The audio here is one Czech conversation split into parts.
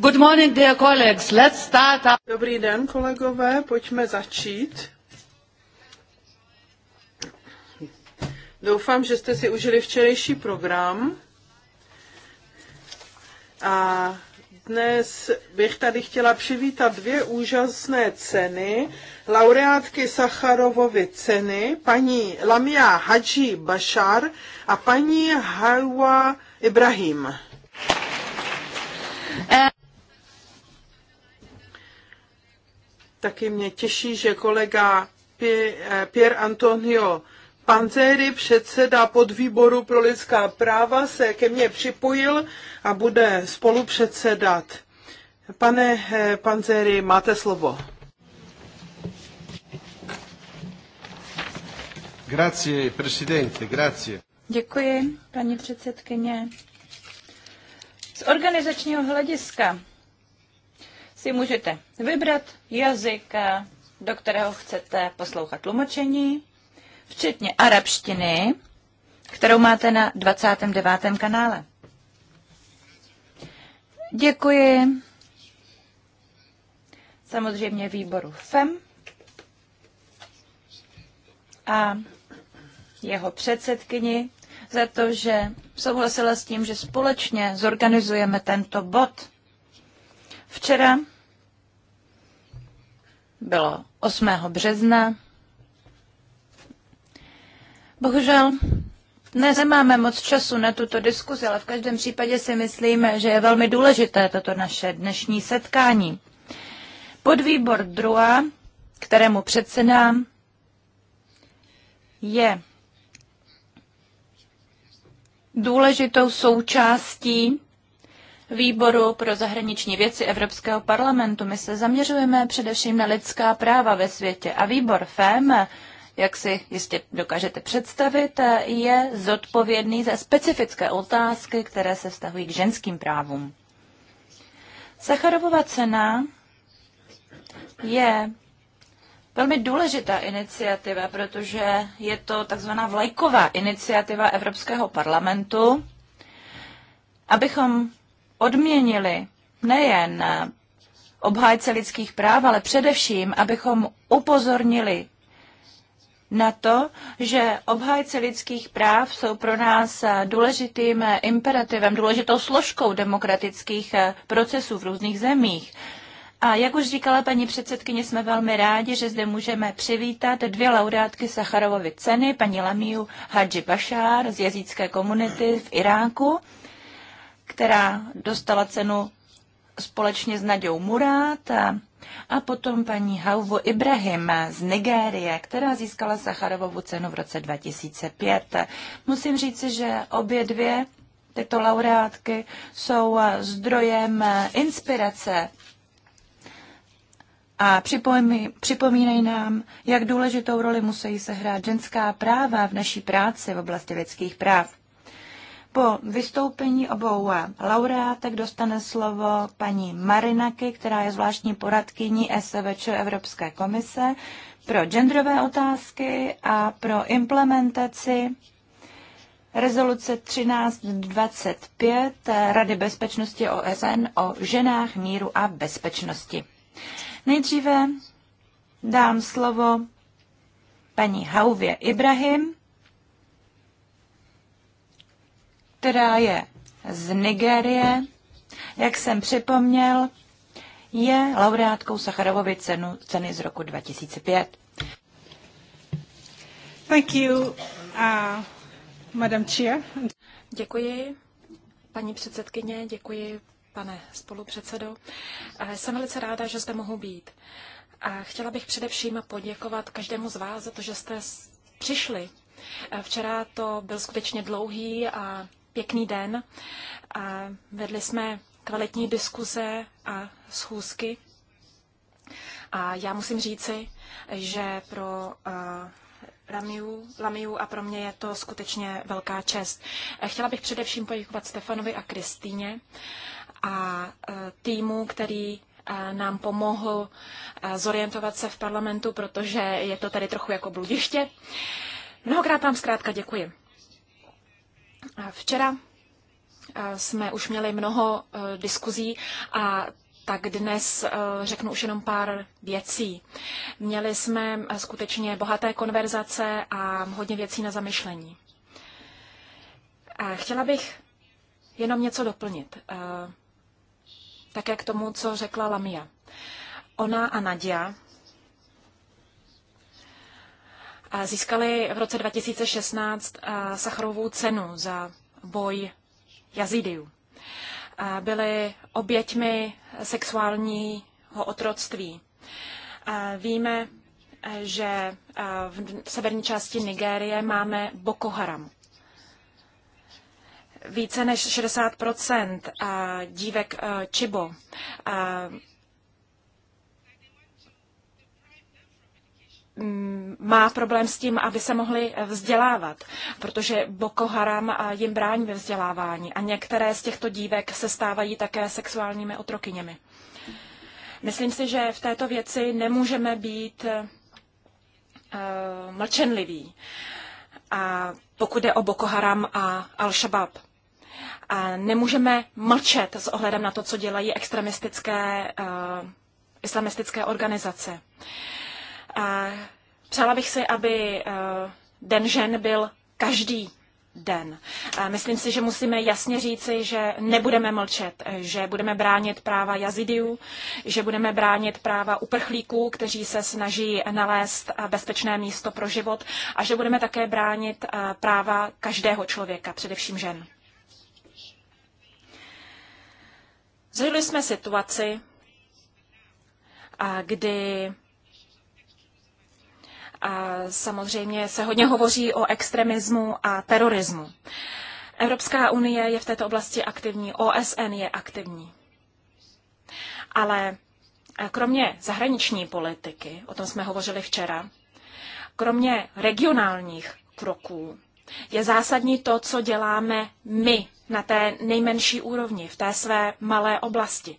Good morning, dear colleagues. Let's start up. Dobrý den, kolegové, pojďme začít. Doufám, že jste si užili včerejší program. A dnes bych tady chtěla přivítat dvě úžasné ceny, laureátky Sacharovovy ceny, paní Lamia Hadži Bashar a paní Hawa Ibrahim. Eh, Taky mě těší, že kolega eh, Pier Antonio Panzeri, předseda podvýboru pro lidská práva, se ke mně připojil a bude spolupředsedat. Pane eh, Panzeri, máte slovo. Grazie, presidente, grazie. Děkuji, paní předsedkyně. Z organizačního hlediska si můžete vybrat jazyk, eh, do kterého chcete poslouchat tlumočení, včetně arabštiny, kterou máte na 29. kanále. Děkuji samozřejmě výboru FEM a jeho předsedkyni za to, že souhlasila s tím, že společně zorganizujeme tento bod. Včera bylo 8. března. Bohužel dnes nemáme moc času na tuto diskuzi, ale v každém případě si myslím, že je velmi důležité toto naše dnešní setkání. Podvýbor druhá, kterému předsedám, je důležitou součástí výboru pro zahraniční věci Evropského parlamentu. My se zaměřujeme především na lidská práva ve světě a výbor FEM, jak si jistě dokážete představit, je zodpovědný za specifické otázky, které se vztahují k ženským právům. Sacharovova cena je velmi důležitá iniciativa, protože je to takzvaná vlajková iniciativa Evropského parlamentu, abychom odměnili nejen obhájce lidských práv, ale především, abychom upozornili na to, že obhájce lidských práv jsou pro nás důležitým imperativem, důležitou složkou demokratických procesů v různých zemích. A jak už říkala paní předsedkyně, jsme velmi rádi, že zde můžeme přivítat dvě laureátky Sacharovovy ceny, paní Lamiu Hadži Bashar z jezícké komunity v Iráku která dostala cenu společně s Nadějou Murát a potom paní Hauvo Ibrahim z Nigérie, která získala Sacharovovu cenu v roce 2005. Musím říci, že obě dvě tyto laureátky jsou zdrojem inspirace a připomí, připomínají nám, jak důležitou roli musí sehrát ženská práva v naší práci v oblasti lidských práv. Po vystoupení obou laureátek dostane slovo paní Marinaky, která je zvláštní poradkyní SVČ Evropské komise pro genderové otázky a pro implementaci rezoluce 1325 Rady bezpečnosti OSN o ženách, míru a bezpečnosti. Nejdříve dám slovo paní Hauvě Ibrahim, která je z Nigérie, jak jsem připomněl, je laureátkou Sacharovovy cenu, ceny z roku 2005. Thank you, uh, Madam Chair. Děkuji, paní předsedkyně, děkuji, pane spolupředsedo. Jsem velice ráda, že zde mohu být. A chtěla bych především poděkovat každému z vás za to, že jste přišli. Včera to byl skutečně dlouhý a pěkný den. A vedli jsme kvalitní diskuze a schůzky. A já musím říci, že pro eh, Lamiu, Lamiu a pro mě je to skutečně velká čest. Eh, chtěla bych především poděkovat Stefanovi a Kristýně a eh, týmu, který nám pomohl zorientovat se v parlamentu, protože je to tady trochu jako bludiště. Mnohokrát vám zkrátka děkuji. Včera jsme už měli mnoho e, diskuzí a tak dnes e, řeknu už jenom pár věcí. Měli jsme e, skutečně bohaté konverzace a hodně věcí na zamyšlení. Chtěla bych jenom něco doplnit. Také k tomu, co řekla Lamia. Ona a Nadia získali v roce 2016 Sacharovou cenu za boj jazidiů. Byli oběťmi sexuálního otroctví. Víme, že v severní části Nigérie máme Boko Haram. Více než 60 dívek Čibo Mm, má problém s tím, aby se mohli eh, vzdělávat, protože Boko Haram eh, jim brání ve vzdělávání a některé z těchto dívek se stávají také sexuálními otrokyněmi. Myslím si, že v této věci nemůžeme být uh, mlčenliví, a pokud jde o Boko Haram a Al-Shabaab. A nemůžeme mlčet s ohledem na to, co dělají extremistické uh, islamistické organizace. Uh, Přála bych si, aby eh, Den žen byl každý den. Myslím si, že musíme jasně říci, že nebudeme mlčet, že budeme bránit práva jazidiů, že budeme bránit práva uprchlíků, kteří se snaží nalézt eh, bezpečné místo pro život a že budeme také bránit eh, práva každého člověka, především žen. Zažili jsme situaci, kdy a samozřejmě se hodně hovoří o extremismu a terorismu. Evropská unie je v této oblasti aktivní, OSN je aktivní. Ale eh, kromě zahraniční politiky, o tom jsme hovořili včera, kromě regionálních kroků, je zásadní to, co děláme my na té nejmenší úrovni, v té své malé oblasti.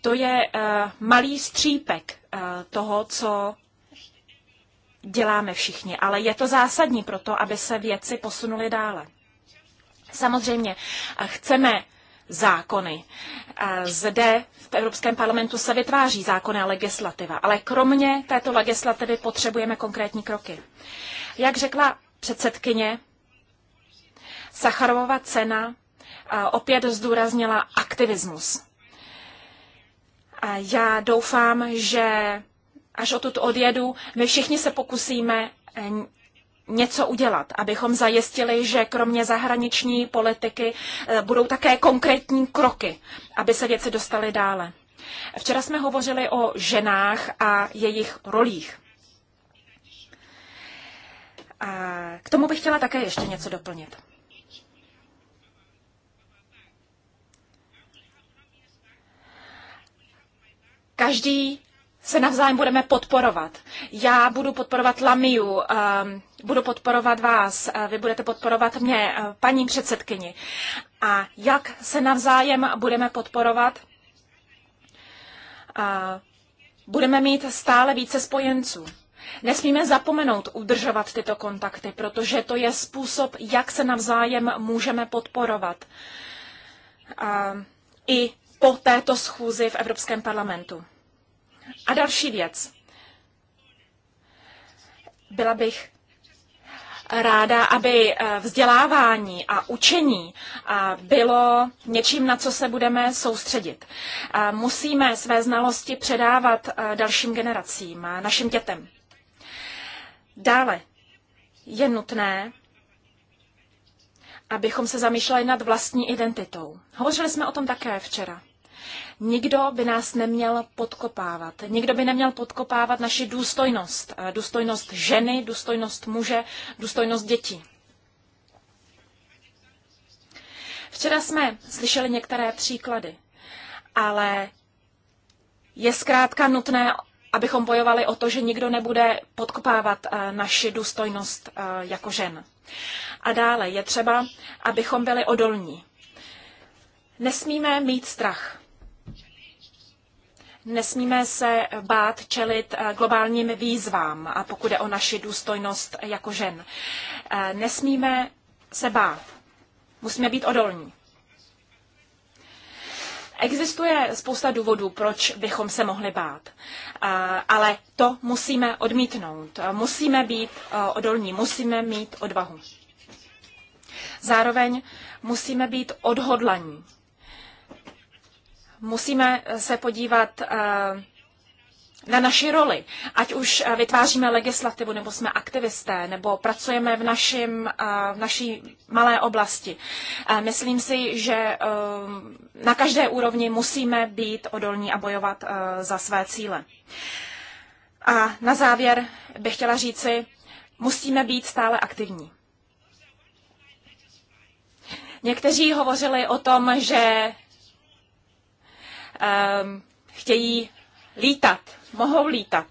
To je uh, malý střípek uh, toho, co děláme všichni, ale je to zásadní pro to, aby se věci posunuly dále. Samozřejmě chceme zákony. Zde v Evropském parlamentu se vytváří zákonná legislativa, ale kromě této legislativy potřebujeme konkrétní kroky. Jak řekla předsedkyně, Sacharovova cena opět zdůraznila aktivismus. Já doufám, že až odtud odjedu, my všichni se pokusíme eh, něco udělat, abychom zajistili, že kromě zahraniční politiky eh, budou také konkrétní kroky, aby se věci dostaly dále. Včera jsme hovořili o ženách a jejich rolích. A k tomu bych chtěla také ještě něco doplnit. Každý se navzájem budeme podporovat. Já budu podporovat Lamiu, ehm, budu podporovat vás, eh, vy budete podporovat mě, eh, paní předsedkyni. A jak se navzájem budeme podporovat? Eh, budeme mít stále více spojenců. Nesmíme zapomenout udržovat tyto kontakty, protože to je způsob, jak se navzájem můžeme podporovat. Ehm, I po této schůzi v Evropském parlamentu. A další věc. Byla bych ráda, aby eh, vzdělávání a učení eh, bylo něčím, na co se budeme soustředit. Eh, musíme své znalosti předávat dalším generacím, našim dětem. Dále je nutné, abychom se zamýšleli nad vlastní identitou. Hovořili jsme o tom také včera. Nikdo by nás neměl podkopávat. Nikdo by neměl podkopávat naši důstojnost. Eh, důstojnost ženy, důstojnost muže, důstojnost dětí. Včera jsme slyšeli některé příklady, ale je zkrátka nutné, abychom bojovali o to, že nikdo nebude podkopávat eh, naši důstojnost eh, jako žen. A dále je třeba, abychom byli odolní. Nesmíme mít strach. Nesmíme se bát čelit eh, globálním výzvám, a pokud je o naši důstojnost jako žen. Eh, nesmíme se bát. Musíme být odolní. Existuje spousta důvodů, proč bychom se mohli bát, eh, ale to musíme odmítnout. Musíme být odolní, musíme mít odvahu. Zároveň musíme být odhodlaní musíme se podívat eh, na naši roli. Ať už eh, vytváříme legislativu, nebo jsme aktivisté, nebo pracujeme v, našim, eh, v naší malé oblasti. Myslím si, že na každé úrovni musíme být odolní a bojovat za své cíle. A na závěr bych chtěla říci, musíme být stále aktivní. Někteří hovořili o tom, že Ehm, chtějí lítat, mohou lítat.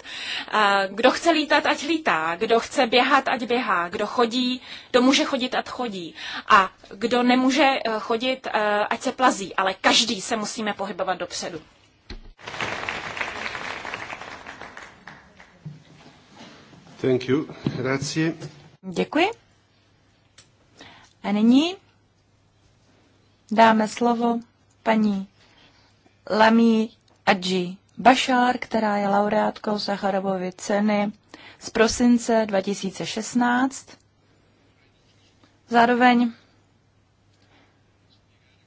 Ehm, kdo chce lítat, ať lítá. Kdo chce běhat, ať běhá. Kdo chodí, kdo může chodit, ať chodí. A kdo nemůže eh, chodit, eh, ať se plazí. Ale každý se musíme pohybovat dopředu. Thank you. Grazie. Děkuji. A nyní dáme slovo paní Lami Adji Bashar, která je laureátkou Sacharovovy ceny z prosince 2016. Zároveň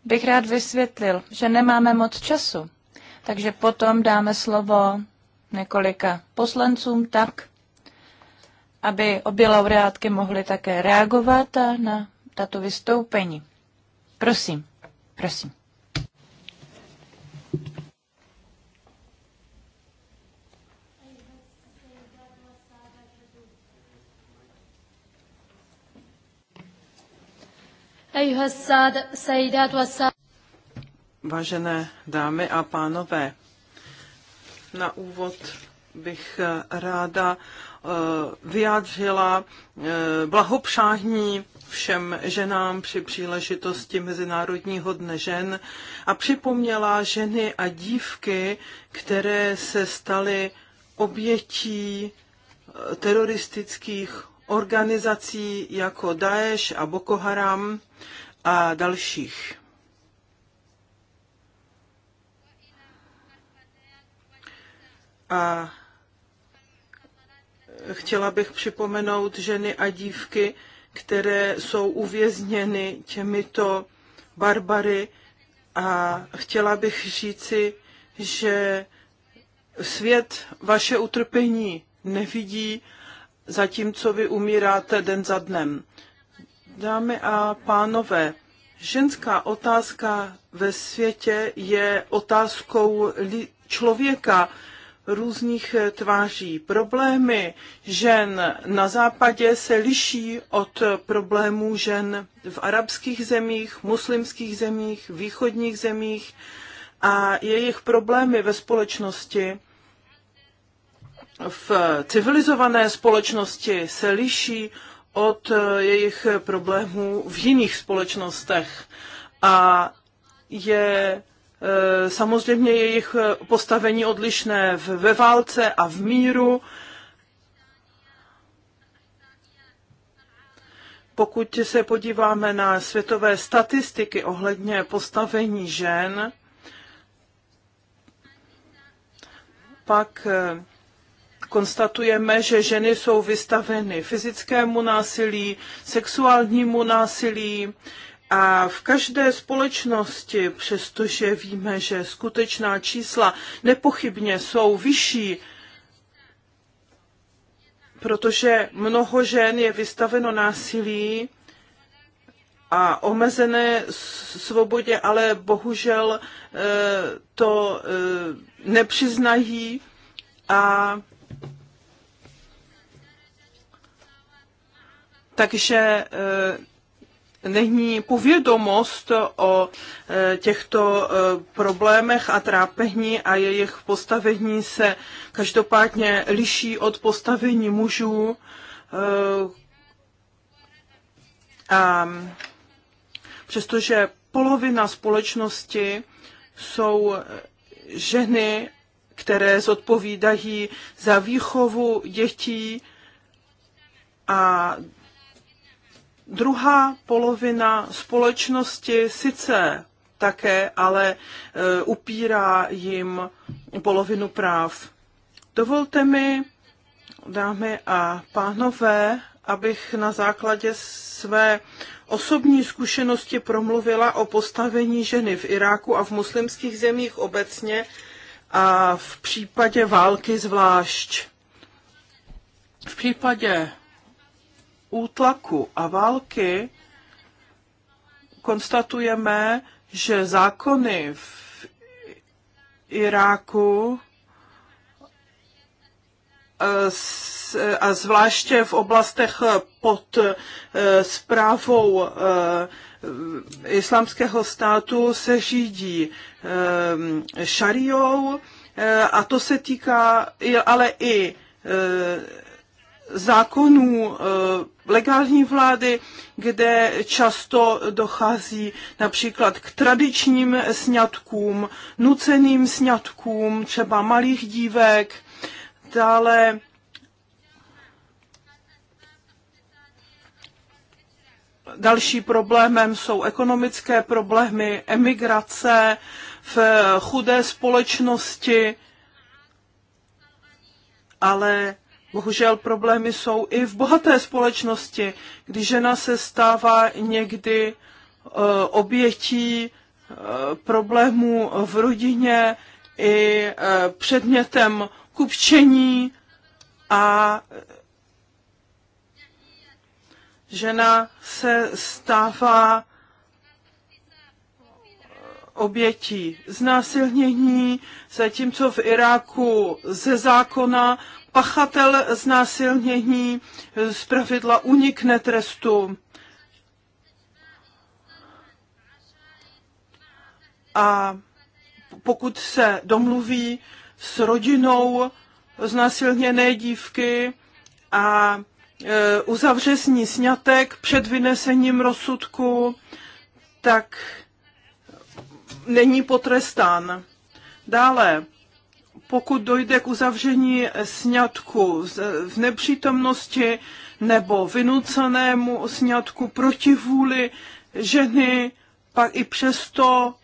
bych rád vysvětlil, že nemáme moc času, takže potom dáme slovo několika poslancům tak, aby obě laureátky mohly také reagovat na tato vystoupení. Prosím, prosím. Vážené dámy a pánové, na úvod bych eh, ráda eh, vyjádřila eh, blahopřání všem ženám při příležitosti Mezinárodního dne žen a připomněla ženy a dívky, které se staly obětí teroristických organizací jako Daesh a Boko Haram a dalších. A chtěla bych připomenout ženy a dívky, které jsou uvězněny těmito barbary a chtěla bych říci, že svět vaše utrpení nevidí zatímco vy umíráte den za dnem. Dámy a pánové, ženská otázka ve světě je otázkou člověka různých eh, tváří. Problémy žen na západě se liší od problémů žen v arabských zemích, muslimských zemích, východních zemích a jejich problémy ve společnosti v civilizované společnosti se liší od eh, jejich problémů v jiných společnostech a je eh, samozřejmě jejich postavení odlišné ve válce a v míru. Pokud se podíváme na světové statistiky ohledně postavení žen, pak eh, konstatujeme, že ženy jsou vystaveny fyzickému násilí, sexuálnímu násilí, a v každé společnosti, přestože víme, že skutečná čísla nepochybně jsou vyšší, protože mnoho žen je vystaveno násilí a omezené svobodě, ale bohužel eh, to eh, nepřiznají a takže eh, není povědomost o eh, těchto eh, problémech a trápení a jejich postavení se každopádně liší od postavení mužů. A přestože polovina společnosti jsou ženy, které zodpovídají za výchovu dětí a Druhá polovina společnosti sice také, ale e, upírá jim polovinu práv. Dovolte mi, dámy a pánové, abych na základě své osobní zkušenosti promluvila o postavení ženy v Iráku a v muslimských zemích obecně a v případě války zvlášť. V případě útlaku a války konstatujeme, že zákony v Iráku eh, eh, a zvláště v oblastech pod zprávou eh, islámského státu se řídí šariou a to se týká ale i zákonů eh, legální vlády, kde často dochází například k tradičním sňatkům, nuceným sňatkům, třeba malých dívek, dále Další problémem jsou ekonomické problémy, emigrace v chudé společnosti, ale Bohužel problémy jsou i v bohaté společnosti, kdy žena se stává někdy e, obětí e, problémů v rodině i e, předmětem kupčení a žena se stává obětí znásilnění, zatímco v Iráku ze zákona pachatel znásilnění z pravidla unikne trestu. A pokud se domluví s rodinou znásilněné dívky a e, uzavře s ní sňatek před vynesením rozsudku, tak není potrestán. Dále pokud dojde k uzavření sňatku v nepřítomnosti nebo vynucenému sňatku proti vůli ženy, pak i přesto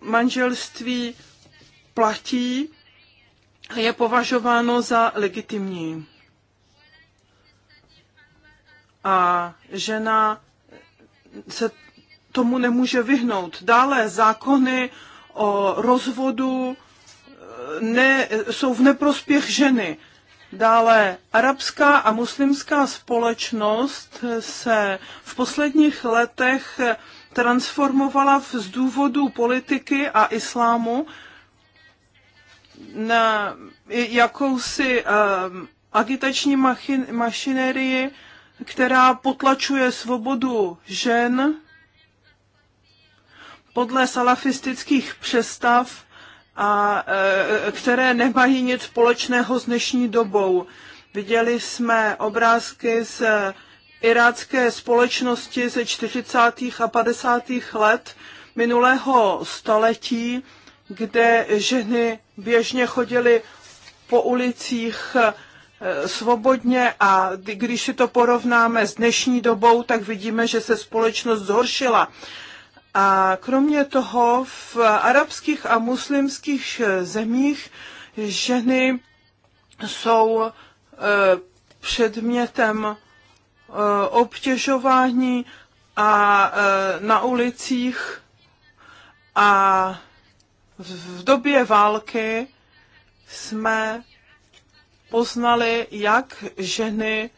manželství platí a je považováno za legitimní. A žena se tomu nemůže vyhnout. Dále zákony o rozvodu ne, jsou v neprospěch ženy. Dále arabská a muslimská společnost se v posledních letech transformovala z důvodu politiky a islámu na jakousi um, agitační machin, mašinerii, která potlačuje svobodu žen podle salafistických přestav a e, které nemají nic společného s dnešní dobou. Viděli jsme obrázky z irácké společnosti ze 40. a 50. let minulého století, kde ženy běžně chodily po ulicích e, svobodně a když si to porovnáme s dnešní dobou, tak vidíme, že se společnost zhoršila. A kromě toho v arabských a muslimských zemích ženy jsou e, předmětem e, obtěžování a e, na ulicích a v době války jsme poznali, jak ženy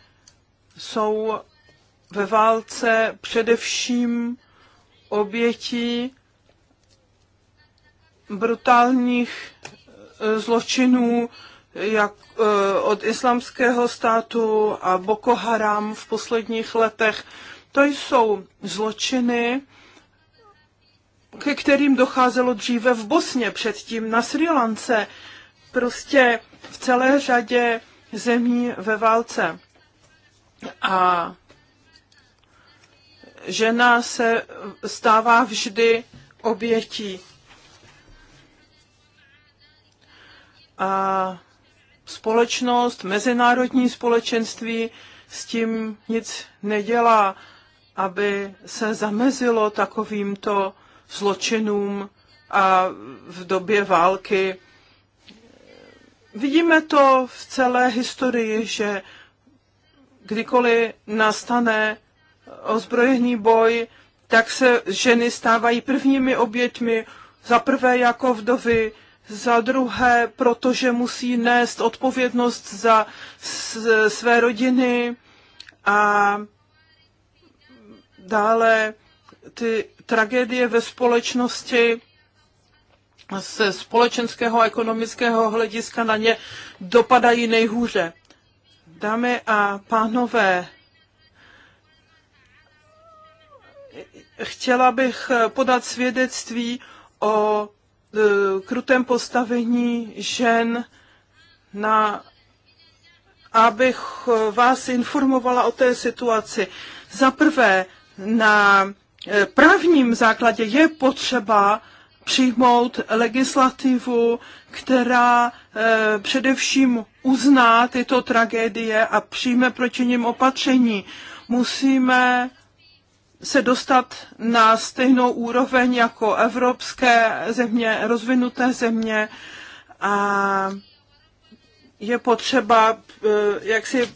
jsou ve válce především obětí brutálních e, zločinů jak, e, od islamského státu a Boko Haram v posledních letech. To jsou zločiny, ke kterým docházelo dříve v Bosně, předtím na Sri Lance, prostě v celé řadě zemí ve válce. A žena se stává vždy obětí. A společnost, mezinárodní společenství s tím nic nedělá, aby se zamezilo takovýmto zločinům a v době války. Vidíme to v celé historii, že kdykoliv nastane ozbrojený boj, tak se ženy stávají prvními oběťmi, za prvé jako vdovy, za druhé, protože musí nést odpovědnost za své rodiny a dále ty tragédie ve společnosti ze společenského a ekonomického hlediska na ně dopadají nejhůře. Dámy a pánové, chtěla bych eh, podat svědectví o eh, krutém postavení žen na abych eh, vás informovala o té situaci. Za prvé, na právním základě je potřeba přijmout legislativu, která především uzná tyto tragédie a přijme proti nim opatření. Musíme se dostat na stejnou úroveň jako evropské země, rozvinuté země a je potřeba eh, jak si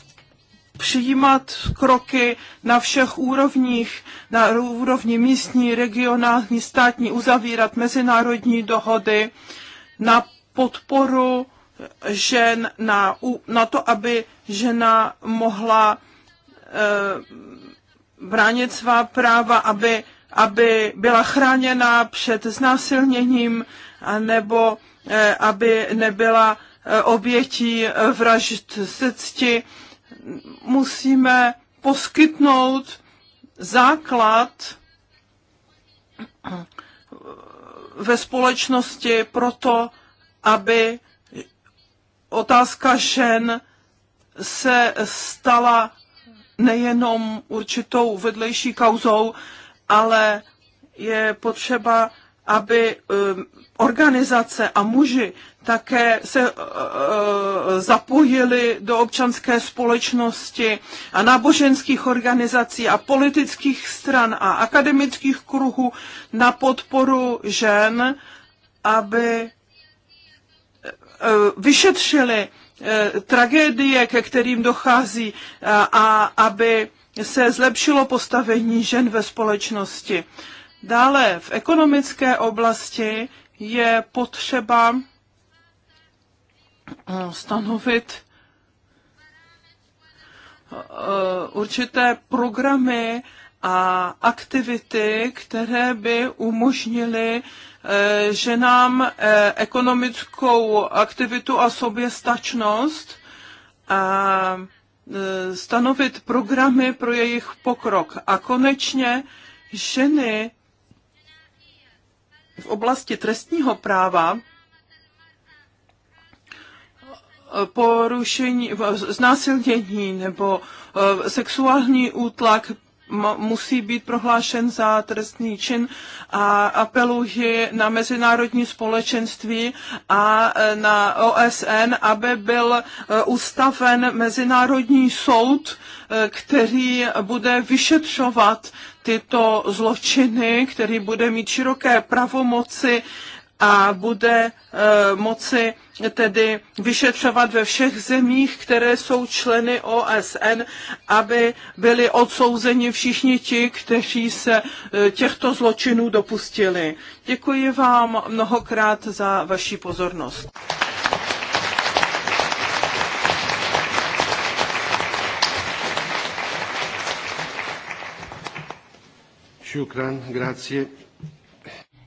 přijímat kroky na všech úrovních, na úrovni místní, regionální, státní, uzavírat mezinárodní dohody na podporu žen, na, na to, aby žena mohla eh, bránit svá práva, aby, aby byla chráněna před znásilněním, nebo eh, aby nebyla eh, obětí vražd se cti. Musíme poskytnout základ ve společnosti proto, aby otázka žen se stala nejenom určitou vedlejší kauzou, ale je potřeba, aby um, organizace a muži také se uh, uh, zapojili do občanské společnosti a náboženských organizací a politických stran a akademických kruhů na podporu žen, aby uh, vyšetřili Eh, tragédie, ke kterým dochází eh, a aby se zlepšilo postavení žen ve společnosti. Dále v ekonomické oblasti je potřeba eh, stanovit určité programy a aktivity, které by umožnily Eh, že nám eh, ekonomickou aktivitu a soběstačnost a eh, stanovit programy pro jejich pokrok. A konečně ženy v oblasti trestního práva porušení, znásilnění nebo sexuální útlak musí být prohlášen za trestný čin a apeluji na mezinárodní společenství a e, na OSN, aby byl e, ustaven mezinárodní soud, e, který bude vyšetřovat tyto zločiny, který bude mít široké pravomoci a bude eh, moci tedy vyšetřovat ve všech zemích, které jsou členy OSN, aby byli odsouzeni všichni ti, kteří se eh, těchto zločinů dopustili. Děkuji vám mnohokrát za vaši pozornost.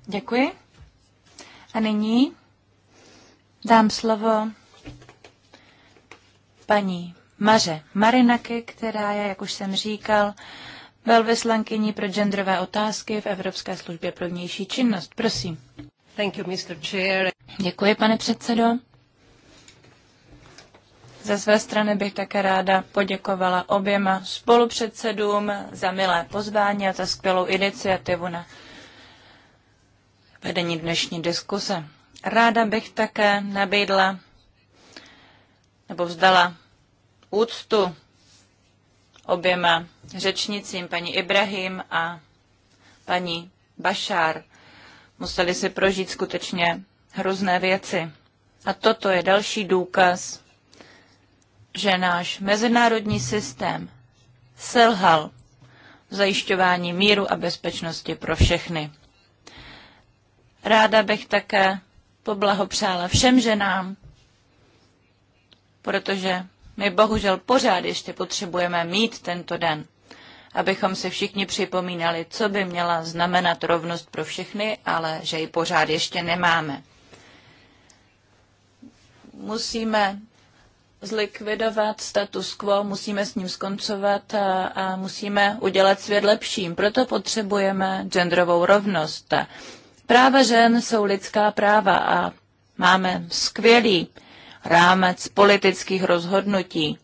Děkuji. A nyní dám slovo paní Maře Marinaky, která je, jak už jsem říkal, velvyslankyní pro genderové otázky v Evropské službě pro vnější činnost. Prosím. Thank you, Mr. Chair. Děkuji, pane předsedo. Ze své strany bych také ráda poděkovala oběma spolupředsedům za milé pozvání a za skvělou iniciativu na vedení dnešní diskuse. Ráda bych také nabídla nebo vzdala úctu oběma řečnicím, paní Ibrahim a paní Bašár. Museli si prožít skutečně hrozné věci. A toto je další důkaz, že náš mezinárodní systém selhal v zajišťování míru a bezpečnosti pro všechny. Ráda bych také poblahopřála všem ženám, protože my bohužel pořád ještě potřebujeme mít tento den, abychom si všichni připomínali, co by měla znamenat rovnost pro všechny, ale že ji pořád ještě nemáme. Musíme zlikvidovat status quo, musíme s ním skoncovat a, a musíme udělat svět lepším. Proto potřebujeme genderovou rovnost. Práva žen jsou lidská práva a máme skvělý rámec politických rozhodnutí,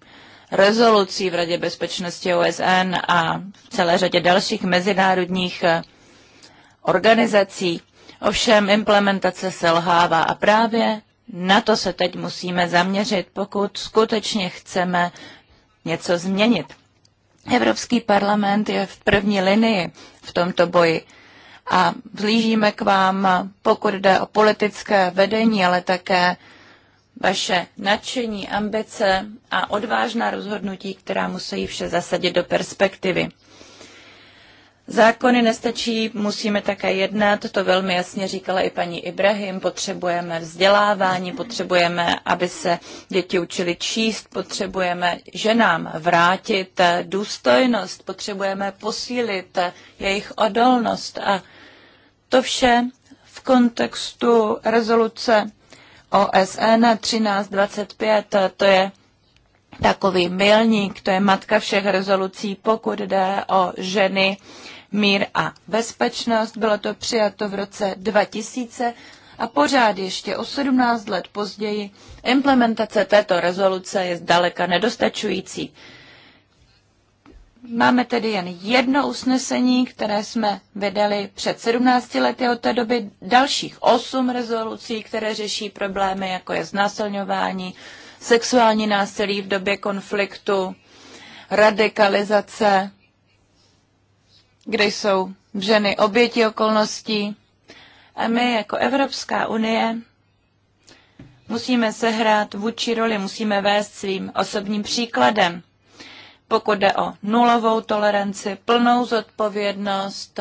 rezolucí v Radě bezpečnosti OSN a v celé řadě dalších mezinárodních eh, organizací. Ovšem implementace selhává a právě na to se teď musíme zaměřit, pokud skutečně chceme něco změnit. Evropský parlament je v první linii v tomto boji a blížíme k vám, pokud jde o politické vedení, ale také vaše nadšení, ambice a odvážná rozhodnutí, která musí vše zasadit do perspektivy. Zákony nestačí, musíme také jednat, to velmi jasně říkala i paní Ibrahim, potřebujeme vzdělávání, potřebujeme, aby se děti učili číst, potřebujeme ženám vrátit důstojnost, potřebujeme posílit jejich odolnost a to vše v kontextu rezoluce OSN 1325, to je takový milník, to je matka všech rezolucí, pokud jde o ženy, mír a bezpečnost. Bylo to přijato v roce 2000 a pořád ještě o 17 let později implementace této rezoluce je zdaleka nedostačující. Máme tedy jen jedno usnesení, které jsme vydali před 17 lety od té doby, dalších osm rezolucí, které řeší problémy, jako je znásilňování, sexuální násilí v době konfliktu, radikalizace, kde jsou ženy oběti okolností. A my jako Evropská unie musíme sehrát vůči roli, musíme vést svým osobním příkladem pokud jde o nulovou toleranci, plnou zodpovědnost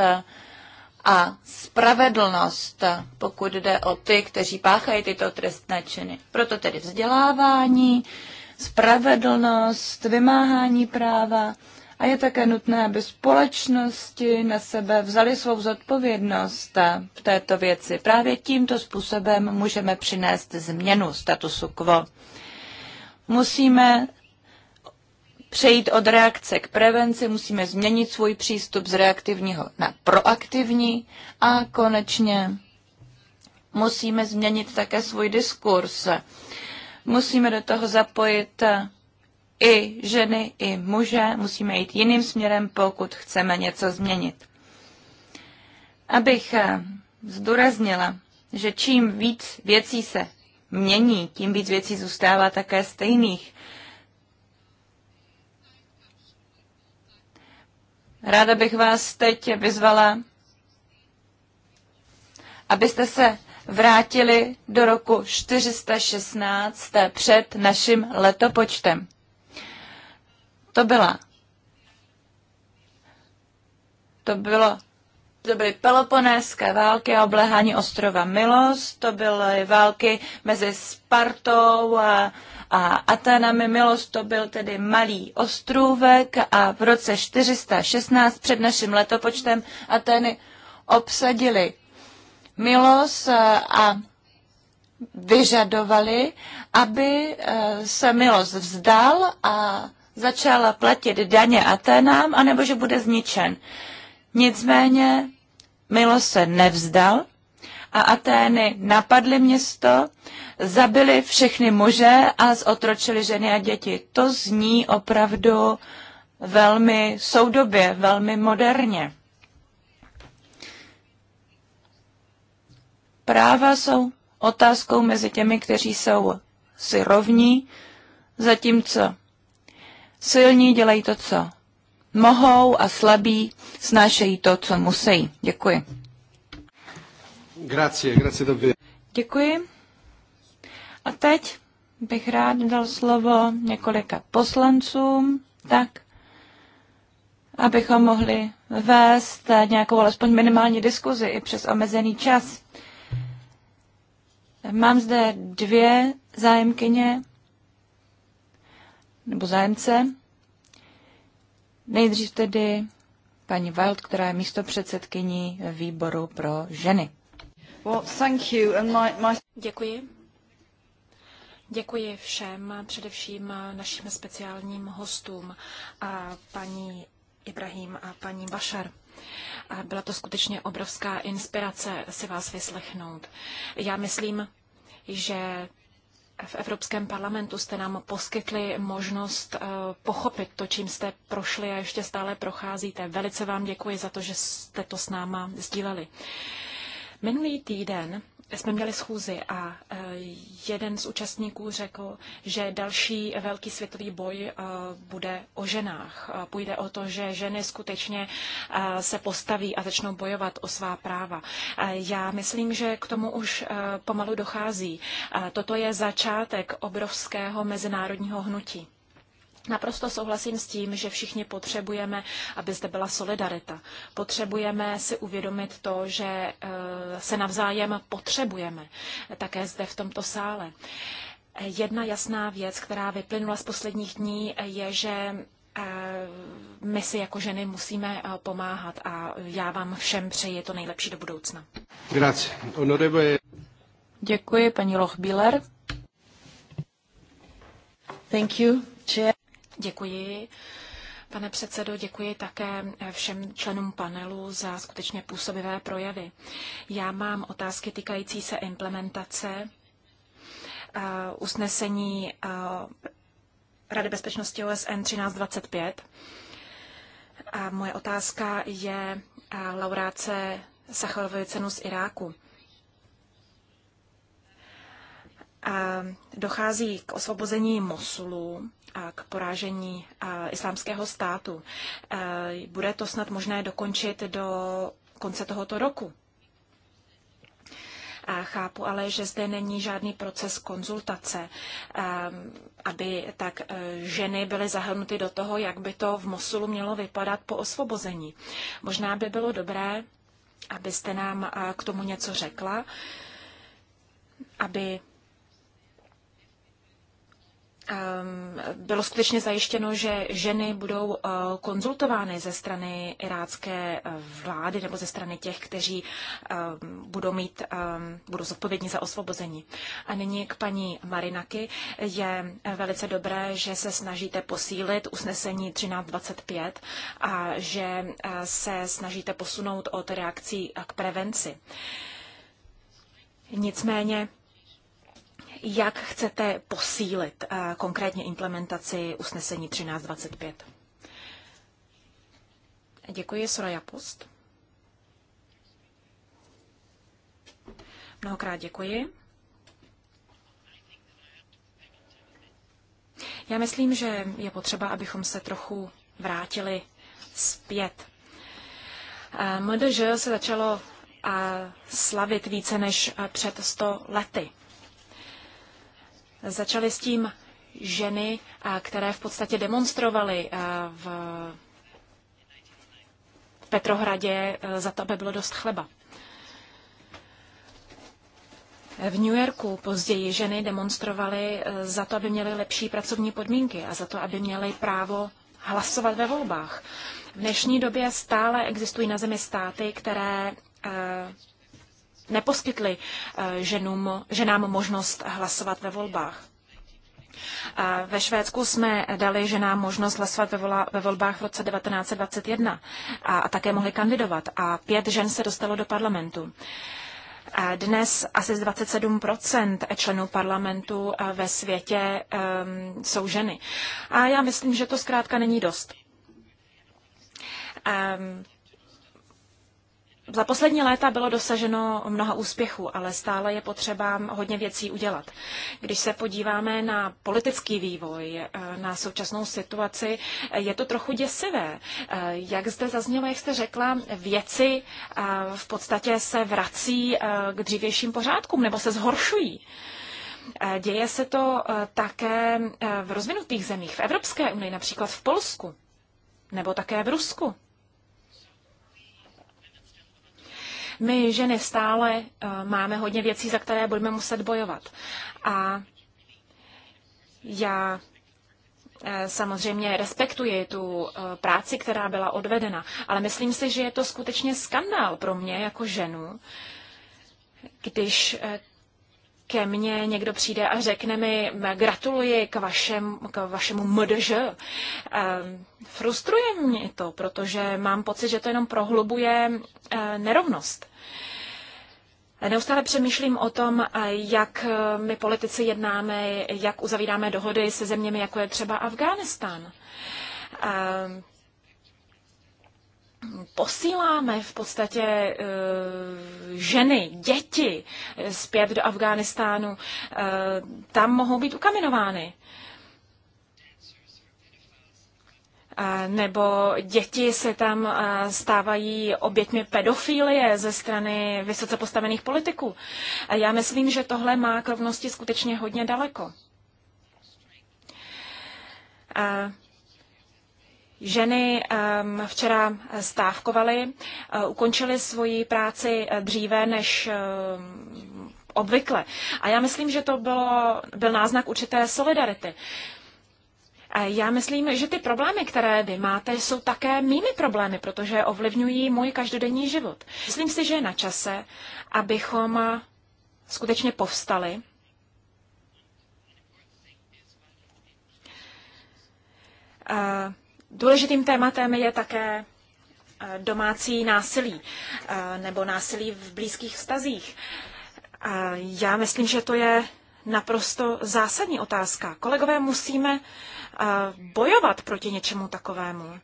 a spravedlnost, pokud jde o ty, kteří páchají tyto trestné činy. Proto tedy vzdělávání, spravedlnost, vymáhání práva a je také nutné, aby společnosti na sebe vzali svou zodpovědnost v této věci. Právě tímto způsobem můžeme přinést změnu statusu quo. Musíme přejít od reakce k prevenci, musíme změnit svůj přístup z reaktivního na proaktivní a konečně musíme změnit také svůj diskurs. Musíme do toho zapojit i ženy, i muže, musíme jít jiným směrem, pokud chceme něco změnit. Abych eh, zdůraznila, že čím víc věcí se mění, tím víc věcí zůstává také stejných. Ráda bych vás teď vyzvala, abyste se vrátili do roku 416 před naším letopočtem. To byla. To bylo to byly Peloponéské války a obléhání ostrova Milos, to byly války mezi Spartou a a Atanami Milos to byl tedy malý ostrůvek a v roce 416 před naším letopočtem Ateny obsadili Milos eh, a vyžadovali, aby eh, se Milos vzdal a začal platit daně Atenám, anebo že bude zničen. Nicméně Milos se nevzdal a Atény napadly město, zabili všechny muže a zotročili ženy a děti. To zní opravdu velmi soudobě, velmi moderně. Práva jsou otázkou mezi těmi, kteří jsou si rovní, zatímco silní dělají to, co mohou a slabí snášejí to, co musí. Děkuji. Grazie, grazie Děkuji. A teď bych rád dal slovo několika poslancům, tak, abychom mohli vést nějakou alespoň minimální diskuzi i přes omezený čas. Mám zde dvě zájemkyně nebo zájemce. Nejdřív tedy paní Wild, která je místo předsedkyní výboru pro ženy. Děkuji. Děkuji všem, především našim speciálním hostům, a paní Ibrahim a paní Bašar. A byla to skutečně obrovská inspirace si vás vyslechnout. Já myslím, že v Evropském parlamentu jste nám poskytli možnost eh, pochopit to, čím jste prošli a ještě stále procházíte. Velice vám děkuji za to, že jste to s náma sdíleli. Minulý týden jsme měli schůzi a e, jeden z účastníků řekl, že další velký světový boj e, bude o ženách. E, půjde o to, že ženy skutečně se postaví a začnou bojovat o svá práva. Já myslím, že k tomu už pomalu dochází. Toto je začátek obrovského mezinárodního hnutí. Naprosto souhlasím s tím, že všichni potřebujeme, aby zde byla solidarita. Potřebujeme si uvědomit to, že eh, se navzájem potřebujeme, eh, také zde v tomto sále. Eh, jedna jasná věc, která vyplynula z posledních dní, je, že my si jako ženy musíme pomáhat a já vám všem přeji to nejlepší do budoucna. Děkuji, paní Lochbiller. Thank you, chair. Děkuji. Pane předsedo, děkuji také všem členům panelu za skutečně působivé projevy. Já mám otázky týkající se implementace uh, usnesení uh, Rady bezpečnosti OSN 1325. A moje otázka je eh, laureáce Sacharovovy cenu z Iráku. dochází k osvobození Mosulu a k porážení islámského státu. Bude to snad možné dokončit do konce tohoto roku. A chápu ale, že zde není žádný proces konzultace, aby tak e, ženy byly zahrnuty do toho, jak by to v Mosulu mělo vypadat po osvobození. Možná by bylo dobré, abyste nám k tomu něco řekla, aby Ehm, bylo skutečně zajištěno, že ženy budou eh, konzultovány ze strany irácké eh, vlády nebo ze strany těch, kteří ehm, budou mít, ehm, budou zodpovědní za osvobození. A nyní k paní Marinaky. Je eh, velice dobré, že se snažíte posílit usnesení 1325 a že se snažíte posunout od reakcí k prevenci. Nicméně jak chcete posílit eh, konkrétně implementaci usnesení 1325? Děkuji, Soraya Post. Mnohokrát děkuji. Já myslím, že je potřeba, abychom se trochu vrátili zpět. Eh, MDŽ se začalo eh, slavit více než před 100 lety. Začaly s tím ženy, které v podstatě demonstrovaly v Petrohradě e, za to, aby bylo dost chleba. V New Yorku později ženy demonstrovaly e, za to, aby měly lepší pracovní podmínky a za to, aby měly právo hlasovat ve volbách. V dnešní době stále existují na zemi státy, které e, neposkytli eh, ženům, ženám možnost hlasovat ve volbách. Eh, ve Švédsku jsme dali ženám možnost hlasovat ve volbách v roce 1921 a, a také mohli kandidovat a pět žen se dostalo do parlamentu. Eh, dnes asi z 27 členů parlamentu ve světě um, jsou ženy. A já myslím, že to zkrátka není dost. Um, za poslední léta bylo dosaženo mnoha úspěchů, ale stále je potřeba hodně věcí udělat. Když se podíváme na politický vývoj, eh, na současnou situaci, eh, je to trochu děsivé. Eh, jak zde zaznělo, jak jste řekla, věci v podstatě se vrací k dřívějším pořádkům nebo se zhoršují. Děje se to také v rozvinutých zemích, v Evropské unii, například v Polsku nebo také v Rusku. My ženy stále eh, máme hodně věcí, za které budeme muset bojovat. A já eh, samozřejmě respektuji tu eh, práci, která byla odvedena, ale myslím si, že je to skutečně skandál pro mě jako ženu, když ke mně někdo přijde a řekne mi, gratuluji k, vašem, k vašemu MDŽ. Ehm, frustruje mě to, protože mám pocit, že to jenom prohlubuje e, nerovnost. Neustále přemýšlím o tom, e, jak e, my politici jednáme, jak uzavíráme dohody se zeměmi, jako je třeba Afghánistán. Ehm, posíláme v podstatě e, ženy, děti zpět do Afghánistánu, e, tam mohou být ukamenovány. E, nebo děti se tam stávají oběťmi pedofilie ze strany vysoce postavených politiků. já myslím, že tohle má k rovnosti skutečně hodně daleko. Ženy včera stávkovaly, eh, ukončily svoji práci eh, dříve než obvykle. A já myslím, že to bylo, byl náznak určité solidarity. Já myslím, že ty problémy, které vy máte, jsou také mými problémy, protože ovlivňují můj každodenní život. Myslím si, že je na čase, abychom skutečně povstali. Uh, Důležitým tématem je také eh, domácí násilí eh, nebo násilí v blízkých vztazích. Eh, já myslím, že to je naprosto zásadní otázka. Kolegové, musíme bojovat proti něčemu takovému.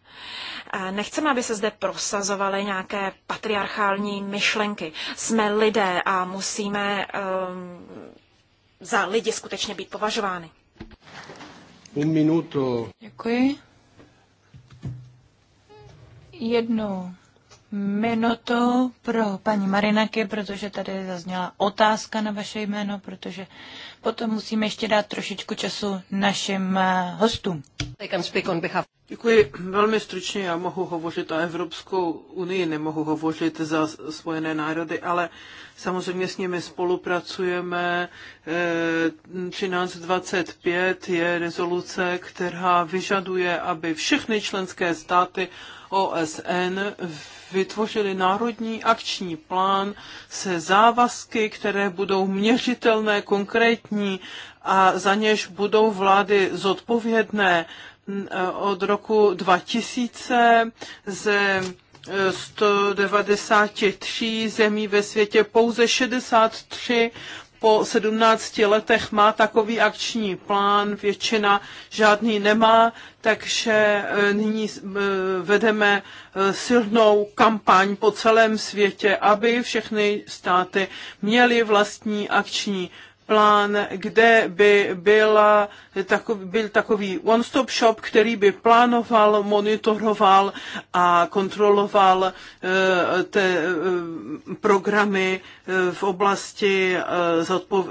Nechceme, aby se zde prosazovaly nějaké patriarchální myšlenky. Jsme lidé a musíme za lidi skutečně být považovány. Un minuto. Děkuji jednu minutu pro paní Marinaky, protože tady zazněla otázka na vaše jméno, protože potom musíme ještě dát trošičku času našim eh, hostům. I can speak on behalf. Děkuji. Velmi stručně já mohu hovořit o Evropskou unii, nemohu hovořit za Spojené národy, ale samozřejmě s nimi spolupracujeme. 1325 eh, je rezoluce, která vyžaduje, aby všechny členské státy OSN vytvořili národní akční plán se závazky, které budou měřitelné, konkrétní a za něž budou vlády zodpovědné Eh, od roku 2000 ze 193 eh, zemí ve světě pouze 63 po 17 letech má takový akční plán, většina žádný nemá, takže eh, nyní vedeme silnou kampaň po celém světě, aby všechny státy měly vlastní akční plán, kde by byla takový, byl takový one-stop shop, který by plánoval, monitoroval a kontroloval uh, te, uh, programy uh, v oblasti uh, uh,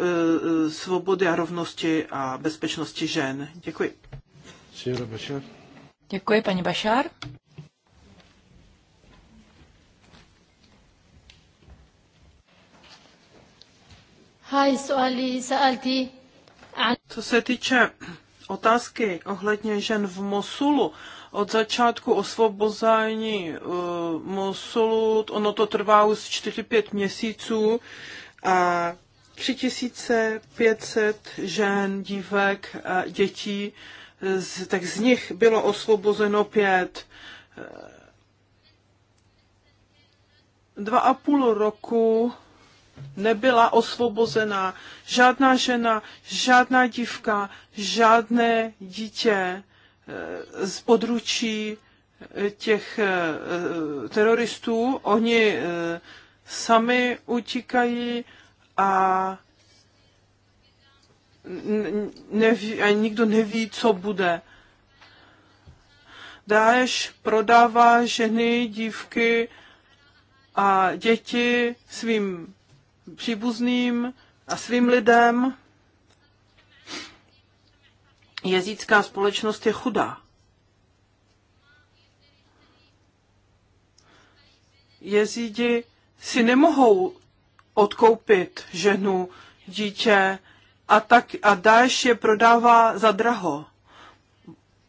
svobody a rovnosti a bezpečnosti žen. Děkuji. Děkuji, paní Bašár. Co se týče otázky ohledně žen v Mosulu, od začátku osvobození uh, Mosulu, ono to trvá už 4-5 měsíců a 3500 žen, dívek a dětí, z, tak z nich bylo osvobozeno pět. Dva a půl roku nebyla osvobozená žádná žena, žádná dívka, žádné dítě eh, z područí eh, těch eh, teroristů. Oni sami utíkají a neví, a nikdo neví, co bude. Dáš prodává ženy, dívky a děti svým příbuzným a svým lidem. Jezícká společnost je chudá. Jezídi si nemohou odkoupit ženu, dítě a, tak, a Daesh je prodává za draho.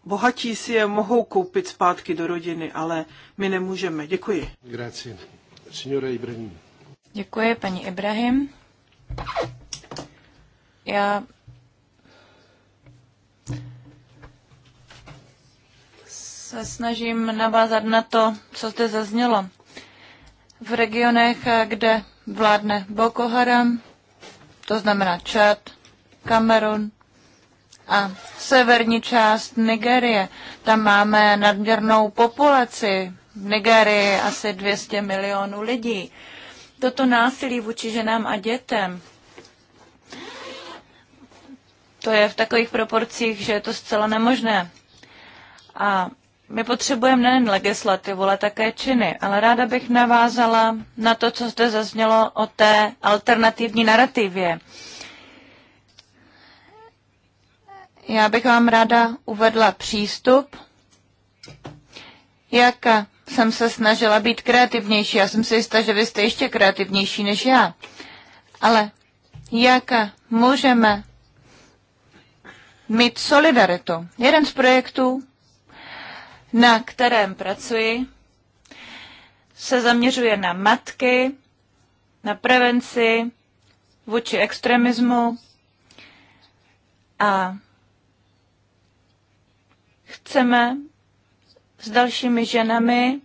Bohatí si je mohou koupit zpátky do rodiny, ale my nemůžeme. Děkuji. Grazie. Signore Ibrahim. Děkuji, paní Ibrahim. Já se snažím navázat na to, co zde zaznělo. V regionech, kde vládne Boko Haram, to znamená Čad, Kamerun a severní část Nigerie. Tam máme nadměrnou populaci. V Nigerii asi 200 milionů lidí toto násilí vůči ženám a dětem. To je v takových proporcích, že je to zcela nemožné. A my potřebujeme nejen legislativu, ale také činy. Ale ráda bych navázala na to, co zde zaznělo o té alternativní narrativě. Já bych vám ráda uvedla přístup, jak jsem se snažila být kreativnější. Já jsem si jistá, že vy jste ještě kreativnější než já. Ale jak můžeme mít solidaritu? Jeden z projektů, na kterém pracuji, se zaměřuje na matky, na prevenci vůči extremismu a chceme s dalšími ženami,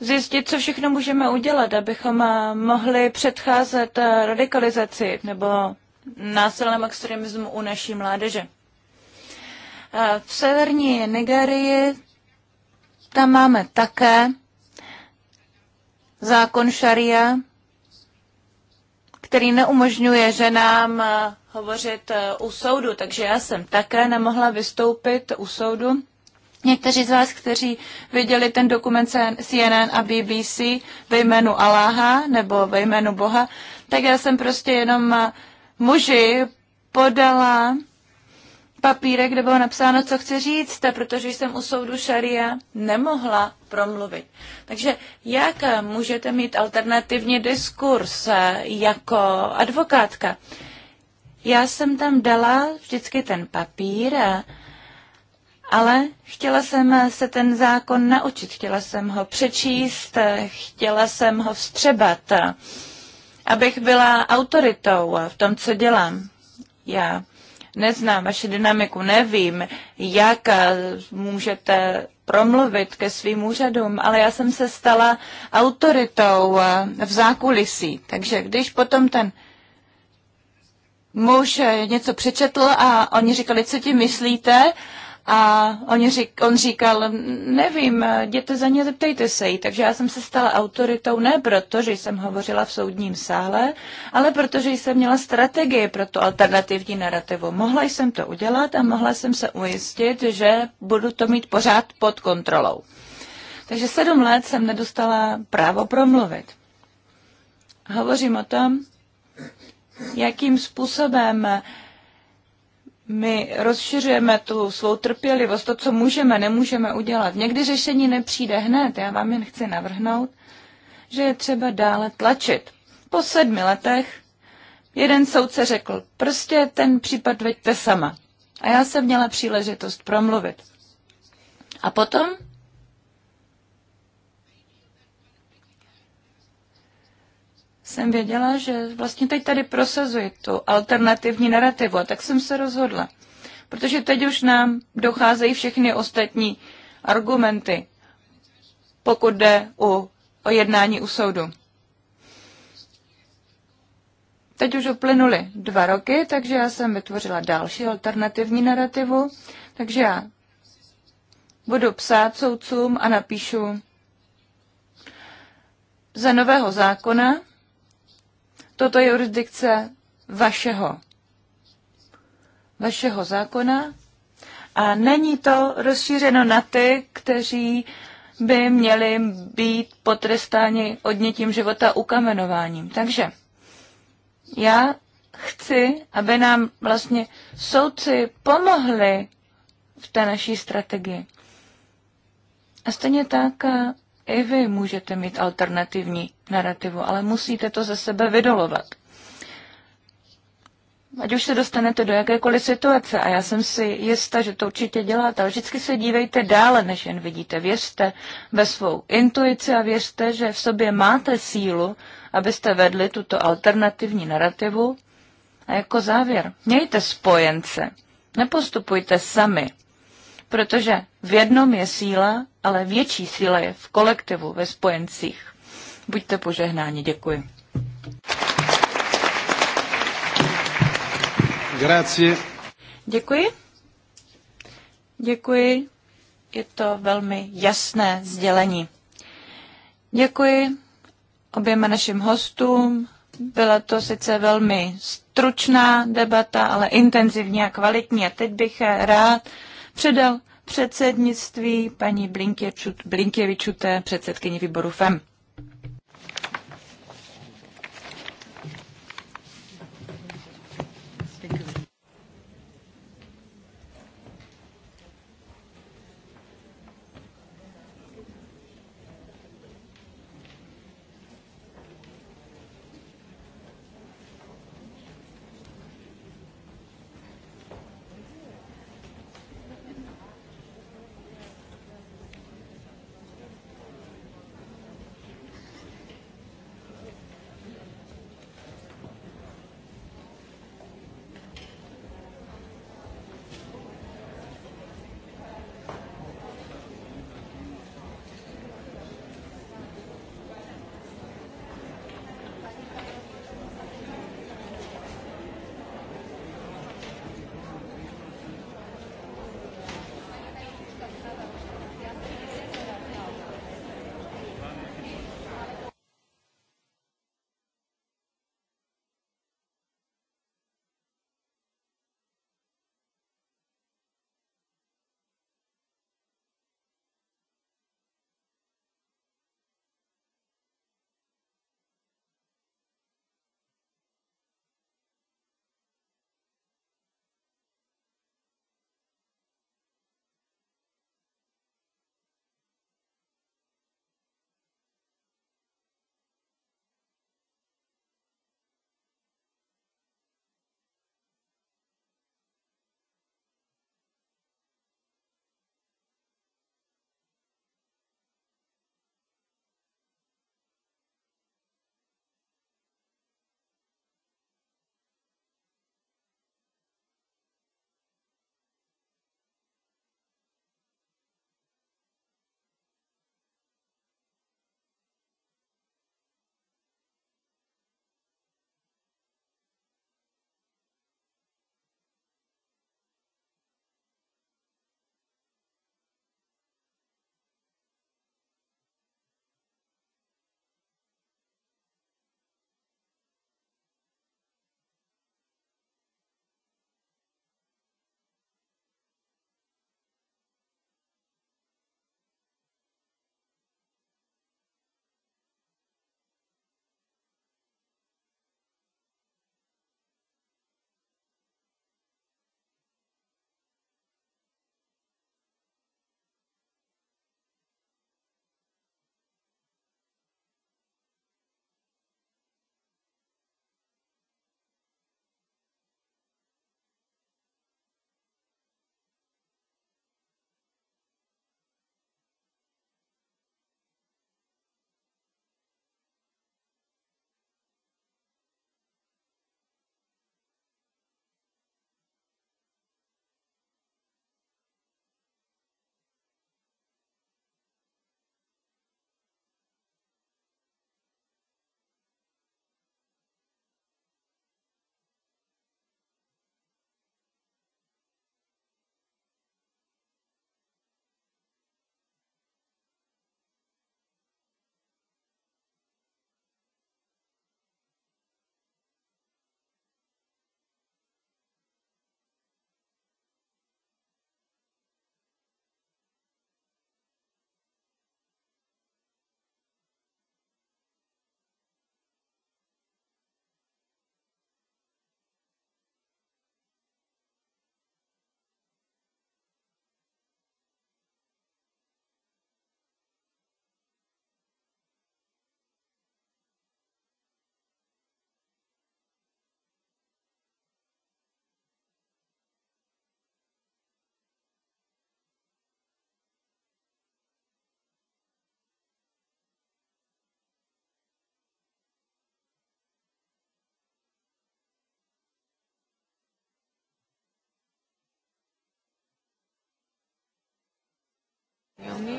zjistit, co všechno můžeme udělat, abychom eh, mohli předcházet eh, radikalizaci nebo násilnému extremismu u naší mládeže. Eh, v severní Nigerii tam máme také zákon šaria, který neumožňuje ženám hovořit eh, u soudu, takže já jsem také nemohla vystoupit u soudu. Někteří z vás, kteří viděli ten dokument CNN a BBC ve jménu Aláha nebo ve jménu Boha, tak já jsem prostě jenom eh, muži podala papírek, kde bylo napsáno, co chci říct, protože jsem u soudu šaria nemohla promluvit. Takže jak eh, můžete mít alternativní diskurs jako advokátka? Já jsem tam dala vždycky ten papír, ale chtěla jsem se ten zákon naučit, chtěla jsem ho přečíst, chtěla jsem ho vstřebat, abych byla autoritou v tom, co dělám. Já neznám vaši dynamiku, nevím, jak můžete promluvit ke svým úřadům, ale já jsem se stala autoritou v zákulisí. Takže když potom ten muž něco přečetl a oni říkali, co ti myslíte? A on, řík, on říkal, nevím, jděte za ně, zeptejte se jí. Takže já jsem se stala autoritou ne proto, že jsem hovořila v soudním sále, ale protože jsem měla strategii pro to alternativní narrativu. Mohla jsem to udělat a mohla jsem se ujistit, že budu to mít pořád pod kontrolou. Takže sedm let jsem nedostala právo promluvit. Hovořím o tom, jakým způsobem my rozšiřujeme tu svou trpělivost, to, co můžeme, nemůžeme udělat. Někdy řešení nepřijde hned, já vám jen chci navrhnout, že je třeba dále tlačit. Po sedmi letech jeden soudce řekl, prostě ten případ veďte sama. A já jsem měla příležitost promluvit. A potom jsem věděla, že vlastně teď tady prosazuji tu alternativní narrativu a tak jsem se rozhodla. Protože teď už nám docházejí všechny ostatní argumenty, pokud jde o, o jednání u soudu. Teď už uplynuly dva roky, takže já jsem vytvořila další alternativní narrativu, takže já budu psát soudcům a napíšu za nového zákona Toto je jurisdikce vašeho, vašeho zákona a není to rozšířeno na ty, kteří by měli být potrestáni odnětím života ukamenováním. Takže já chci, aby nám vlastně soudci pomohli v té naší strategii. A stejně tak i vy můžete mít alternativní narrativu, ale musíte to ze sebe vydolovat. Ať už se dostanete do jakékoliv situace, a já jsem si jista, že to určitě děláte, ale vždycky se dívejte dále, než jen vidíte. Věřte ve svou intuici a věřte, že v sobě máte sílu, abyste vedli tuto alternativní narrativu. A jako závěr, mějte spojence, nepostupujte sami, protože v jednom je síla, ale větší síla je v kolektivu, ve spojencích. Buďte požehnáni, děkuji. Grazie. Děkuji. Děkuji. Je to velmi jasné sdělení. Děkuji oběma našim hostům. Byla to sice velmi stručná debata, ale intenzivní a kvalitní. A teď bych rád předal předsednictví paní Blinkevičuté, předsedkyni výboru FEM.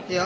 Jo.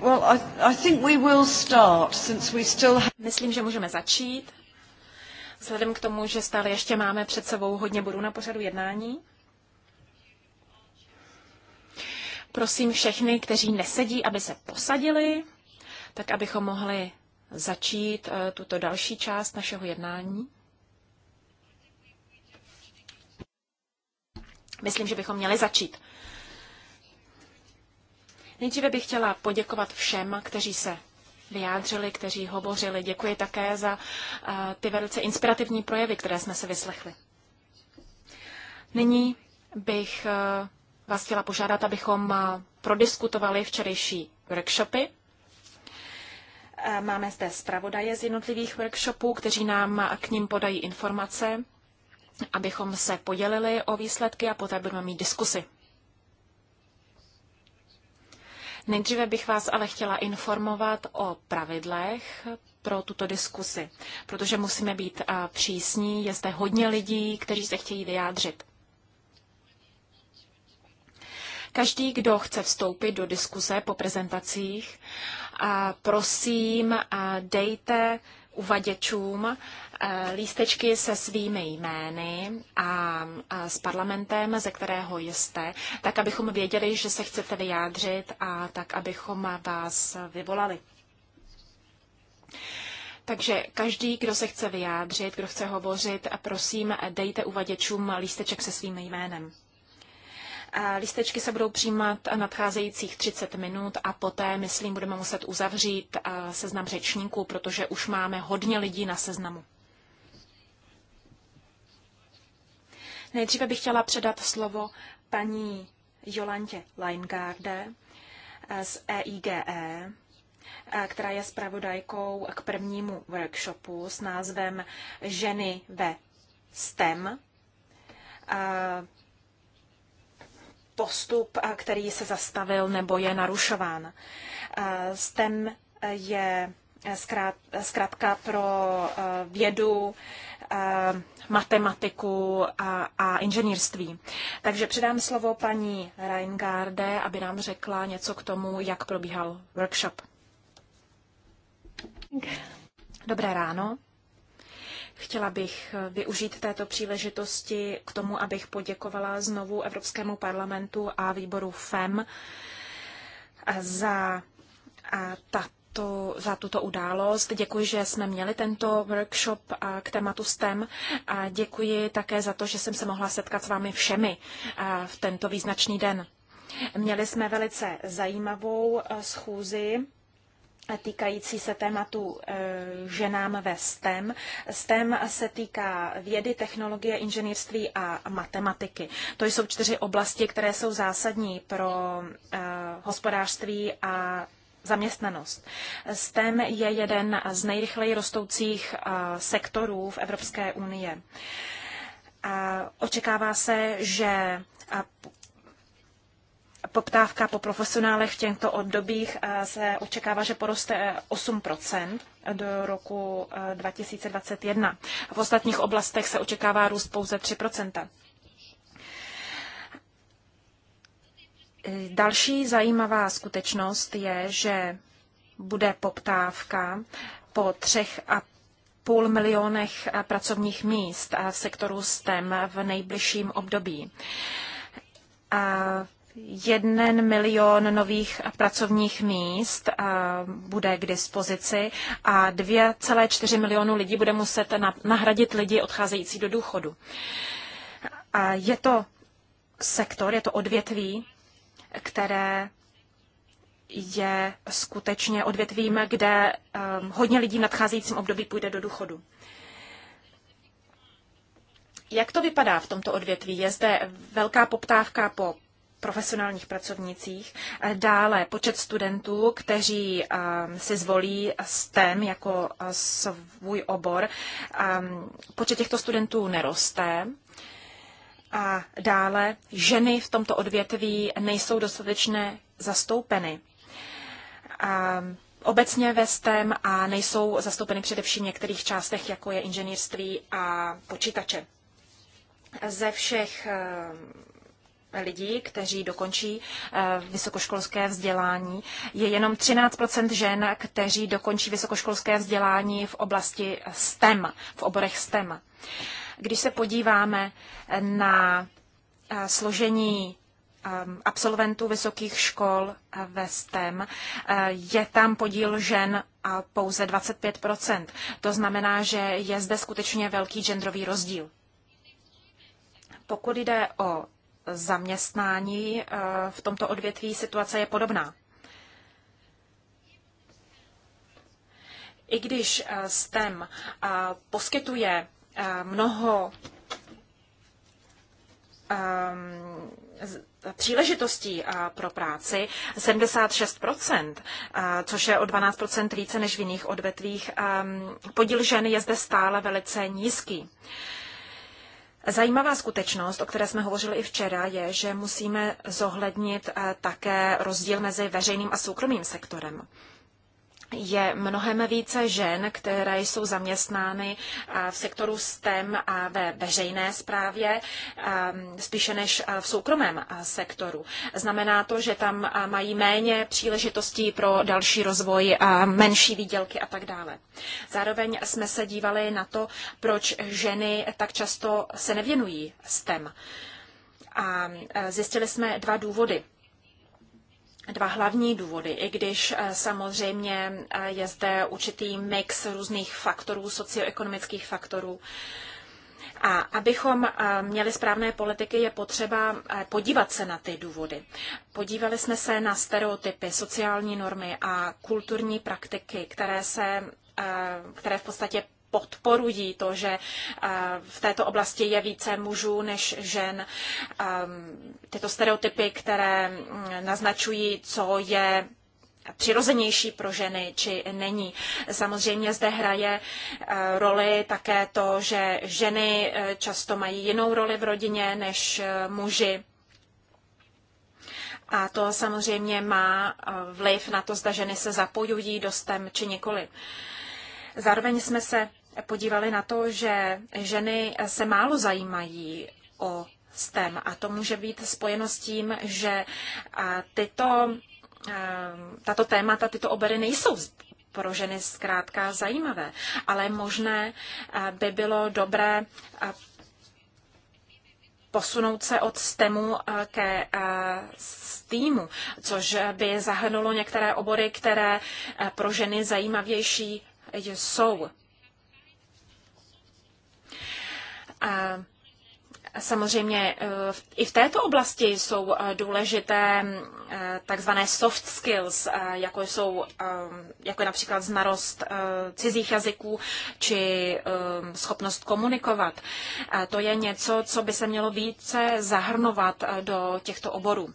Well, I, I think we will start, since we still have... Myslím, že můžeme začít. Vzhledem k tomu, že stále ještě máme před sebou hodně bodů na pořadu jednání. Prosím všechny, kteří nesedí, aby se posadili, tak abychom mohli začít eh, tuto další část našeho jednání. Myslím, že bychom měli začít. Nejdříve bych chtěla poděkovat všem, kteří se vyjádřili, kteří hovořili. Děkuji také za eh, ty velice inspirativní projevy, které jsme se vyslechli. Nyní bych eh, vás chtěla požádat, abychom eh, prodiskutovali včerejší workshopy. Máme zde zpravodaje z jednotlivých workshopů, kteří nám k ním podají informace, abychom se podělili o výsledky a poté budeme mít diskusy. Nejdříve bych vás ale chtěla informovat o pravidlech pro tuto diskusi, protože musíme být přísní, je zde hodně lidí, kteří se chtějí vyjádřit. Každý, kdo chce vstoupit do diskuse po prezentacích, prosím, dejte uvaděčům Eh, lístečky se svými jmény a s parlamentem, ze kterého jste, tak abychom věděli, že se chcete vyjádřit a tak abychom vás vyvolali. Takže každý, kdo se chce vyjádřit, kdo chce hovořit, prosím, dejte uvaděčům lísteček se svým jménem. Eh, lístečky se budou přijímat nadcházejících 30 minut a poté, myslím, budeme muset uzavřít eh, seznam řečníků, protože už máme hodně lidí na seznamu. Nejdříve bych chtěla předat slovo paní Jolantě Leingarde z EIGE, e, která je zpravodajkou k prvnímu workshopu s názvem Ženy ve STEM. Postup, který se zastavil nebo je narušován. STEM je zkrátka pro vědu, Eh, matematiku a, a inženýrství. Takže předám slovo paní Reingarde, aby nám řekla něco k tomu, jak probíhal workshop. Dobré ráno. Chtěla bych využít této příležitosti k tomu, abych poděkovala znovu Evropskému parlamentu a výboru FEM za ta tu, za tuto událost. Děkuji, že jsme měli tento workshop k tématu STEM a děkuji také za to, že jsem se mohla setkat s vámi všemi v tento význačný den. Měli jsme velice zajímavou schůzi týkající se tématu e, ženám ve STEM. STEM se týká vědy, technologie, inženýrství a matematiky. To jsou čtyři oblasti, které jsou zásadní pro e, hospodářství a zaměstnanost. STEM je jeden z nejrychleji rostoucích sektorů v Evropské unii. Očekává se, že poptávka po profesionálech v těchto obdobích se očekává, že poroste 8 e, do roku 2021. E, v ostatních oblastech se očekává růst pouze 3 Další zajímavá skutečnost je, že bude poptávka po třech a půl milionech pracovních míst v sektoru STEM v nejbližším období. A jeden milion nových pracovních míst bude k dispozici a 2,4 milionu lidí bude muset nahradit lidi odcházející do důchodu. A je to sektor, je to odvětví, které je skutečně odvětvím, kde ehm, hodně lidí v nadcházejícím období půjde do důchodu. Jak to vypadá v tomto odvětví? Je zde velká poptávka po profesionálních pracovnicích, eh, dále počet studentů, kteří ehm, si zvolí STEM jako eh, svůj obor. Ehm, počet těchto studentů neroste a dále ženy v tomto odvětví nejsou dostatečně zastoupeny. A obecně ve STEM a nejsou zastoupeny především v některých částech, jako je inženýrství a počítače. Ze všech eh, lidí, kteří dokončí eh, vysokoškolské vzdělání. Je jenom 13 žen, kteří dokončí vysokoškolské vzdělání v oblasti STEM, v oborech STEM. Když se podíváme na eh, složení ehm, absolventů vysokých škol eh, ve STEM, eh, je tam podíl žen pouze 25 To znamená, že je zde skutečně velký genderový rozdíl. Pokud jde o zaměstnání v tomto odvětví, situace je podobná. I když STEM poskytuje Eh, mnoho ehm, příležitostí eh, pro práci 76%, eh, což je o 12% více než v jiných odvetvích. Ehm, podíl žen je zde stále velice nízký. Zajímavá skutečnost, o které jsme hovořili i včera, je, že musíme zohlednit také rozdíl mezi veřejným a soukromým sektorem je mnohem více žen, které jsou zaměstnány eh, v sektoru STEM a ve veřejné správě, eh, spíše než eh, v soukromém sektoru. Znamená to, že tam mají méně příležitostí pro další rozvoj, menší výdělky a tak dále. Zároveň jsme se dívali na to, proč ženy tak často se nevěnují STEM. A zjistili jsme dva důvody dva hlavní důvody, i když eh, samozřejmě eh, je zde určitý mix různých faktorů, socioekonomických faktorů. A abychom eh, měli správné politiky, je potřeba podívat se na ty důvody. Podívali jsme se na stereotypy, sociální normy a kulturní praktiky, které se které v podstatě podporují to, že eh, v této oblasti je více mužů než žen. Ehm, tyto stereotypy, které mm, naznačují, co je přirozenější pro ženy, či není. Samozřejmě zde hraje eh, roli také to, že ženy eh, často mají jinou roli v rodině než muži. A to samozřejmě má vliv na to, zda ženy se zapojují do STEM či nikoli. Zároveň jsme se podívali na to, že ženy se málo zajímají o STEM a to může být spojeno s tím, že tyto, tato témata, tyto obory nejsou pro ženy zkrátka zajímavé, ale možné by bylo dobré posunout se od STEMu ke STEAMu, což by zahrnulo některé obory, které pro ženy zajímavější jsou. A Samozřejmě e, i v této oblasti jsou e, důležité e, takzvané soft skills, jako, jsou, jako je například znalost cizích jazyků či schopnost komunikovat. To je něco, co by se mělo více zahrnovat do těchto oborů.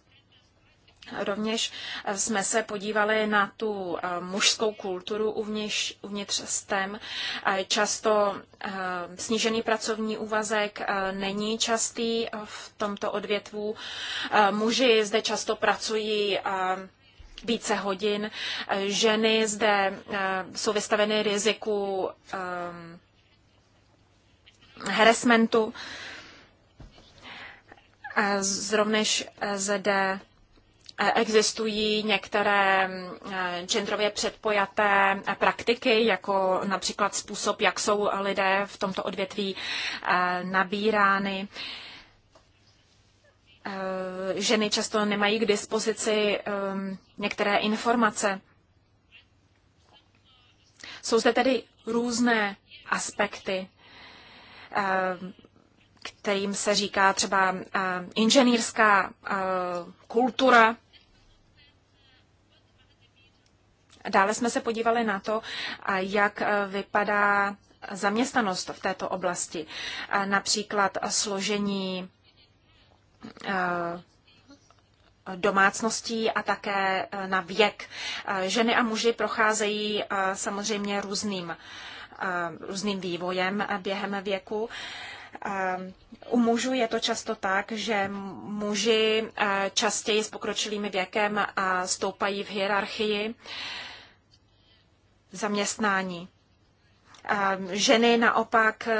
Rovněž eh, jsme se podívali na tu eh, mužskou kulturu uvnitř, uvnitř STEM. Často eh, snížený pracovní úvazek není častý v tomto odvětvu. Muži zde často pracují více hodin. Ženy zde jsou vystaveny riziku harassmentu. Zrovnež zde Eh, existují některé eh, genderově předpojaté eh, praktiky, jako například způsob, jak jsou lidé v tomto odvětví nabírány. Ženy často nemají k dispozici ehm, některé informace. Jsou zde tedy různé aspekty ehm, kterým se říká třeba inženýrská kultura. Dále jsme se podívali na to, jak e, vypadá zaměstnanost v této oblasti, například složení e, domácností a také e, na věk. Ženy a muži procházejí samozřejmě různým, různým vývojem během věku. U mužů je to často tak, že muži častěji s pokročilým věkem stoupají v hierarchii zaměstnání. Ženy naopak e,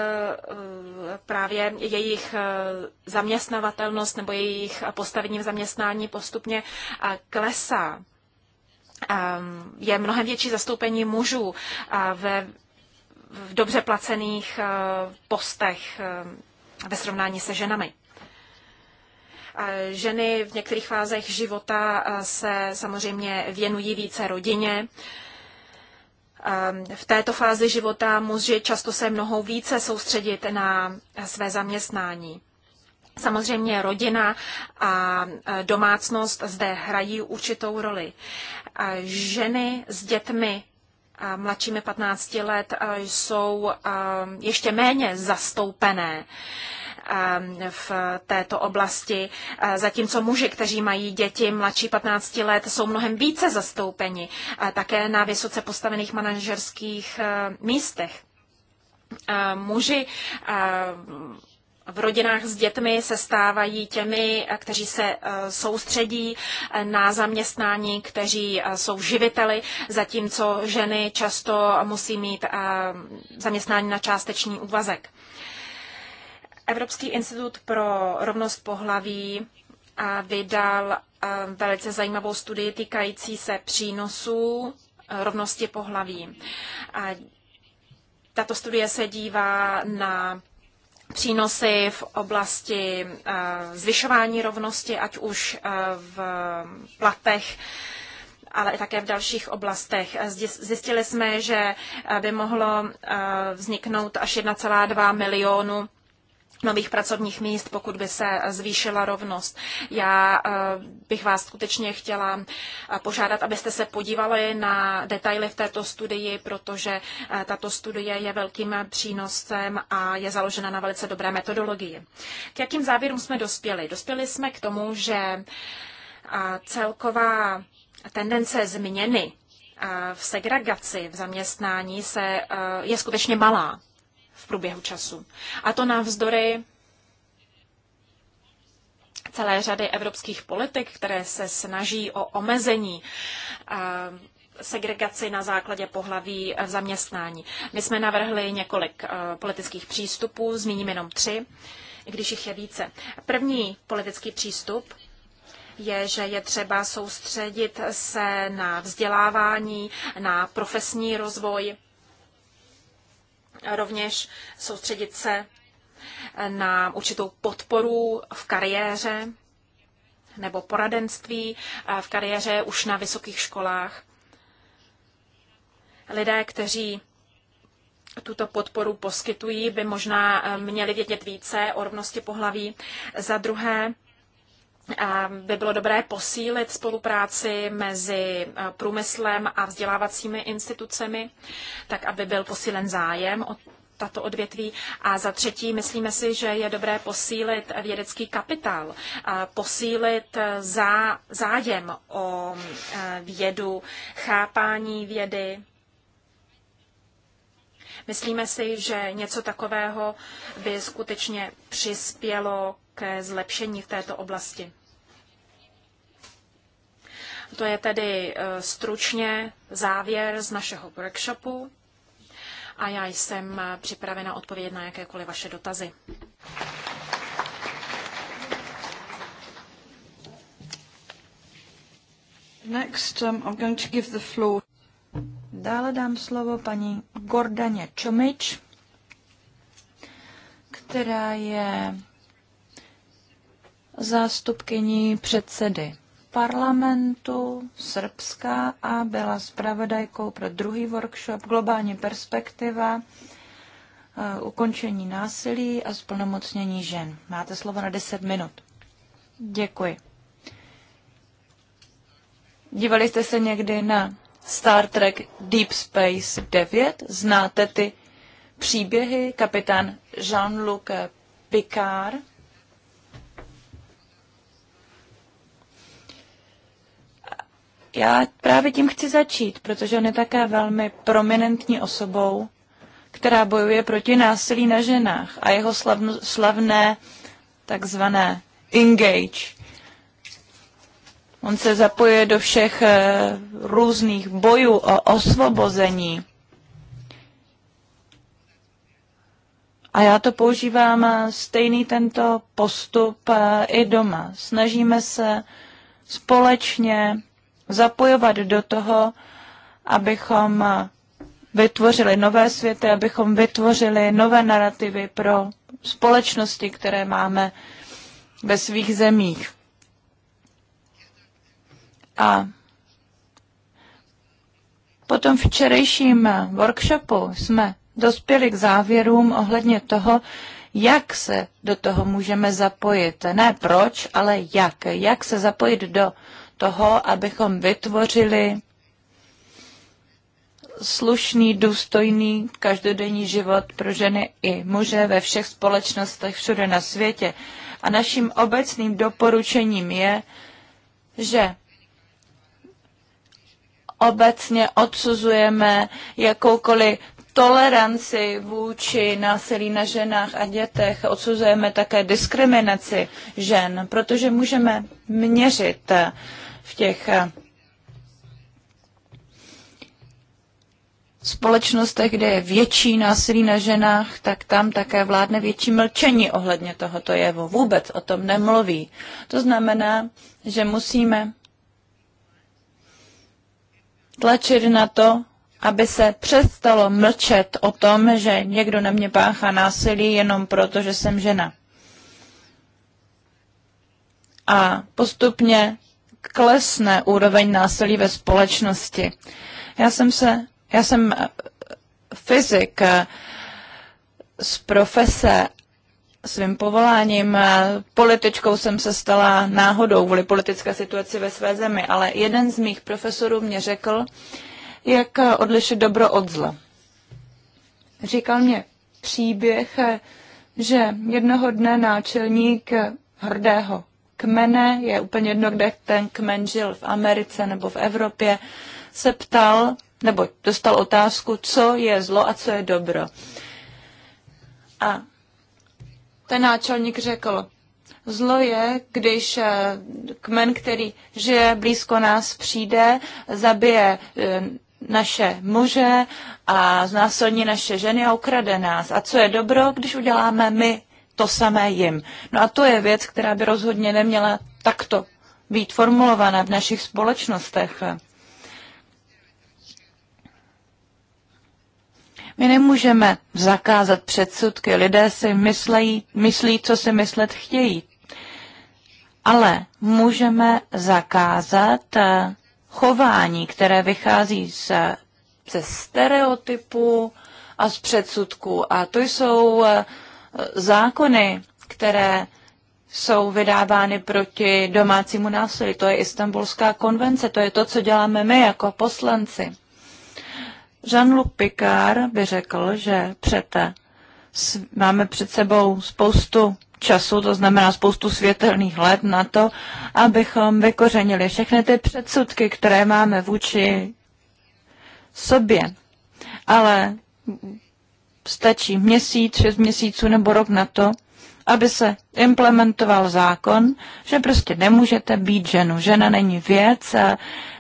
právě jejich e, zaměstnavatelnost nebo jejich postavení v zaměstnání postupně e, klesá. Je mnohem větší zastoupení mužů ve v dobře placených postech ve srovnání se ženami. Ženy v některých fázech života se samozřejmě věnují více rodině, Ehm, v této fázi života muži často se mnohou více soustředit na své zaměstnání. Samozřejmě rodina a e, domácnost zde hrají určitou roli. Ženy s dětmi mladšími 15 let e, jsou e, ještě méně zastoupené v této oblasti, zatímco muži, kteří mají děti mladší 15 let, jsou mnohem více zastoupeni také na vysoce postavených manažerských e, místech. Muži v rodinách s dětmi se stávají těmi, kteří se e, soustředí na zaměstnání, kteří e, jsou živiteli, zatímco ženy často musí mít zaměstnání na částečný úvazek. Evropský institut pro rovnost pohlaví vydal eh, velice zajímavou studii týkající se přínosů eh, rovnosti pohlaví. Tato studie se dívá na přínosy v oblasti eh, zvyšování rovnosti, ať už v platech, ale i také v dalších oblastech. Zjistili jsme, že by mohlo vzniknout až 1,2 milionu nových pracovních míst, pokud by se zvýšila rovnost. Já eh, bych vás skutečně chtěla eh, požádat, abyste se podívali na detaily v této studii, protože eh, tato studie je velkým přínosem a je založena na velice dobré metodologii. K jakým závěrům jsme dospěli? Dospěli jsme k tomu, že celková tendence změny v segregaci v zaměstnání se, je skutečně malá průběhu času. A to navzdory celé řady evropských politik, které se snaží o omezení eh, segregaci na základě pohlaví v zaměstnání. My jsme navrhli několik eh, politických přístupů, zmíním jenom tři, když jich je více. První politický přístup je, že je třeba soustředit se na vzdělávání, na profesní rozvoj rovněž soustředit se na určitou podporu v kariéře nebo poradenství eh, v kariéře už na vysokých školách. Lidé, kteří tuto podporu poskytují, by možná eh, měli vědět více o rovnosti pohlaví. Za druhé, by bylo dobré posílit spolupráci mezi eh, průmyslem a vzdělávacími institucemi, tak aby byl posílen zájem o tato odvětví. A za třetí, myslíme si, že je dobré posílit vědecký kapitál, posílit eh, zá, zájem o eh, vědu, chápání vědy, Myslíme si, že něco takového by skutečně přispělo ke zlepšení v této oblasti. To je tedy e, stručně závěr z našeho workshopu a já jsem připravena odpovědět na jakékoliv vaše dotazy. Next, um, I'm going to give the floor. Dále dám slovo paní Gordaně Čomič, která je zástupkyní předsedy parlamentu Srbska a byla zpravodajkou pro druhý workshop Globální perspektiva, eh, ukončení násilí a splnomocnění žen. Máte slovo na 10 minut. Děkuji. Dívali jste se někdy na Star Trek Deep Space 9. Znáte ty příběhy? Kapitán Jean-Luc Picard já právě tím chci začít, protože on je také velmi prominentní osobou, která bojuje proti násilí na ženách a jeho slavno, slavné takzvané engage On se zapojuje do všech eh, různých bojů o osvobození. A já to používám eh, stejný tento postup eh, i doma. Snažíme se společně zapojovat do toho, abychom vytvořili nové světy, abychom vytvořili nové narrativy pro společnosti, které máme ve svých zemích. A potom včerejším workshopu jsme dospěli k závěrům ohledně toho, jak se do toho můžeme zapojit. Ne proč, ale jak. Jak se zapojit do toho, abychom vytvořili slušný, důstojný každodenní život pro ženy i muže ve všech společnostech všude na světě. A naším obecným doporučením je, že obecně odsuzujeme jakoukoliv toleranci vůči násilí na ženách a dětech, odsuzujeme také diskriminaci žen, protože můžeme měřit v těch společnostech, kde je větší násilí na ženách, tak tam také vládne větší mlčení ohledně tohoto jevu. Vůbec o tom nemluví. To znamená, že musíme tlačit na to, aby se přestalo mlčet o tom, že někdo na mě páchá násilí jenom proto, že jsem žena. A postupně klesne úroveň násilí ve společnosti. Já jsem se, já jsem eh, fyzik eh, z profese svým povoláním. Eh, političkou jsem se stala náhodou kvůli politické situaci ve své zemi, ale jeden z mých profesorů mě řekl, jak eh, odlišit dobro od zla. Říkal mě příběh, eh, že jednoho dne náčelník hrdého kmene, je úplně jedno, kde ten kmen žil v Americe nebo v Evropě, se ptal, nebo dostal otázku, co je zlo a co je dobro. A ten náčelník řekl, Zlo je, když eh, kmen, který žije blízko nás, přijde, zabije eh, naše muže a znásilní naše ženy a ukrade nás. A co je dobro, když uděláme my to samé jim. No a to je věc, která by rozhodně neměla takto být formulovaná v našich společnostech. My nemůžeme zakázat předsudky. Lidé si myslí, myslí, co si myslet chtějí. Ale můžeme zakázat eh, chování, které vychází se, ze stereotypů a z předsudků. A to jsou eh, zákony, které jsou vydávány proti domácímu násilí. To je Istanbulská konvence, to je to, co děláme my jako poslanci. Jean-Luc Picard by řekl, že přete máme před sebou spoustu času, to znamená spoustu světelných let na to, abychom vykořenili všechny ty předsudky, které máme vůči sobě. Ale stačí měsíc, šest měsíců nebo rok na to, aby se implementoval zákon, že prostě nemůžete být ženu. Žena není věc,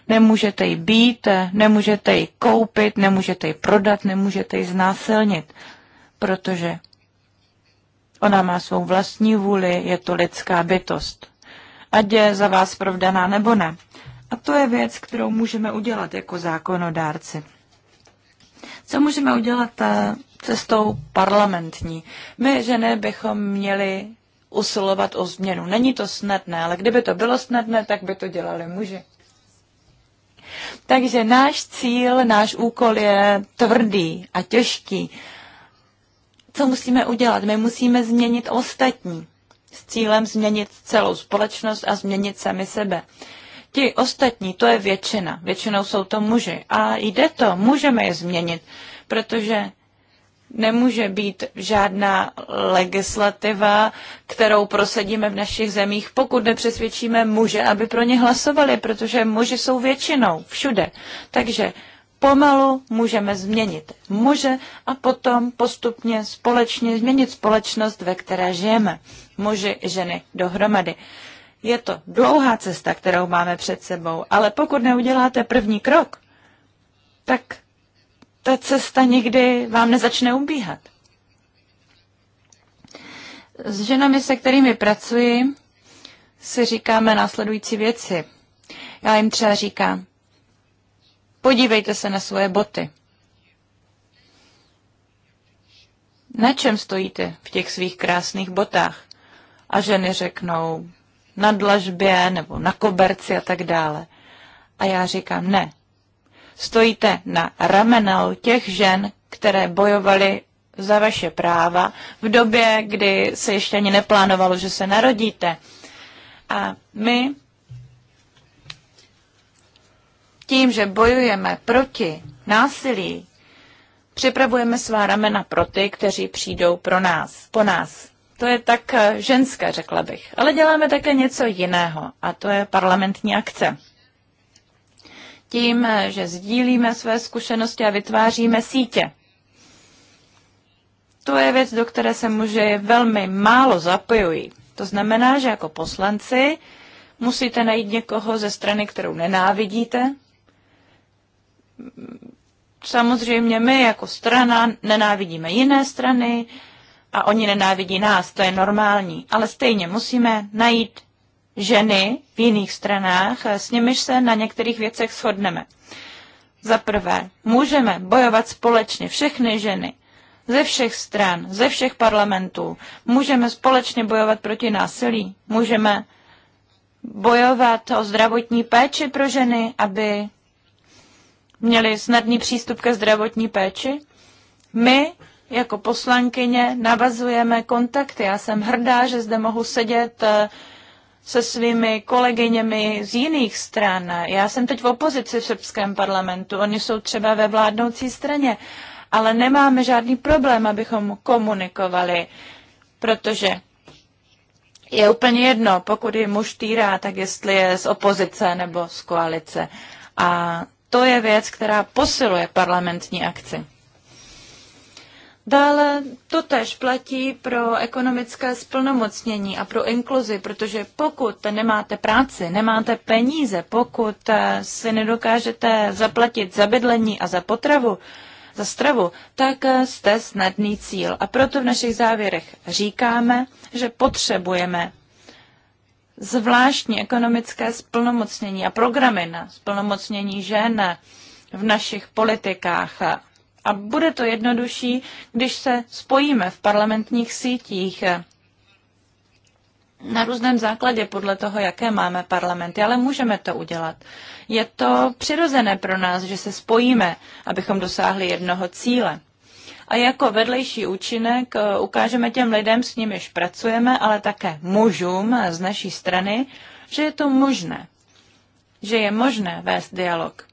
Nemůžete ji být, nemůžete ji koupit, nemůžete ji prodat, nemůžete ji znásilnit, protože ona má svou vlastní vůli, je to lidská bytost. Ať je za vás provdaná nebo ne. A to je věc, kterou můžeme udělat jako zákonodárci. Co můžeme udělat eh, cestou parlamentní? My, ženy, bychom měli usilovat o změnu. Není to snadné, ale kdyby to bylo snadné, tak by to dělali muži. Takže náš cíl, náš úkol je tvrdý a těžký. Co musíme udělat? My musíme změnit ostatní s cílem změnit celou společnost a změnit sami sebe. Ti ostatní, to je většina. Většinou jsou to muži. A jde to, můžeme je změnit, protože nemůže být žádná legislativa, kterou prosadíme v našich zemích, pokud nepřesvědčíme muže, aby pro ně hlasovali, protože muži jsou většinou všude. Takže pomalu můžeme změnit muže a potom postupně společně změnit společnost, ve které žijeme. Muži ženy dohromady. Je to dlouhá cesta, kterou máme před sebou, ale pokud neuděláte první krok, tak ta cesta nikdy vám nezačne ubíhat. S ženami, se kterými pracuji, si říkáme následující věci. Já jim třeba říkám, podívejte se na svoje boty. Na čem stojíte v těch svých krásných botách? A ženy řeknou, na dlažbě nebo na koberci a tak dále. A já říkám, ne, stojíte na ramenou těch žen, které bojovaly za vaše práva v době, kdy se ještě ani neplánovalo, že se narodíte. A my tím, že bojujeme proti násilí, připravujeme svá ramena pro ty, kteří přijdou pro nás, po nás. To je tak eh, ženské, řekla bych. Ale děláme také něco jiného a to je parlamentní akce tím, že sdílíme své zkušenosti a vytváříme sítě. To je věc, do které se muži velmi málo zapojují. To znamená, že jako poslanci musíte najít někoho ze strany, kterou nenávidíte. Samozřejmě my jako strana nenávidíme jiné strany a oni nenávidí nás, to je normální. Ale stejně musíme najít ženy v jiných stranách, eh, s nimiž se na některých věcech shodneme. Za prvé, můžeme bojovat společně všechny ženy ze všech stran, ze všech parlamentů. Můžeme společně bojovat proti násilí. Můžeme bojovat o zdravotní péči pro ženy, aby měli snadný přístup ke zdravotní péči. My jako poslankyně navazujeme kontakty. Já jsem hrdá, že zde mohu sedět eh, se svými kolegyněmi z jiných stran. Já jsem teď v opozici v srbském parlamentu, oni jsou třeba ve vládnoucí straně, ale nemáme žádný problém, abychom komunikovali, protože je úplně jedno, pokud je muž týrá, tak jestli je z opozice nebo z koalice. A to je věc, která posiluje parlamentní akci. Dále to tež platí pro ekonomické splnomocnění a pro inkluzi, protože pokud nemáte práci, nemáte peníze, pokud eh, si nedokážete zaplatit za bydlení a za potravu, za stravu, tak eh, jste snadný cíl. A proto v našich závěrech říkáme, že potřebujeme zvláštní ekonomické splnomocnění a programy na splnomocnění žen v našich politikách a bude to jednodušší, když se spojíme v parlamentních sítích na různém základě podle toho, jaké máme parlamenty, ale můžeme to udělat. Je to přirozené pro nás, že se spojíme, abychom dosáhli jednoho cíle. A jako vedlejší účinek eh, ukážeme těm lidem, s nimiž pracujeme, ale také mužům z naší strany, že je to možné. Že je možné vést dialog.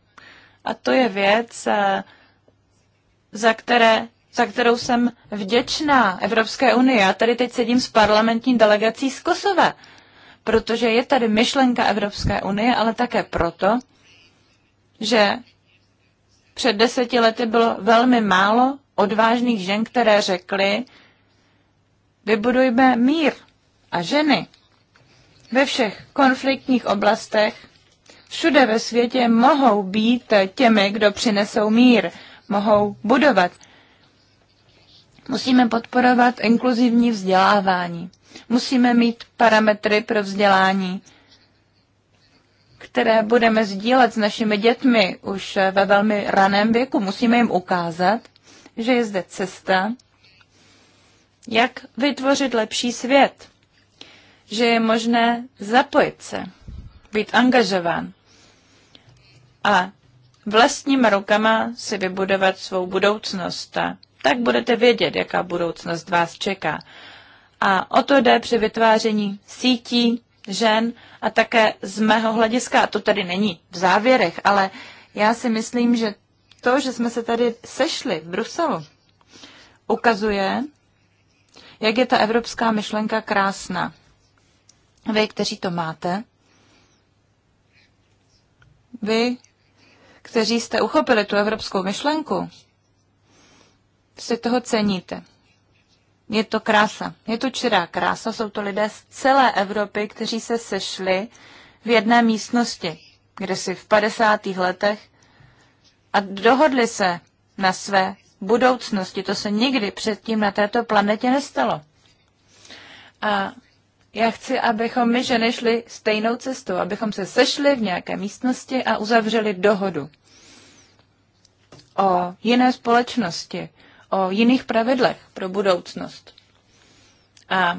A to je věc, eh, za, které, za kterou jsem vděčná Evropské unii. Já tady teď sedím s parlamentní delegací z Kosova, protože je tady myšlenka Evropské unie, ale také proto, že před deseti lety bylo velmi málo odvážných žen, které řekly, vybudujme mír a ženy. Ve všech konfliktních oblastech všude ve světě mohou být těmi, kdo přinesou mír mohou budovat. Musíme podporovat inkluzivní vzdělávání. Musíme mít parametry pro vzdělání, které budeme sdílet s našimi dětmi už ve velmi raném věku. Musíme jim ukázat, že je zde cesta, jak vytvořit lepší svět, že je možné zapojit se, být angažován. A vlastníma rukama si vybudovat svou budoucnost. Tak budete vědět, jaká budoucnost vás čeká. A o to jde při vytváření sítí žen a také z mého hlediska, a to tady není v závěrech, ale já si myslím, že to, že jsme se tady sešli v Bruselu, ukazuje, jak je ta evropská myšlenka krásná. Vy, kteří to máte, vy, kteří jste uchopili tu evropskou myšlenku, si toho ceníte. Je to krása. Je to čirá krása. Jsou to lidé z celé Evropy, kteří se sešli v jedné místnosti, kde si v 50. letech a dohodli se na své budoucnosti. To se nikdy předtím na této planetě nestalo. A já chci, abychom my ženy šli stejnou cestou, abychom se sešli v nějaké místnosti a uzavřeli dohodu o jiné společnosti, o jiných pravidlech pro budoucnost. A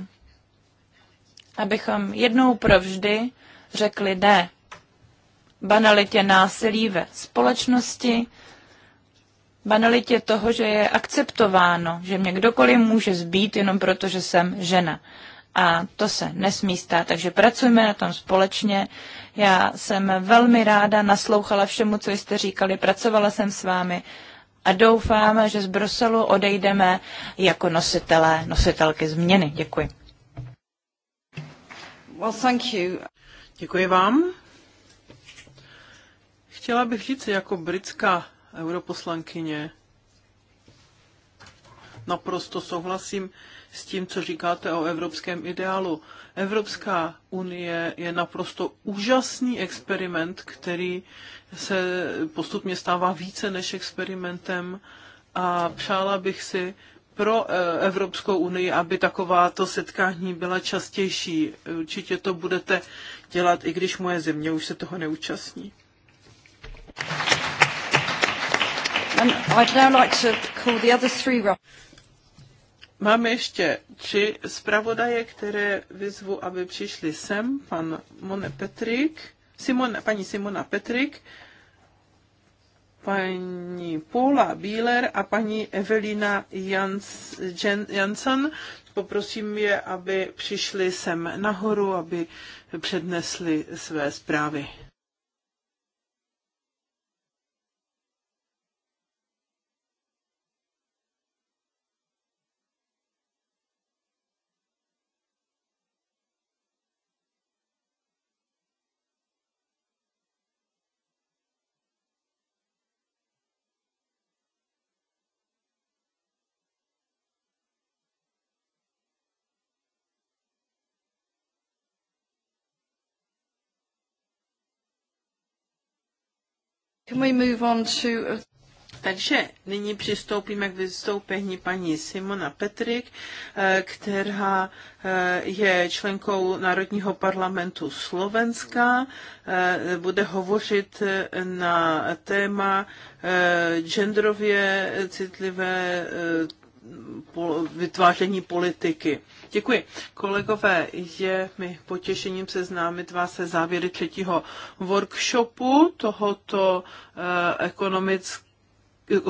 abychom jednou provždy řekli ne banalitě násilí ve společnosti, banalitě toho, že je akceptováno, že mě kdokoliv může zbít jenom proto, že jsem žena a to se nesmí stát. Takže pracujme na tom společně. Já jsem velmi ráda naslouchala všemu, co jste říkali, pracovala jsem s vámi a doufám, že z Bruselu odejdeme jako nositelé, nositelky změny. Děkuji. Well, thank you. Děkuji vám. Chtěla bych říct jako britská europoslankyně, naprosto souhlasím s tím, co říkáte o evropském ideálu. Evropská unie je naprosto úžasný experiment, který se postupně stává více než experimentem a přála bych si pro eh, Evropskou unii, aby takováto setkání byla častější. Určitě to budete dělat, i když moje země už se toho neúčastní. And I'd now like to call the other three Máme ještě tři zpravodaje, které vyzvu, aby přišli sem. Pan Mone Petrik, Simona, paní Simona Petrik, paní Paula Bíler a paní Evelina Jansson. Poprosím je, aby přišli sem nahoru, aby přednesli své zprávy. To... Uh, Takže nyní přistoupíme k vystoupení paní Simona Petrik, eh, která eh, je členkou Národního parlamentu Slovenska. Eh, bude hovořit na téma genderově citlivé vytváření politiky. Děkuji. Kolegové, je mi potěšením seznámit vás se závěry třetího workshopu tohoto eh, ekonomického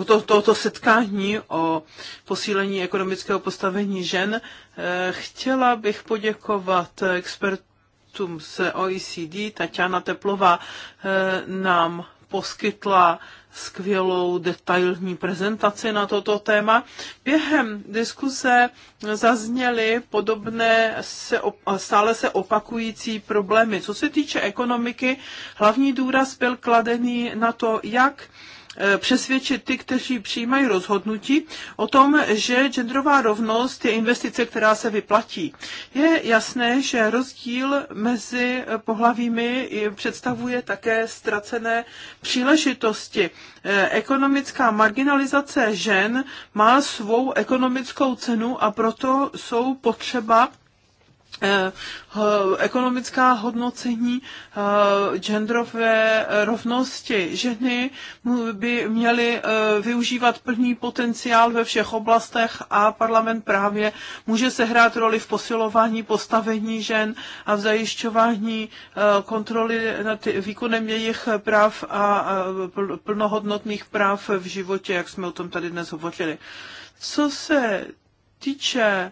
to, tohoto setkání o posílení ekonomického postavení žen. Eh, chtěla bych poděkovat expertům z OECD. Tatiana Teplová eh, nám poskytla skvělou detailní prezentaci na toto téma. Během diskuse zazněly podobné se, stále se opakující problémy. Co se týče ekonomiky, hlavní důraz byl kladený na to, jak E, přesvědčit ty, kteří přijímají rozhodnutí o tom, že genderová rovnost je investice, která se vyplatí. Je jasné, že rozdíl mezi pohlavími představuje také ztracené příležitosti. E, ekonomická marginalizace žen má svou ekonomickou cenu a proto jsou potřeba Eh, ekonomická hodnocení eh, genderové rovnosti. Ženy by měly eh, využívat plný potenciál ve všech oblastech a parlament právě může sehrát roli v posilování postavení žen a v zajišťování kontroly nad výkonem jejich práv a plnohodnotných práv v životě, jak jsme o tom tady dnes hovořili. Co se týče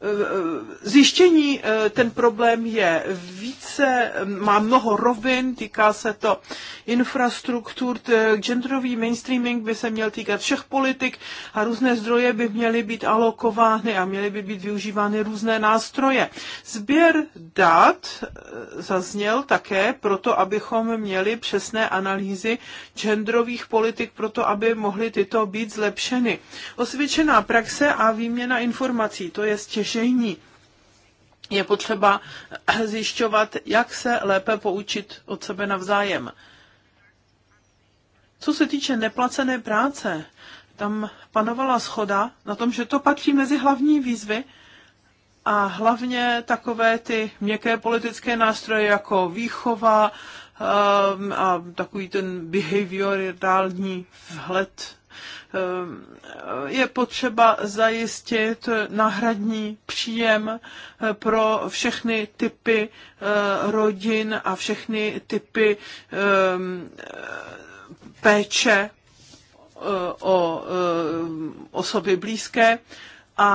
Eh, zjištění eh, ten problém je více, má mnoho rovin, týká se to infrastruktur, genderový mainstreaming by se měl týkat všech politik a různé zdroje by měly být alokovány a měly by být využívány různé nástroje. Sběr dat eh, zazněl také proto, abychom měli přesné analýzy genderových politik, proto aby mohly tyto být zlepšeny. Osvědčená praxe a výměna informací, to je stěžení řešení. Je potřeba zjišťovat, jak se lépe poučit od sebe navzájem. Co se týče neplacené práce, tam panovala schoda na tom, že to patří mezi hlavní výzvy a hlavně takové ty měkké politické nástroje jako výchova ehm, a takový ten behaviorální vhled Ehm, je potřeba zajistit náhradní příjem eh, pro všechny typy eh, rodin a všechny typy ehm, péče eh, o osoby blízké a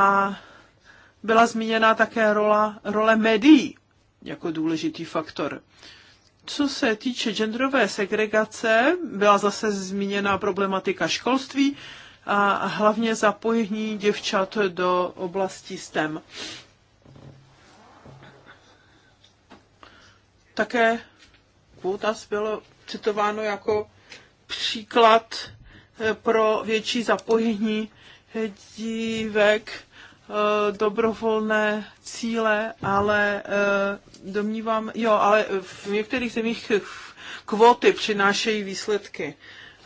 byla zmíněna také rola, role médií jako důležitý faktor. Co se týče genderové segregace, byla zase zmíněna problematika školství a hlavně zapojení děvčat do oblasti STEM. Také Kvůtas bylo citováno jako příklad eh, pro větší zapojení dívek eh, dobrovolné cíle, ale eh, domnívám, jo, ale v některých zemích kvóty přinášejí výsledky.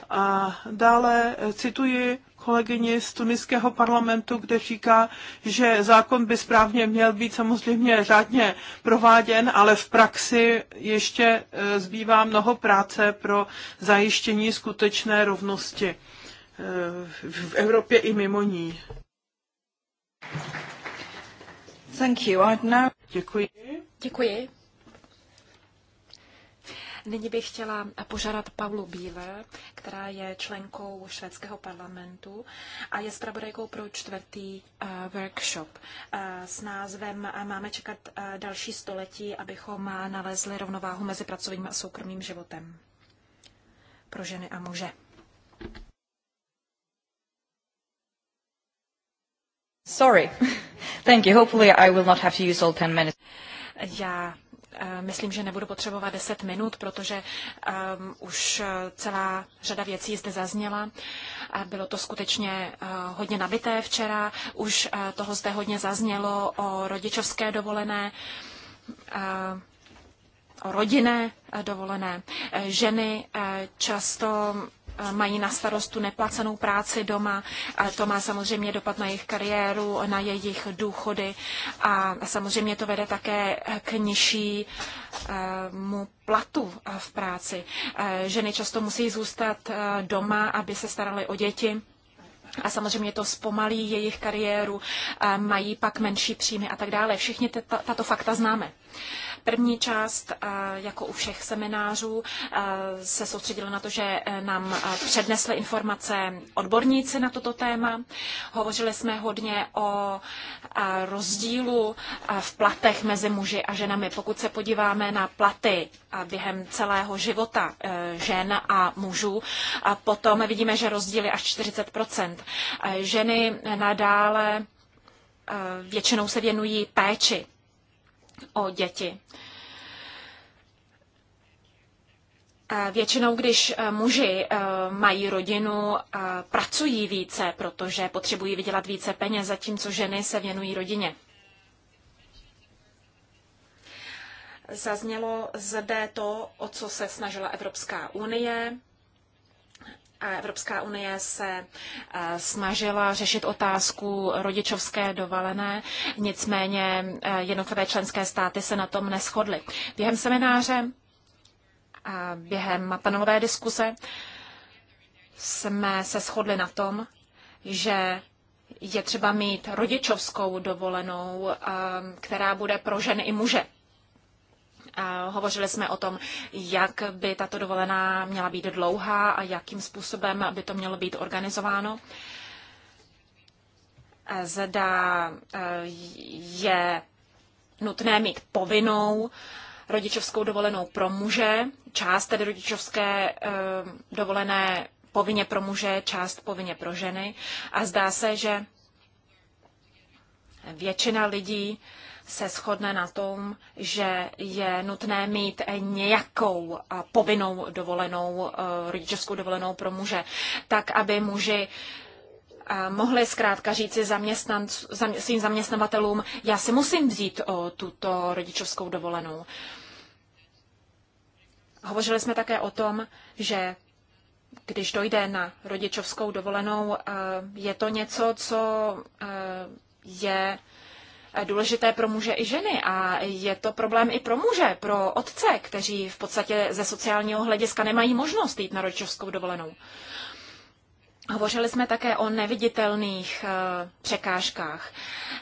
A dále cituji kolegyni z tuniského parlamentu, kde říká, že zákon by správně měl být samozřejmě řádně prováděn, ale v praxi ještě e, zbývá mnoho práce pro zajištění skutečné rovnosti e, v Evropě i mimo ní. Thank you. I'd now... Děkuji. Děkuji. Nyní bych chtěla požádat Paulu Bíle, která je členkou švédského parlamentu a je zpravodajkou pro čtvrtý uh, workshop uh, s názvem eh, Máme čekat uh, další století, abychom uh, nalezli rovnováhu mezi pracovním a soukromým životem pro ženy a muže. Sorry. Thank you. Hopefully I will not have to use all 10 minutes. Já eh, myslím, že nebudu potřebovat 10 minut, protože um, už celá řada věcí zde zazněla. Bylo to skutečně uh, hodně nabité včera, už uh, toho zde hodně zaznělo o rodičovské dovolené. Uh, o rodinné dovolené. Ženy často Eh, mají na starostu neplacenou práci doma. To má samozřejmě dopad na jejich kariéru, na jejich důchody a samozřejmě to vede také k nižšímu eh, platu eh, v práci. Ženy často musí zůstat doma, aby se staraly o děti. A samozřejmě to zpomalí jejich kariéru, mají pak menší příjmy a tak dále. Všichni tato fakta známe. První část, eh, jako u všech seminářů, eh, se soustředila na to, že eh, nám přednesly informace odborníci na toto téma. Hovořili jsme hodně o rozdílu v platech mezi muži a ženami. Pokud se podíváme na platy během celého života žen a mužů, potom vidíme, že rozdíly až 40 Ženy nadále většinou se věnují péči o děti. Většinou, když e, muži e, mají rodinu, pracují více, protože potřebují vydělat více peněz, zatímco ženy se věnují rodině. Zaznělo zde to, o co se snažila Evropská unie Evropská unie se eh, snažila řešit otázku rodičovské dovolené, nicméně eh, jednotlivé členské státy se na tom neschodly. Během semináře, během panelové diskuse jsme se shodli na tom, že je třeba mít rodičovskou dovolenou, eh, která bude pro ženy i muže. Hovořili jsme o tom, jak by tato dovolená měla být dlouhá a jakým způsobem by to mělo být organizováno. Zda e, je nutné mít povinnou rodičovskou dovolenou pro muže, část tedy rodičovské e, dovolené povinně pro muže, část povinně pro ženy. A zdá se, že většina lidí se shodne na tom, že je nutné mít nějakou povinnou dovolenou, eh, rodičovskou dovolenou pro muže, tak aby muži eh, mohli zkrátka říci zaměstnanc- svým zaměstnavatelům, já si musím vzít o tuto rodičovskou dovolenou. Hovořili jsme také o tom, že když dojde na rodičovskou dovolenou, eh, je to něco, co je důležité pro muže i ženy a je to problém i pro muže, pro otce, kteří v podstatě ze sociálního hlediska nemají možnost jít na rodičovskou dovolenou. Hovořili jsme také o neviditelných eh, překážkách.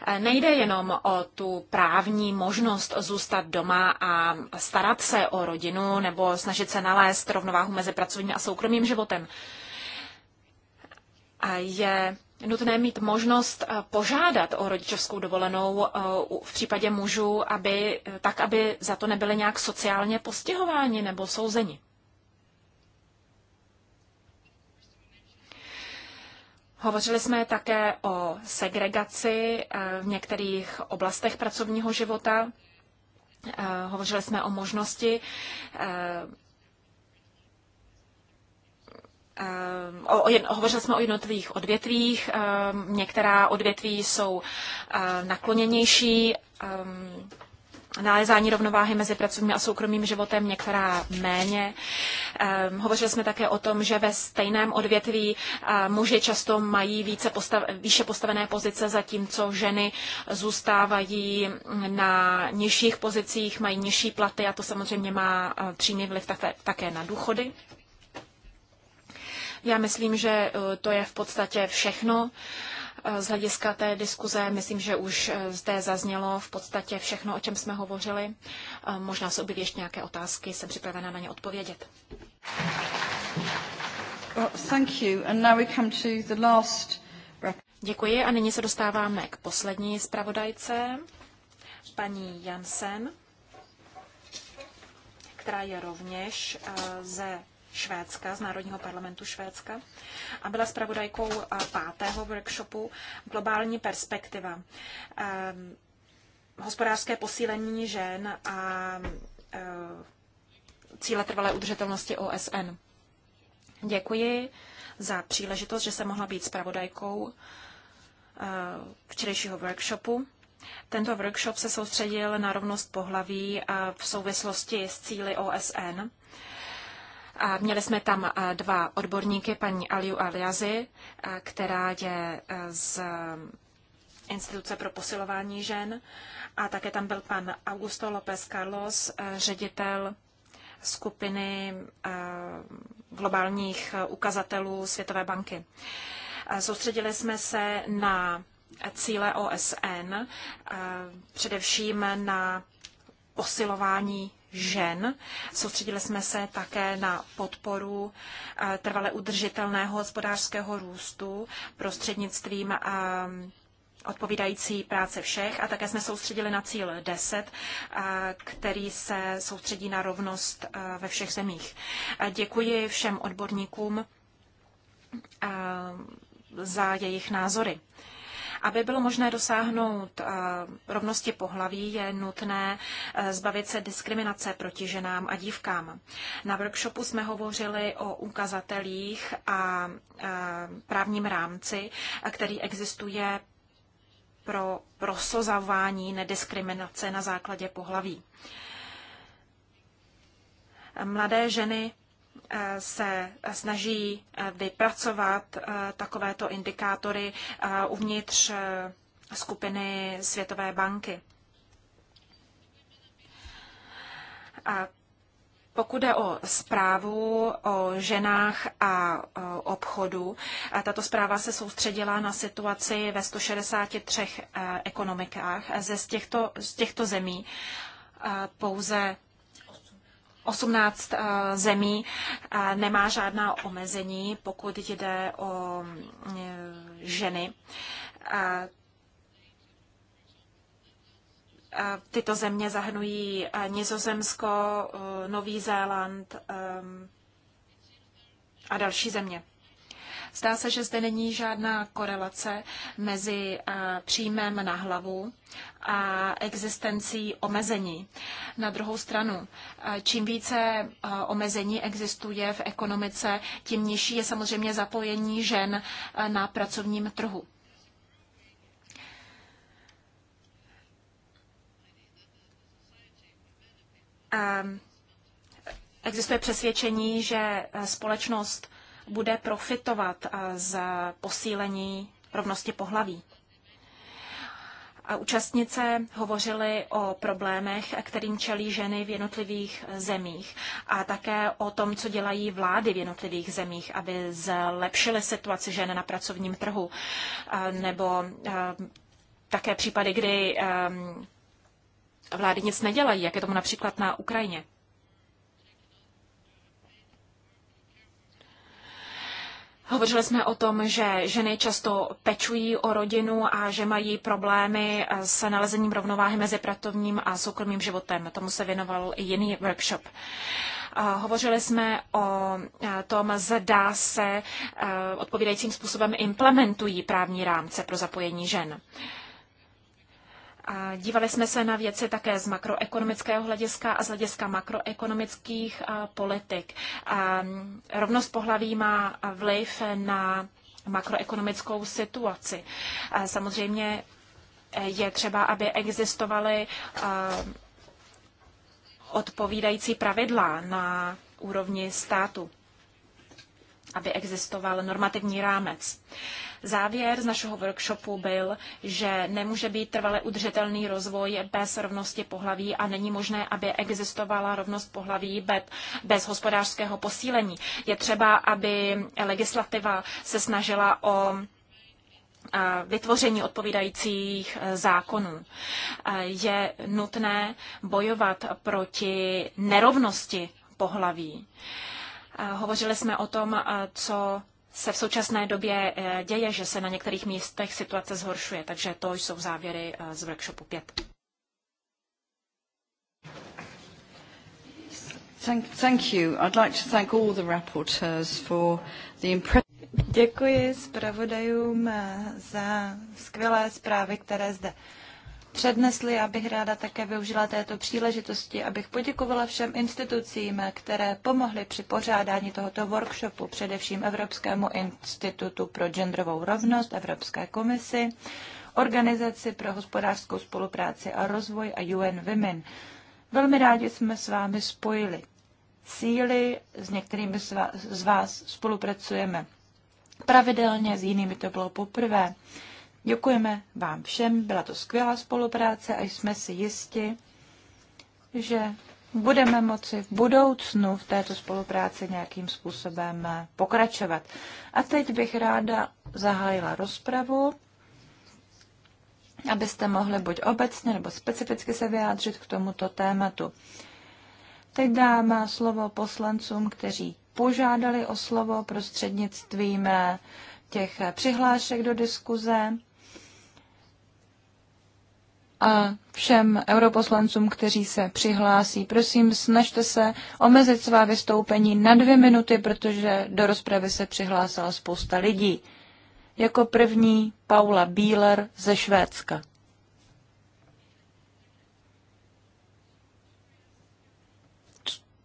Eh, nejde jenom o tu právní možnost zůstat doma a starat se o rodinu nebo snažit se nalézt rovnováhu mezi pracovním a soukromým životem. A Je nutné mít možnost eh, požádat o rodičovskou dovolenou eh, v případě mužů, aby, eh, tak, aby za to nebyly nějak sociálně postihováni nebo souzeni. Hovořili jsme také o segregaci v některých oblastech pracovního života. Hovořili jsme o možnosti Ehm, o, o, hovořili jsme o jednotlivých odvětvích. Ehm, některá odvětví jsou eh, nakloněnější ehm, nalezání rovnováhy mezi pracovním a soukromým životem, některá méně. Um, hovořili jsme také o tom, že ve stejném odvětví uh, muži často mají více postav, výše postavené pozice, zatímco ženy zůstávají mm, na nižších pozicích, mají nižší platy a to samozřejmě má uh, přímý vliv také, také na důchody. Já myslím, že eh, to je v podstatě všechno. Eh, z hlediska té diskuze, myslím, že už eh, zde zaznělo v podstatě všechno, o čem jsme hovořili. Možná se objeví ještě nějaké otázky, jsem připravena na ně odpovědět. Děkuji a nyní se dostáváme k poslední zpravodajce, paní Jansen, která je rovněž ze Švédska, z Národního parlamentu Švédska a byla zpravodajkou eh, pátého workshopu Globální perspektiva. Eh, hospodářské posílení žen a eh, cíle trvalé udržitelnosti OSN. Děkuji za příležitost, že jsem mohla být zpravodajkou včerejšího workshopu. Tento workshop se soustředil na rovnost pohlaví v souvislosti s cíly OSN a měli jsme tam dva odborníky, paní Aliu Aliazi, která je z instituce pro posilování žen. A také tam byl pan Augusto López Carlos, ředitel skupiny globálních ukazatelů Světové banky. Soustředili jsme se na cíle OSN, především na posilování žen. Soustředili jsme se také na podporu eh, trvale udržitelného hospodářského růstu prostřednictvím ehm, odpovídající práce všech a také jsme soustředili na cíl 10, eh, který se soustředí na rovnost eh, ve všech zemích. Děkuji všem odborníkům ehm, za jejich názory. Aby bylo možné dosáhnout eh, rovnosti pohlaví, je nutné eh, zbavit se diskriminace proti ženám a dívkám. Na workshopu jsme hovořili o ukazatelích a eh, právním rámci, který existuje pro prosozování nediskriminace na základě pohlaví. Mladé ženy Eh, se snaží eh, vypracovat eh, takovéto indikátory uvnitř skupiny Světové banky. A pokud jde o zprávu o ženách a obchodu, obchodu, tato zpráva se soustředila na situaci ve 163 ekonomikách. Ze z těchto, z těchto zemí pouze 18 eh, zemí eh, nemá žádná omezení, pokud jde o eh, ženy. Tyto země zahrnují Nizozemsko, Nový Zéland a další země. Zdá se, že zde není žádná korelace mezi eh, příjmem na hlavu a existencí omezení. Na druhou stranu, eh, čím více eh, omezení existuje v ekonomice, tím nižší je samozřejmě zapojení žen na pracovním trhu. Ehm, existuje přesvědčení, že společnost bude profitovat eh, z posílení rovnosti pohlaví. A účastnice hovořily o problémech, kterým čelí ženy v jednotlivých zemích a také o tom, co dělají vlády v jednotlivých zemích, aby zlepšily situaci žen na pracovním trhu. Eh, nebo eh, také případy, kdy vlády nic nedělají, jak je tomu například na Ukrajině. Hovořili jsme o tom, že ženy často pečují o rodinu a že mají problémy eh, s nalezením rovnováhy mezi pracovním a soukromým životem. Tomu se věnoval i jiný workshop. Eh, hovořili jsme o eh, tom, zda se odpovídajícím způsobem implementují právní rámce pro zapojení žen. A dívali jsme se na věci také z makroekonomického hlediska a z hlediska makroekonomických a, politik. A, rovnost pohlaví má vliv na makroekonomickou situaci. A, samozřejmě e, je třeba, aby existovaly odpovídající pravidla na úrovni státu aby existoval normativní rámec. Závěr z našeho workshopu byl, že nemůže být trvale udržitelný rozvoj bez rovnosti pohlaví a není možné, aby existovala rovnost pohlaví bez hospodářského posílení. Je třeba, aby legislativa se snažila o vytvoření odpovídajících e, zákonů. E, je nutné bojovat proti nerovnosti pohlaví. Hovořili jsme o tom, co se v současné době e, děje, že se na některých místech situace zhoršuje. Takže to jsou závěry e, z workshopu 5. Thank, thank you. I'd like to thank all the rapporteurs for the Děkuji zpravodajům e, za skvělé zprávy, které zde přednesli. Já bych ráda také využila této příležitosti, abych poděkovala všem institucím, které pomohly při pořádání tohoto workshopu, především Evropskému institutu pro genderovou rovnost, Evropské komisi, Organizaci pro hospodářskou spolupráci a rozvoj a UN Women. Velmi rádi jsme s vámi spojili síly, s některými z vás spolupracujeme pravidelně, s jinými to bylo poprvé. Děkujeme vám všem, byla to skvělá spolupráce a jsme si jisti, že budeme moci v budoucnu v této spolupráci nějakým způsobem pokračovat. A teď bych ráda zahájila rozpravu, abyste mohli buď obecně nebo specificky se vyjádřit k tomuto tématu. Teď dám slovo poslancům, kteří požádali o slovo prostřednictvím těch přihlášek do diskuze a všem europoslancům, kteří se přihlásí. Prosím, snažte se omezit svá vystoupení na dvě minuty, protože do rozpravy se přihlásila spousta lidí. Jako první Paula Bieler ze Švédska.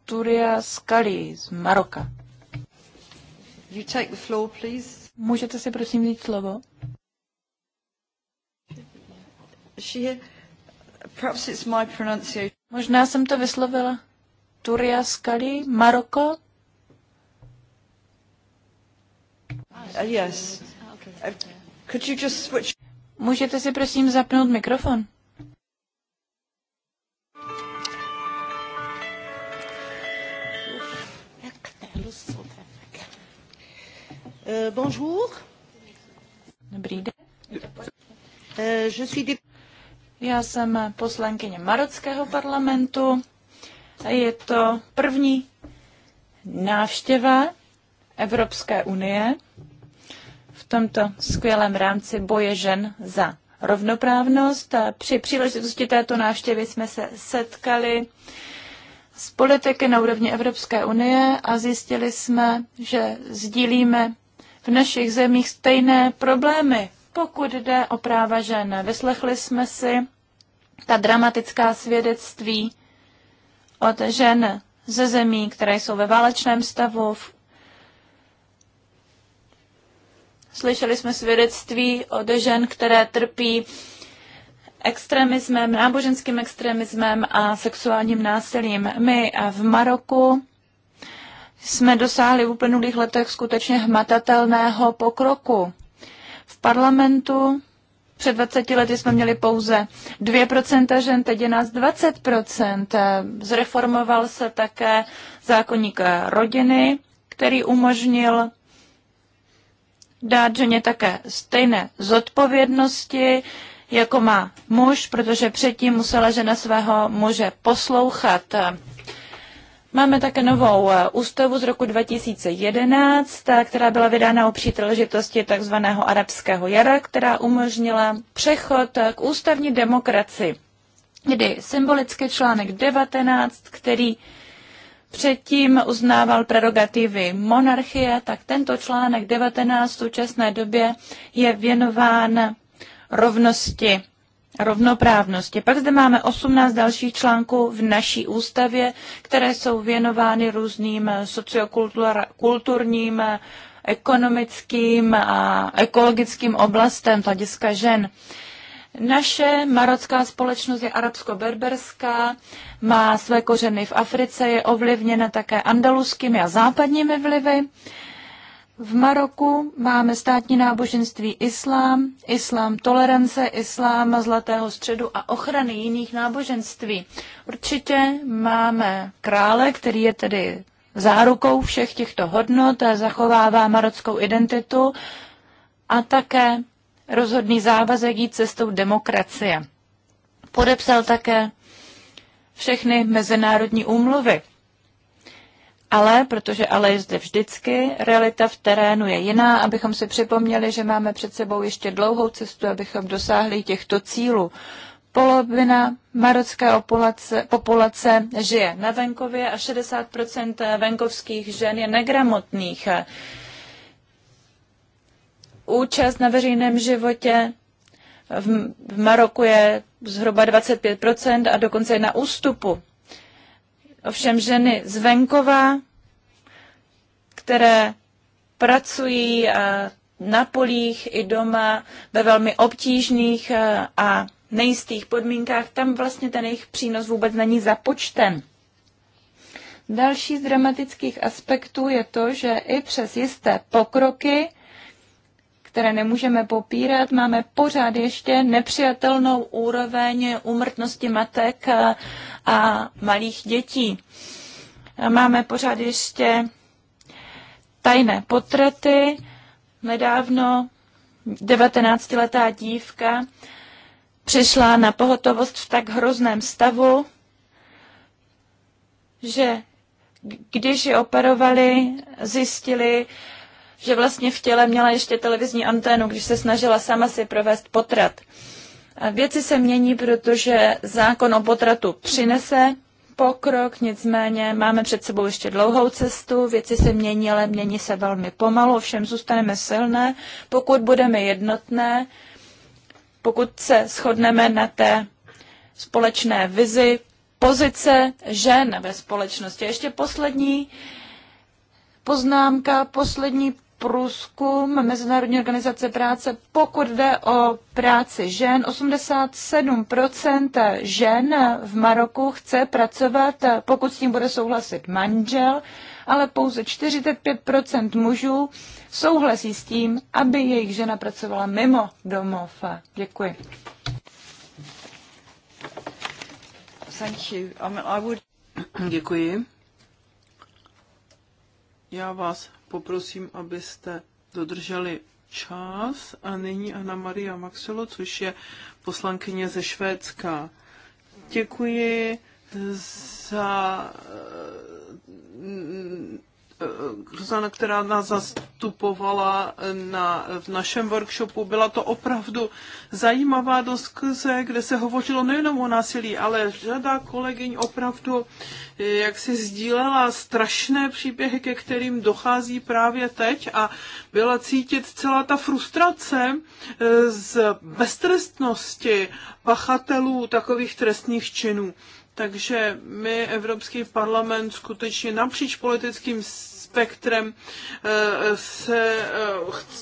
Turia Skali z Maroka. You take the floor, please. Můžete si prosím vzít slovo? Možná jsem to vyslovila. Turia Skali, Maroko? Uh, yes. Uh, could you just switch? Můžete si prosím zapnout mikrofon? Euh, bonjour. Dobrý den. Euh, je suis já jsem poslankyně Marockého parlamentu. Je to první návštěva Evropské unie v tomto skvělém rámci boje žen za rovnoprávnost. A při příležitosti této návštěvy jsme se setkali s politiky na úrovni Evropské unie a zjistili jsme, že sdílíme v našich zemích stejné problémy pokud jde o práva žen, vyslechli jsme si ta dramatická svědectví od žen ze zemí, které jsou ve válečném stavu. Slyšeli jsme svědectví od žen, které trpí extremismem, náboženským extremismem a sexuálním násilím. My v Maroku jsme dosáhli v uplynulých letech skutečně hmatatelného pokroku v parlamentu. Před 20 lety jsme měli pouze 2% žen, teď je nás 20%. Zreformoval se také zákonník rodiny, který umožnil dát ženě také stejné zodpovědnosti, jako má muž, protože předtím musela žena svého muže poslouchat. Máme také novou eh, ústavu z roku 2011, eh, která byla vydána o příležitosti tzv. arabského jara, která umožnila přechod eh, k ústavní demokracii, kdy symbolicky článek 19, který předtím uznával prerogativy monarchie, tak tento článek 19 v současné době je věnován rovnosti rovnoprávnosti. Pak zde máme 18 dalších článků v naší ústavě, které jsou věnovány různým sociokulturním, ekonomickým a ekologickým oblastem hlediska žen. Naše marocká společnost je arabsko-berberská, má své kořeny v Africe, je ovlivněna také andaluskými a západními vlivy v Maroku máme státní náboženství islám, islám tolerance, islám zlatého středu a ochrany jiných náboženství. Určitě máme krále, který je tedy zárukou všech těchto hodnot, a zachovává marockou identitu a také rozhodný závazek jít cestou demokracie. Podepsal také všechny mezinárodní úmluvy ale, protože ale je zde vždycky, realita v terénu je jiná, abychom si připomněli, že máme před sebou ještě dlouhou cestu, abychom dosáhli těchto cílů. Polovina marocké populace, populace žije na venkově a 60% venkovských žen je negramotných. Účast na veřejném životě v Maroku je zhruba 25% a dokonce je na ústupu. Ovšem ženy z venkova, které pracují eh, na polích i doma ve velmi obtížných eh, a nejistých podmínkách, tam vlastně ten jejich přínos vůbec není započten. Další z dramatických aspektů je to, že i přes jisté pokroky, které nemůžeme popírat, máme pořád ještě nepřijatelnou úroveň umrtnosti matek eh, a malých dětí. Máme pořád ještě tajné potraty. Nedávno 19-letá dívka přišla na pohotovost v tak hrozném stavu, že když ji operovali, zjistili, že vlastně v těle měla ještě televizní anténu, když se snažila sama si provést potrat. Uh, Věci se mění, protože zákon o potratu přinese pokrok, nicméně máme před sebou ještě dlouhou cestu, věci se mění, ale mění se velmi pomalu, ovšem zůstaneme silné, pokud budeme jednotné, pokud se shodneme na té společné vizi pozice žen ve společnosti. Ještě poslední poznámka, poslední průzkum Mezinárodní organizace práce, pokud jde o práci žen. 87% žen v Maroku chce pracovat, pokud s tím bude souhlasit manžel, ale pouze 45% mužů souhlasí s tím, aby jejich žena pracovala mimo domov. Děkuji. Thank you. I mean, I would... Děkuji. Já vás poprosím, abyste dodrželi čas. A nyní Anna Maria Maxelo, což je poslankyně ze Švédska. Děkuji za Zuzana, která nás zastupovala na, v našem workshopu, byla to opravdu zajímavá diskuze, kde se hovořilo nejenom o násilí, ale řada kolegyň opravdu, jak si sdílela strašné příběhy, ke kterým dochází právě teď a byla cítit celá ta frustrace e, z beztrestnosti pachatelů takových trestných činů. Takže my, Evropský parlament, skutečně napříč politickým spektrem eh, se eh,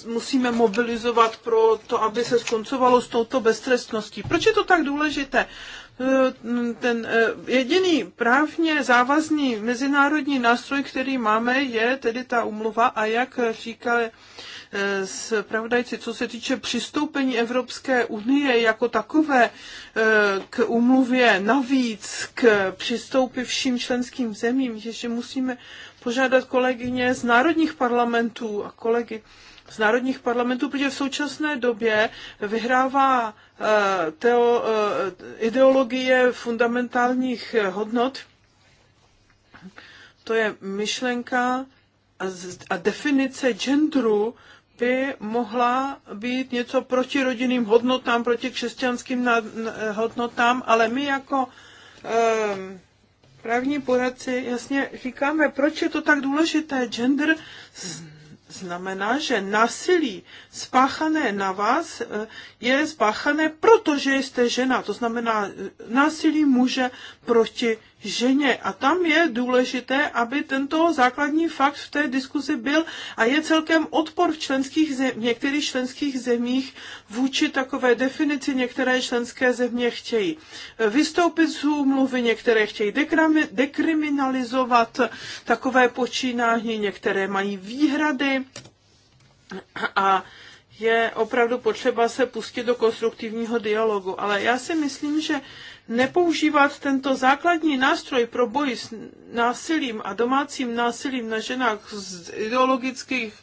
musíme mobilizovat pro to, aby se skoncovalo s touto beztrestností. Proč je to tak důležité? Eh, ten jediný právně závazný mezinárodní nástroj, který máme, je tedy ta umluva a jak říkali zpravodajci, co se týče přistoupení Evropské unie jako takové eh, k umluvě, navíc k přistoupivším členským zemím, že musíme požádat kolegyně z národních parlamentů a kolegy z národních parlamentů, protože v současné době vyhrává eh, teo, eh, ideologie fundamentálních hodnot. To je myšlenka a, a definice genderu by mohla být něco proti rodinným hodnotám, proti křesťanským eh, hodnotám, ale my jako um, právní poradci jasně říkáme, proč je to tak důležité. Gender znamená, že nasilí spáchané na vás eh, je spáchané, protože jste žena. To znamená eh, nasilí muže proti ženě. A tam je důležité, aby tento základní fakt v té diskuzi byl a je celkem odpor v členských zem, v některých členských zemích vůči takové definici některé členské země chtějí vystoupit z úmluvy, některé chtějí dekriminalizovat takové počínání, některé mají výhrady a je opravdu potřeba se pustit do konstruktivního dialogu. Ale já si myslím, že nepoužívat tento základní nástroj pro boj s násilím a domácím násilím na ženách z ideologických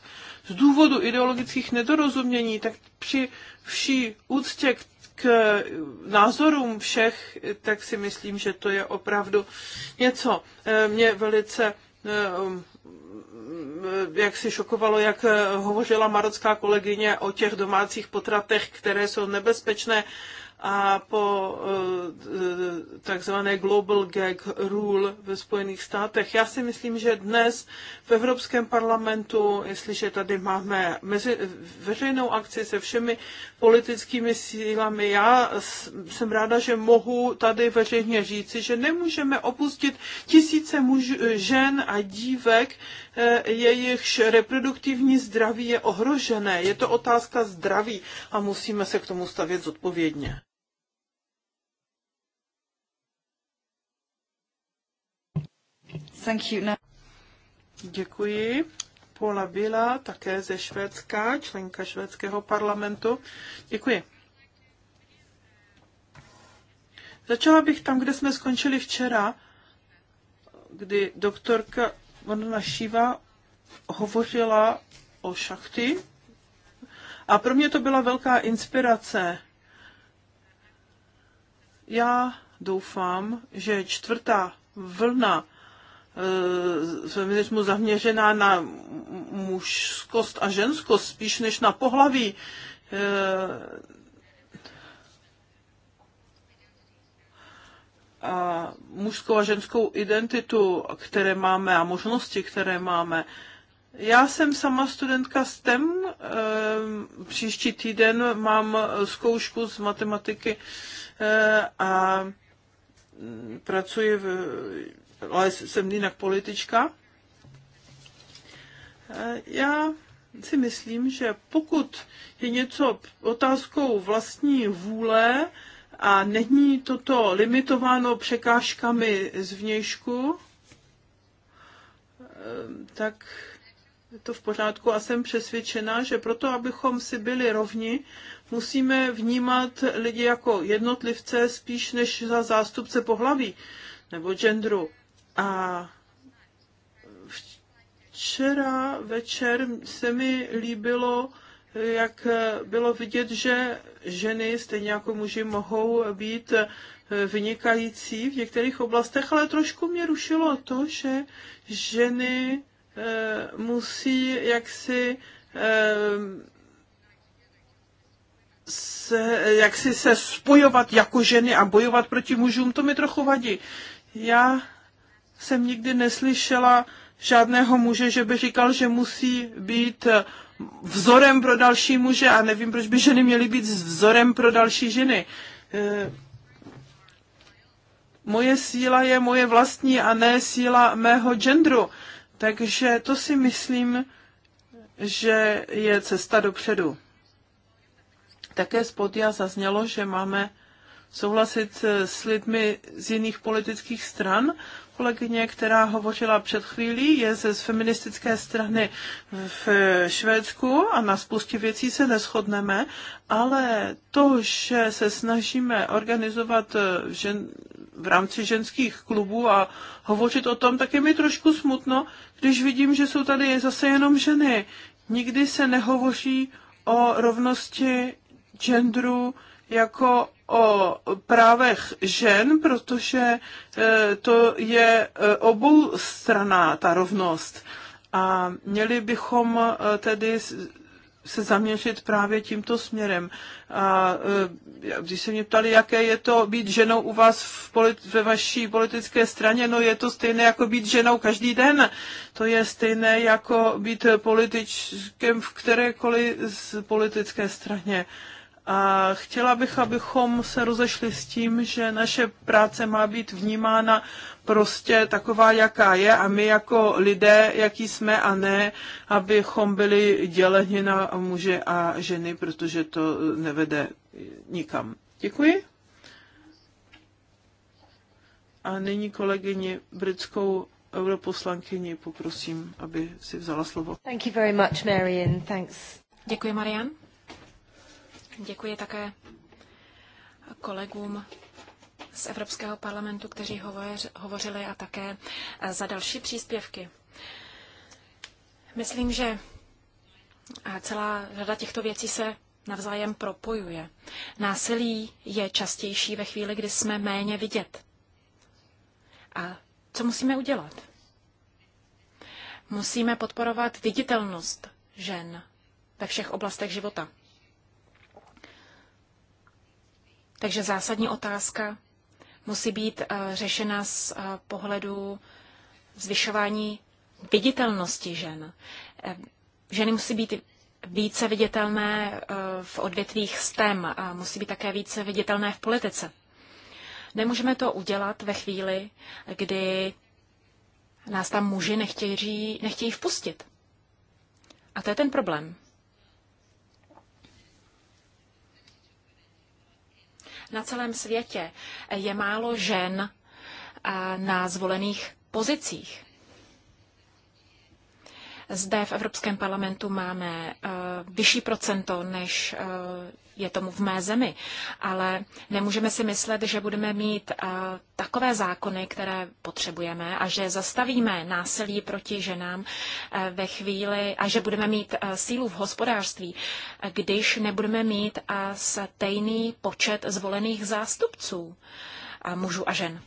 z důvodu ideologických nedorozumění, tak při vší úctě k, k názorům všech, tak si myslím, že to je opravdu něco. Eh, mě velice eh, eh, jak si šokovalo, jak hovořila marocká kolegyně o těch domácích potratech, které jsou nebezpečné a po eh, takzvané Global Gag Rule ve Spojených státech. Já si myslím, že dnes v Evropském parlamentu, jestliže tady máme mezi, veřejnou akci se všemi politickými sílami, já jsem ráda, že mohu tady veřejně říci, že nemůžeme opustit tisíce muž, žen a dívek, eh, jejichž reproduktivní zdraví je ohrožené. Je to otázka zdraví a musíme se k tomu stavět zodpovědně. Thank you. No. Děkuji. Paula Bila, také ze Švédska, členka švédského parlamentu. Děkuji. Začala bych tam, kde jsme skončili včera, kdy doktorka Morna Šíva hovořila o šachty a pro mě to byla velká inspirace. Já doufám, že čtvrtá vlna E, feminismu zaměřená na mužskost a ženskost spíš než na pohlaví. E, a mužskou a ženskou identitu, které máme a možnosti, které máme. Já jsem sama studentka STEM. E, příští týden mám zkoušku z matematiky a pracuji v ale jsem jinak politička. Eh, já si myslím, že pokud je něco otázkou vlastní vůle a není toto limitováno překážkami zvnějšku, eh, tak je to v pořádku a jsem přesvědčena, že proto, abychom si byli rovni, musíme vnímat lidi jako jednotlivce spíš než za zástupce pohlaví nebo genderu. A včera večer se mi líbilo, jak bylo vidět, že ženy, stejně jako muži, mohou být vynikající v některých oblastech, ale trošku mě rušilo to, že ženy eh, musí jaksi eh, se, jaksi se spojovat jako ženy a bojovat proti mužům, to mi trochu vadí. Já jsem nikdy neslyšela žádného muže, že by říkal, že musí být vzorem pro další muže a nevím, proč by ženy měly být vzorem pro další ženy. E, moje síla je moje vlastní a ne síla mého gendru. Takže to si myslím, že je cesta dopředu. Také z podia zaznělo, že máme souhlasit eh, s lidmi z jiných politických stran. Kolegyně, která hovořila před chvílí, je ze feministické strany v eh, Švédsku a na spoustě věcí se neschodneme, ale to, že se snažíme organizovat eh, žen, v rámci ženských klubů a hovořit o tom, tak je mi trošku smutno, když vidím, že jsou tady zase jenom ženy. Nikdy se nehovoří o rovnosti genderu, jako o právech žen, protože e, to je e, obou straná ta rovnost. A měli bychom e, tedy se zaměřit právě tímto směrem. A když se mě ptali, jaké je to být ženou u vás v polit- ve vaší politické straně, no je to stejné jako být ženou každý den. To je stejné jako být političkem v kterékoliv z politické straně. Uh, a chtěla bych, abychom se rozešli s tím, že naše práce má být vnímána prostě taková, jaká je a my jako lidé, jaký jsme a ne, abychom byli děleni na muže a ženy, protože to nevede nikam. Děkuji. A nyní kolegyni britskou europoslankyni poprosím, aby si vzala slovo. Thank you very much, Marian. Thanks. Děkuji, Marian. Děkuji také kolegům z Evropského parlamentu, kteří hovořili a také eh, za další příspěvky. Myslím, že eh, celá řada těchto věcí se navzájem propojuje. Násilí je častější ve chvíli, kdy jsme méně vidět. A co musíme udělat? Musíme podporovat viditelnost žen ve všech oblastech života. Takže zásadní otázka musí být eh, řešena z eh, pohledu zvyšování viditelnosti žen. Eh, ženy musí být více viditelné v odvětvích STEM a musí být také více viditelné v politice. Nemůžeme to udělat ve chvíli, kdy nás tam muži nechtějí, nechtějí vpustit. A to je ten problém. na celém světě je málo žen na zvolených pozicích. Zde v Evropském parlamentu máme vyšší procento než je tomu v mé zemi, ale nemůžeme si myslet, že budeme mít eh, takové zákony, které potřebujeme a že zastavíme násilí proti ženám eh, ve chvíli a že budeme mít eh, sílu v hospodářství, když nebudeme mít stejný počet zvolených zástupců mužů a žen.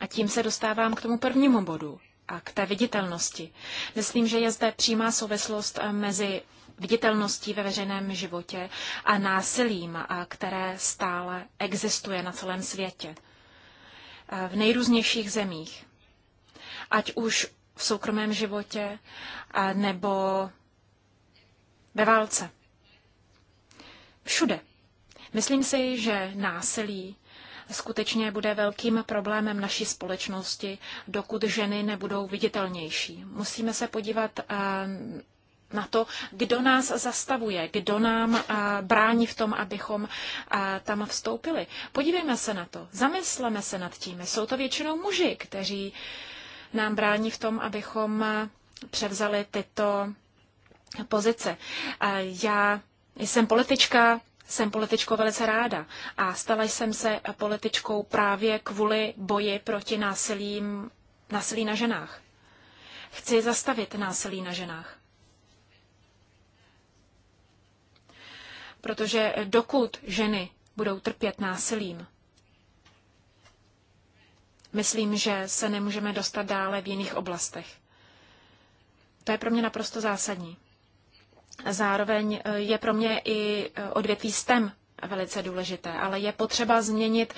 A tím se dostávám k tomu prvnímu bodu a k té viditelnosti. Myslím, že je zde přímá souvislost eh, mezi viditelností ve veřejném životě a násilím, eh, které stále existuje na celém světě. Eh, v nejrůznějších zemích. Ať už v soukromém životě nebo ve válce. Všude. Myslím si, že násilí skutečně bude velkým problémem naší společnosti, dokud ženy nebudou viditelnější. Musíme se podívat eh, na to, kdo nás zastavuje, kdo nám eh, brání v tom, abychom eh, tam vstoupili. Podívejme se na to, zamysleme se nad tím. Jsou to většinou muži, kteří nám brání v tom, abychom převzali tyto pozice. Já jsem politička, jsem političkou velice ráda a stala jsem se političkou právě kvůli boji proti násilím, násilí na ženách. Chci zastavit násilí na ženách. Protože dokud ženy budou trpět násilím, myslím, že se nemůžeme dostat dále v jiných oblastech. To je pro mě naprosto zásadní. Zároveň e, je pro mě i e, odvětví STEM velice důležité, ale je potřeba změnit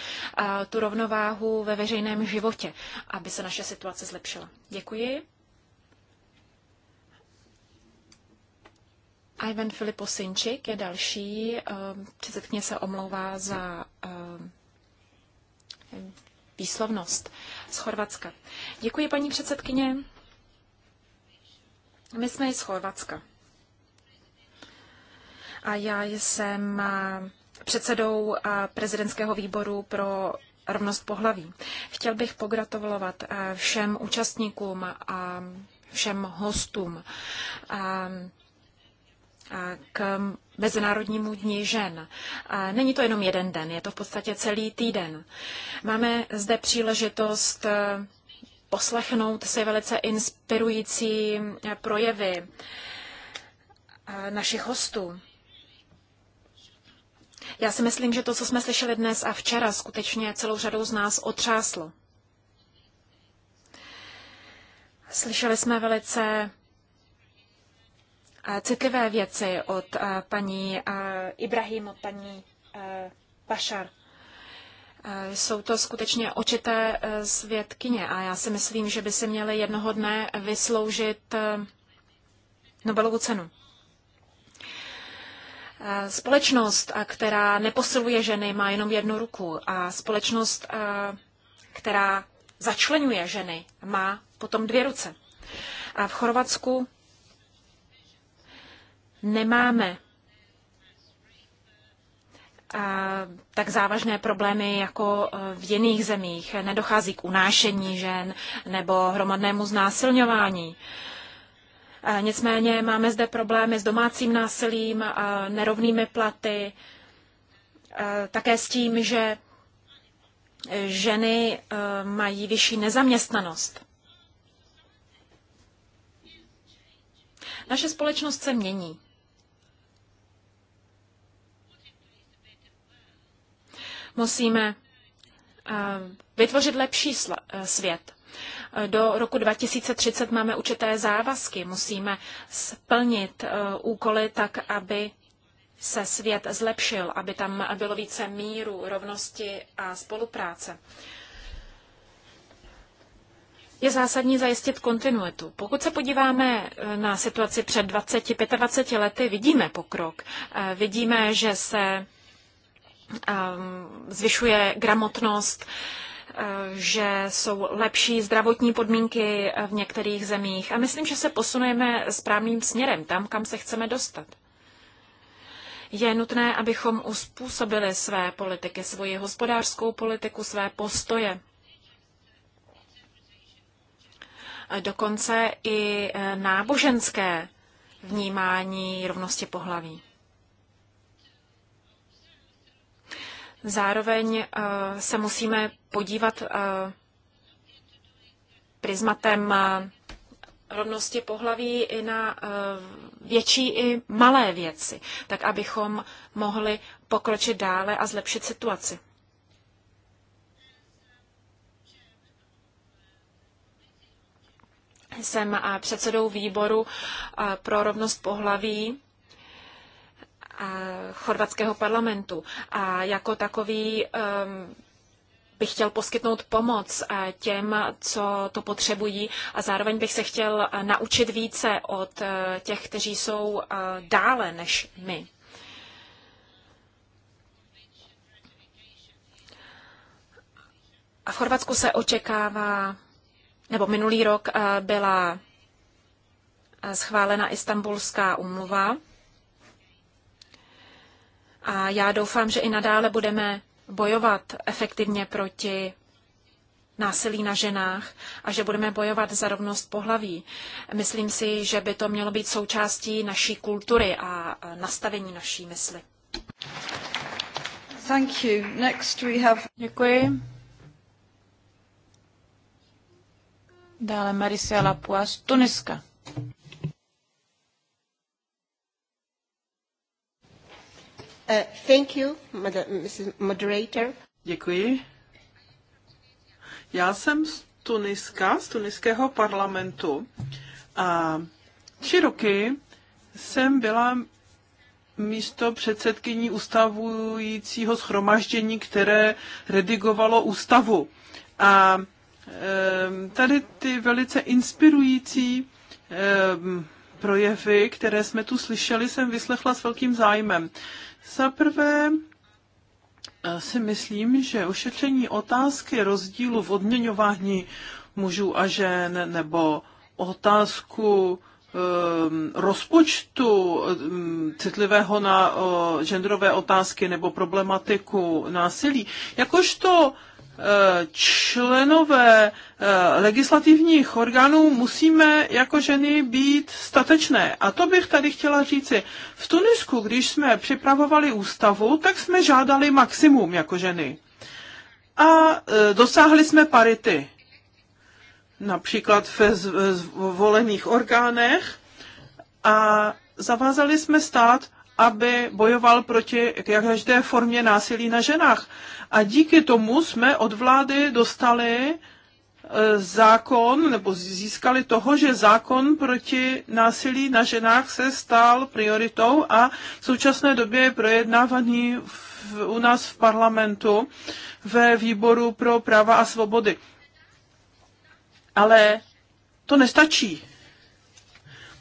e, tu rovnováhu ve veřejném životě, aby se naše situace zlepšila. Děkuji. Ivan Filipo Sinčik je další. Předsedkyně se omlouvá za výslovnost z Chorvatska. Děkuji, paní předsedkyně. My jsme z Chorvatska. A já jsem předsedou prezidentského výboru pro rovnost pohlaví. Chtěl bych pogratulovat všem účastníkům a všem hostům k Mezinárodnímu dní žen. Není to jenom jeden den, je to v podstatě celý týden. Máme zde příležitost poslechnout si velice inspirující projevy našich hostů. Já si myslím, že to, co jsme slyšeli dnes a včera, skutečně celou řadou z nás otřáslo. Slyšeli jsme velice eh, citlivé věci od eh, paní eh, Ibrahim, od paní Pašar. Jsou to skutečně očité svědkyně a já si myslím, že by si měly jednoho dne vysloužit Nobelovu cenu. Společnost, která neposiluje ženy, má jenom jednu ruku a společnost, která začlenuje ženy, má potom dvě ruce. A v Chorvatsku nemáme tak závažné problémy jako e, v jiných zemích. Nedochází k unášení žen nebo hromadnému znásilňování. Nicméně máme zde problémy s domácím násilím, nerovnými platy, také s tím, že ženy e, mají vyšší nezaměstnanost. Naše společnost se mění. Musíme e, vytvořit lepší e, svět. Do roku 2030 máme určité závazky, musíme splnit eh, úkoly tak, aby se svět zlepšil, aby tam bylo více míru, rovnosti a spolupráce. Je zásadní zajistit kontinuitu. Pokud se podíváme eh, na situaci před 20, 25 lety, vidíme pokrok. Eh, vidíme, že se ehm, zvyšuje gramotnost, že jsou lepší zdravotní podmínky v některých zemích a myslím, že se posunujeme správným směrem tam, kam se chceme dostat. Je nutné, abychom uspůsobili své politiky, svoji hospodářskou politiku, své postoje. Dokonce i e, náboženské vnímání rovnosti pohlaví. Zároveň eh, se musíme podívat eh, prismatem eh, rovnosti pohlaví i na větší i malé věci, tak abychom mohli pokročit dále a zlepšit situaci. Jsem předsedou výboru pro rovnost pohlaví chorvatského parlamentu. A jako takový bych chtěl poskytnout pomoc eh, těm, co to potřebují a zároveň bych se chtěl eh, naučit více od eh, těch, kteří jsou dále než my. A v Chorvatsku se očekává, nebo minulý rok byla schválena Istanbulská umluva a já doufám, že i nadále budeme bojovat efektivně proti násilí na ženách a že budeme bojovat za rovnost pohlaví. Myslím si, že by to mělo být součástí naší kultury a nastavení naší mysli. Thank you. Next we have... Děkuji. Dále Marisela Puas, Tuniska. Uh, thank you, Moderator. Děkuji. Já jsem z Tuniska, z tuniského parlamentu a tři roky jsem byla místo předsedkyní ustavujícího schromaždění, které redigovalo ústavu. A tady ty velice inspirující projevy, které jsme tu slyšeli, jsem vyslechla s velkým zájmem. Za prvé eh, si myslím, že ošetření otázky rozdílu v odměňování mužů a žen nebo otázku ehm, rozpočtu ehm, citlivého na genderové otázky nebo problematiku násilí, jakožto členové eh, legislativních orgánů musíme jako ženy být statečné. A to bych tady chtěla říci. V Tunisku, když jsme připravovali ústavu, tak jsme žádali maximum jako ženy. A eh, dosáhli jsme parity. Například ve zvolených orgánech. A zavázali jsme stát, aby bojoval proti každé formě násilí na ženách. A díky tomu jsme od vlády dostali e, zákon, nebo získali toho, že zákon proti násilí na ženách se stal prioritou a v současné době je projednávaný v, u nás v parlamentu ve výboru pro práva a svobody. Ale to nestačí.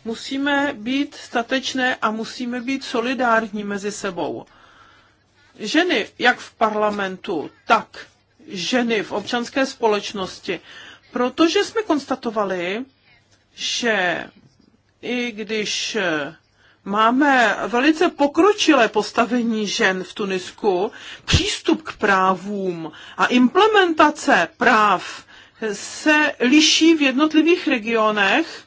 Musíme být statečné a musíme být solidární mezi sebou. Ženy, jak v parlamentu, tak ženy v občanské společnosti, protože jsme konstatovali, že i když máme velice pokročilé postavení žen v Tunisku, přístup k právům a implementace práv se liší v jednotlivých regionech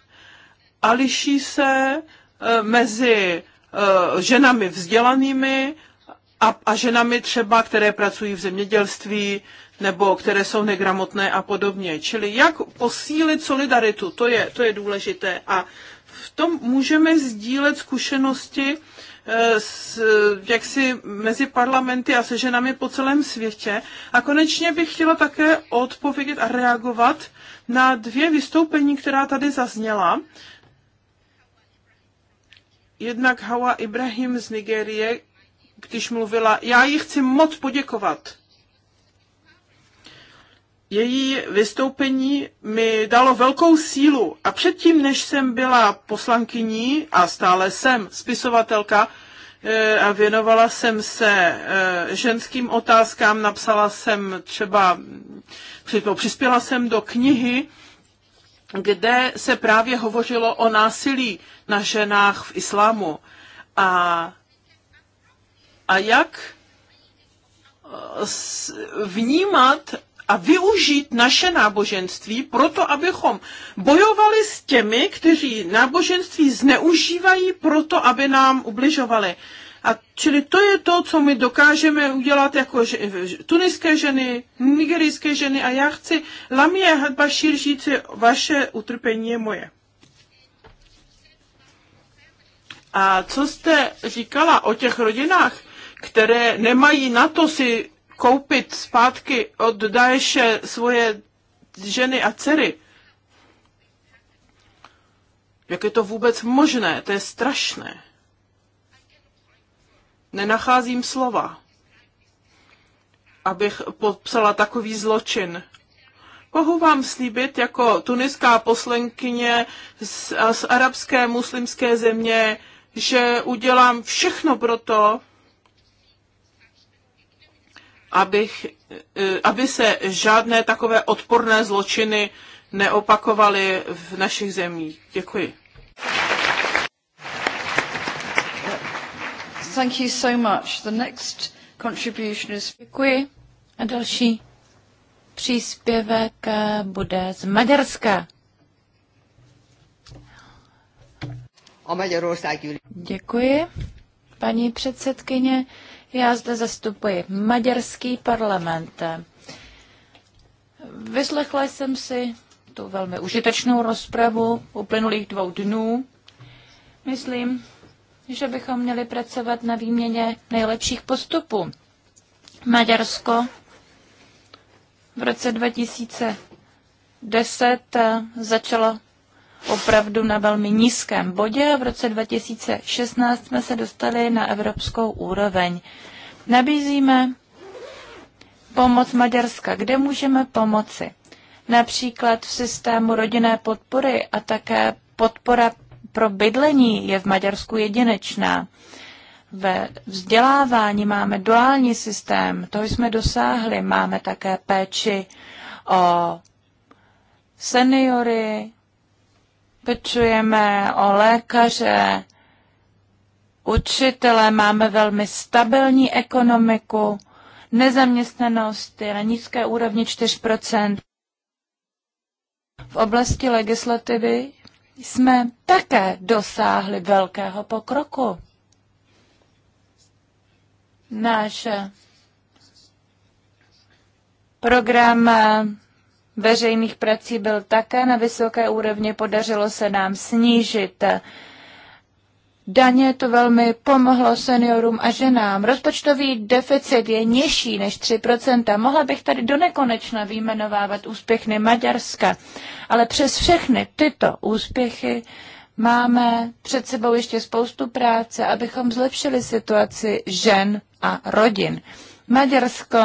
a liší se eh, mezi eh, ženami vzdělanými a, a ženami třeba, které pracují v zemědělství nebo které jsou negramotné a podobně. Čili jak posílit solidaritu, to je, to je důležité. A v tom můžeme sdílet zkušenosti eh, s, jaksi mezi parlamenty a se ženami po celém světě. A konečně bych chtěla také odpovědět a reagovat na dvě vystoupení, která tady zazněla jednak Hawa Ibrahim z Nigérie, když mluvila, já jí chci moc poděkovat. Její vystoupení mi dalo velkou sílu a předtím, než jsem byla poslankyní a stále jsem spisovatelka eh, a věnovala jsem se eh, ženským otázkám, napsala jsem třeba, přispěla jsem do knihy, kde se právě hovořilo o násilí na ženách v islámu. A, a jak eh, vnímat a využít naše náboženství proto, abychom bojovali s těmi, kteří náboženství zneužívají proto, aby nám ubližovali. A čili to je to, co my dokážeme udělat jako tuniské ženy, nigerijské ženy a já chci Lamia širší, říci, vaše utrpení je moje. A co jste říkala o těch rodinách, které nemají na to si koupit zpátky od Daeše svoje ženy a dcery? Jak je to vůbec možné? To je strašné nenacházím slova, abych popsala takový zločin. Mohu vám slíbit jako tuniská poslenkyně z, z arabské muslimské země, že udělám všechno pro to, abych, e, aby se žádné takové odporné zločiny neopakovaly v našich zemích. Děkuji. thank you so much. The next contribution is... Děkuji. A další příspěvek eh, bude z Maďarska. Děkuji. Paní předsedkyně, já zde zastupuji maďarský parlament. Vyslechla jsem si tu velmi užitečnou rozpravu uplynulých dvou dnů. Myslím, že bychom měli pracovat na výměně nejlepších postupů. Maďarsko v roce 2010 eh, začalo opravdu na velmi nízkém bodě a v roce 2016 jsme se dostali na evropskou úroveň. Nabízíme pomoc Maďarska, kde můžeme pomoci. Například v systému rodinné podpory a také podpora pro bydlení je v Maďarsku jedinečná. Ve vzdělávání máme duální systém, to jsme dosáhli. Máme také péči o seniory, pečujeme o lékaře, učitele, máme velmi stabilní ekonomiku, nezaměstnanost je na nízké úrovni 4 v oblasti legislativy jsme také dosáhli velkého pokroku. Náš eh, program eh, veřejných prací byl také na vysoké úrovni. Podařilo se nám snížit eh, Daně to velmi pomohlo seniorům a ženám. Rozpočtový deficit je nižší než 3%. Mohla bych tady do nekonečna výjmenovávat úspěchy Maďarska, ale přes všechny tyto úspěchy máme před sebou ještě spoustu práce, abychom zlepšili situaci žen a rodin. Maďarsko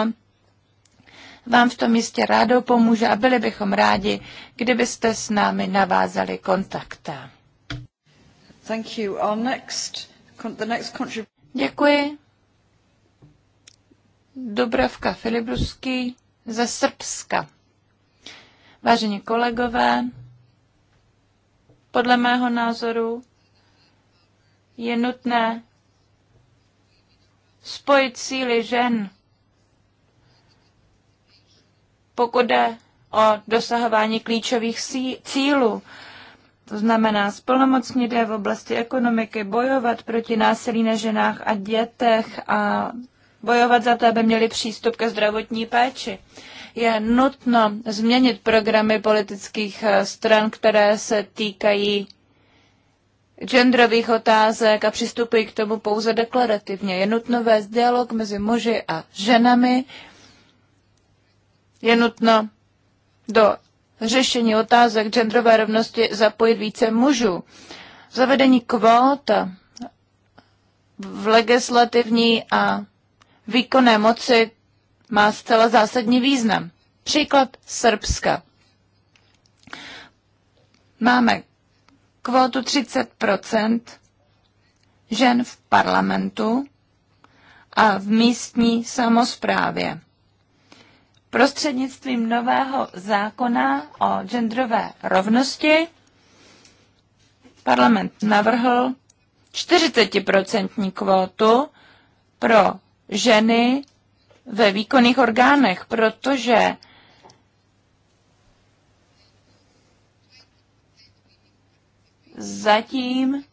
vám v tom jistě rádo pomůže a byli bychom rádi, kdybyste s námi navázali kontakta. Děkuji. Dobravka Filibrusky ze Srbska. Vážení kolegové, podle mého názoru je nutné spojit síly žen, pokud jde o dosahování klíčových cílů. To znamená splnomocnit je v oblasti ekonomiky, bojovat proti násilí na ženách a dětech a bojovat za to, aby měli přístup ke zdravotní péči. Je nutno změnit programy politických eh, stran, které se týkají genderových otázek a přistupují k tomu pouze deklarativně. Je nutno vést dialog mezi muži a ženami. Je nutno do řešení otázek genderové rovnosti zapojit více mužů. Zavedení kvót v legislativní a výkonné moci má zcela zásadní význam. Příklad Srbska. Máme kvótu 30 žen v parlamentu a v místní samozprávě prostřednictvím nového zákona o genderové rovnosti parlament navrhl 40% kvótu pro ženy ve výkonných orgánech, protože zatím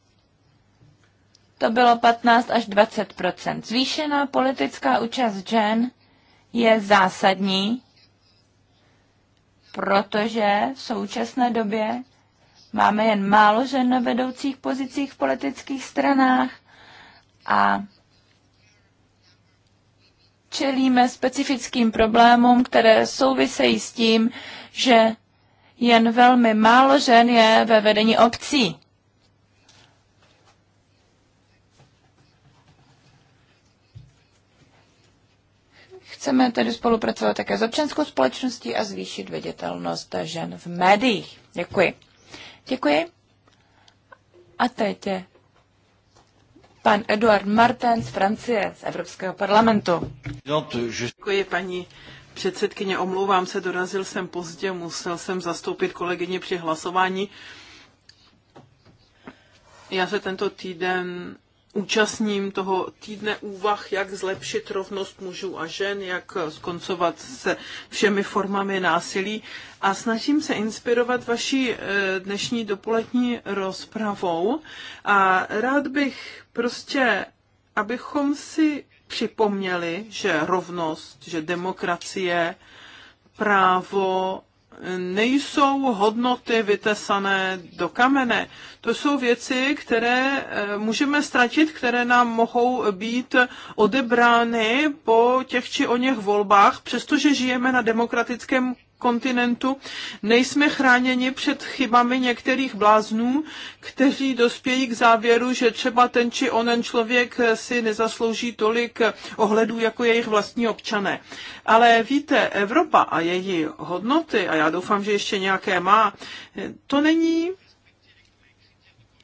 to bylo 15 až 20 Zvýšená politická účast žen je zásadní, protože v současné době máme jen málo žen na vedoucích pozicích v politických stranách a čelíme specifickým problémům, které souvisejí s tím, že jen velmi málo žen je ve vedení obcí. Chceme tedy spolupracovat také s občanskou společností a zvýšit vědětelnost žen v médiích. Děkuji. Děkuji. A teď je pan Eduard Martin z Francie, z Evropského parlamentu. Děkuji, paní předsedkyně. Omlouvám se, dorazil jsem pozdě, musel jsem zastoupit kolegyně při hlasování. Já se tento týden účastním toho týdne úvah, jak zlepšit rovnost mužů a žen, jak skoncovat se všemi formami násilí. A snažím se inspirovat vaší eh, dnešní dopolední rozpravou. A rád bych prostě, abychom si připomněli, že rovnost, že demokracie, právo nejsou hodnoty vytesané do kamene. To jsou věci, které eh, můžeme ztratit, které nám mohou být odebrány po těch či o něch volbách, přestože žijeme na demokratickém kontinentu, nejsme chráněni před chybami některých bláznů, kteří dospějí k závěru, že třeba ten či onen člověk si nezaslouží tolik ohledů jako jejich vlastní občané. Ale víte, Evropa a její hodnoty, a já doufám, že ještě nějaké má, to není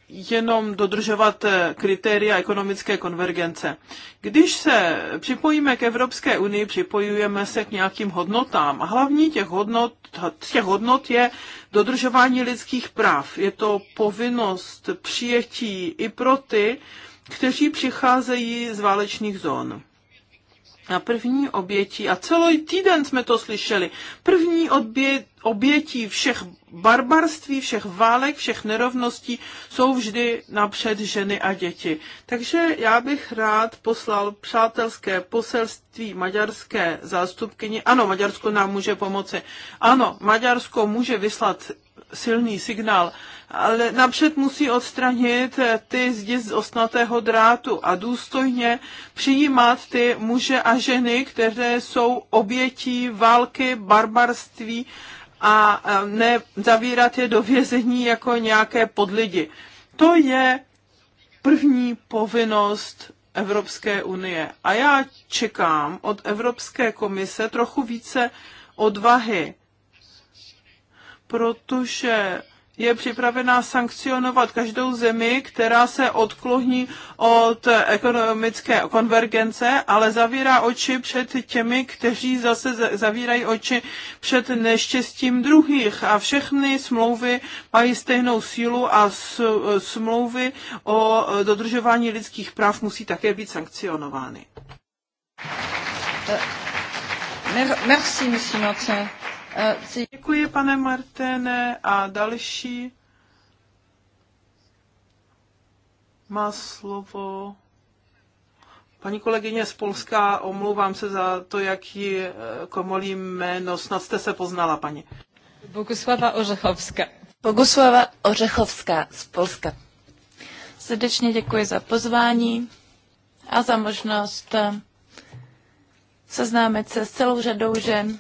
jenom dodržovat eh, kritéria ekonomické konvergence. Když se připojíme k Evropské unii, připojujeme se k nějakým hodnotám. A hlavní těch hodnot, těch hodnot je dodržování lidských práv. Je to povinnost přijetí i pro ty, kteří přicházejí z válečných zón na první obětí, a celý týden jsme to slyšeli, první obě, obětí všech barbarství, všech válek, všech nerovností jsou vždy napřed ženy a děti. Takže já bych rád poslal přátelské poselství maďarské zástupkyni. Ano, Maďarsko nám může pomoci. Ano, Maďarsko může vyslat silný signál ale napřed musí odstranit ty zdi z osnatého drátu a důstojně přijímat ty muže a ženy, které jsou obětí války, barbarství a e, ne zavírat je do vězení jako nějaké podlidi. To je první povinnost Evropské unie. A já čekám od Evropské komise trochu více odvahy, protože je připravená sankcionovat každou zemi, která se odkloní od ekonomické konvergence, ale zavírá oči před těmi, kteří zase zavírají oči před neštěstím druhých. A všechny smlouvy mají stejnou sílu a smlouvy o dodržování lidských práv musí také být sankcionovány. Euh, merci, monsieur Martin. Děkuji, pane Martene, a další má slovo paní kolegyně z Polska. Omlouvám se za to, jaký eh, komolí jméno. Snad jste se poznala, paní. Bogusława Ořechovská. Bogusława Ořechovská z Polska. Srdečně děkuji za pozvání a za možnost eh, seznámit se s celou řadou žen,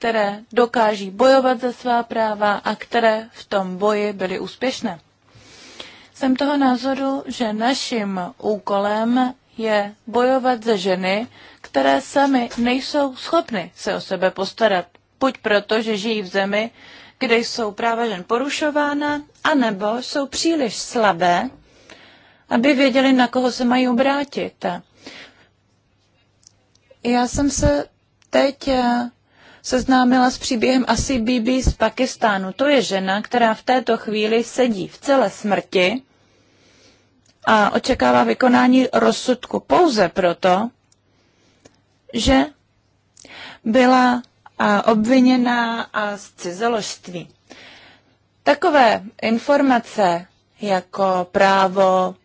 které dokáží bojovat za svá práva a které v tom boji byly úspěšné. Jsem toho názoru, že naším úkolem je bojovat za ženy, které sami nejsou schopny se o sebe postarat. Buď proto, že žijí v zemi, kde jsou práva žen porušována, anebo jsou příliš slabé, aby věděli, na koho se mají obrátit. Já jsem se teď eh, seznámila s příběhem Asi Bibi z Pakistánu. To je žena, která v této chvíli sedí v celé smrti a očekává vykonání rozsudku pouze proto, že byla obviněná z cizeložství. Takové informace jako právo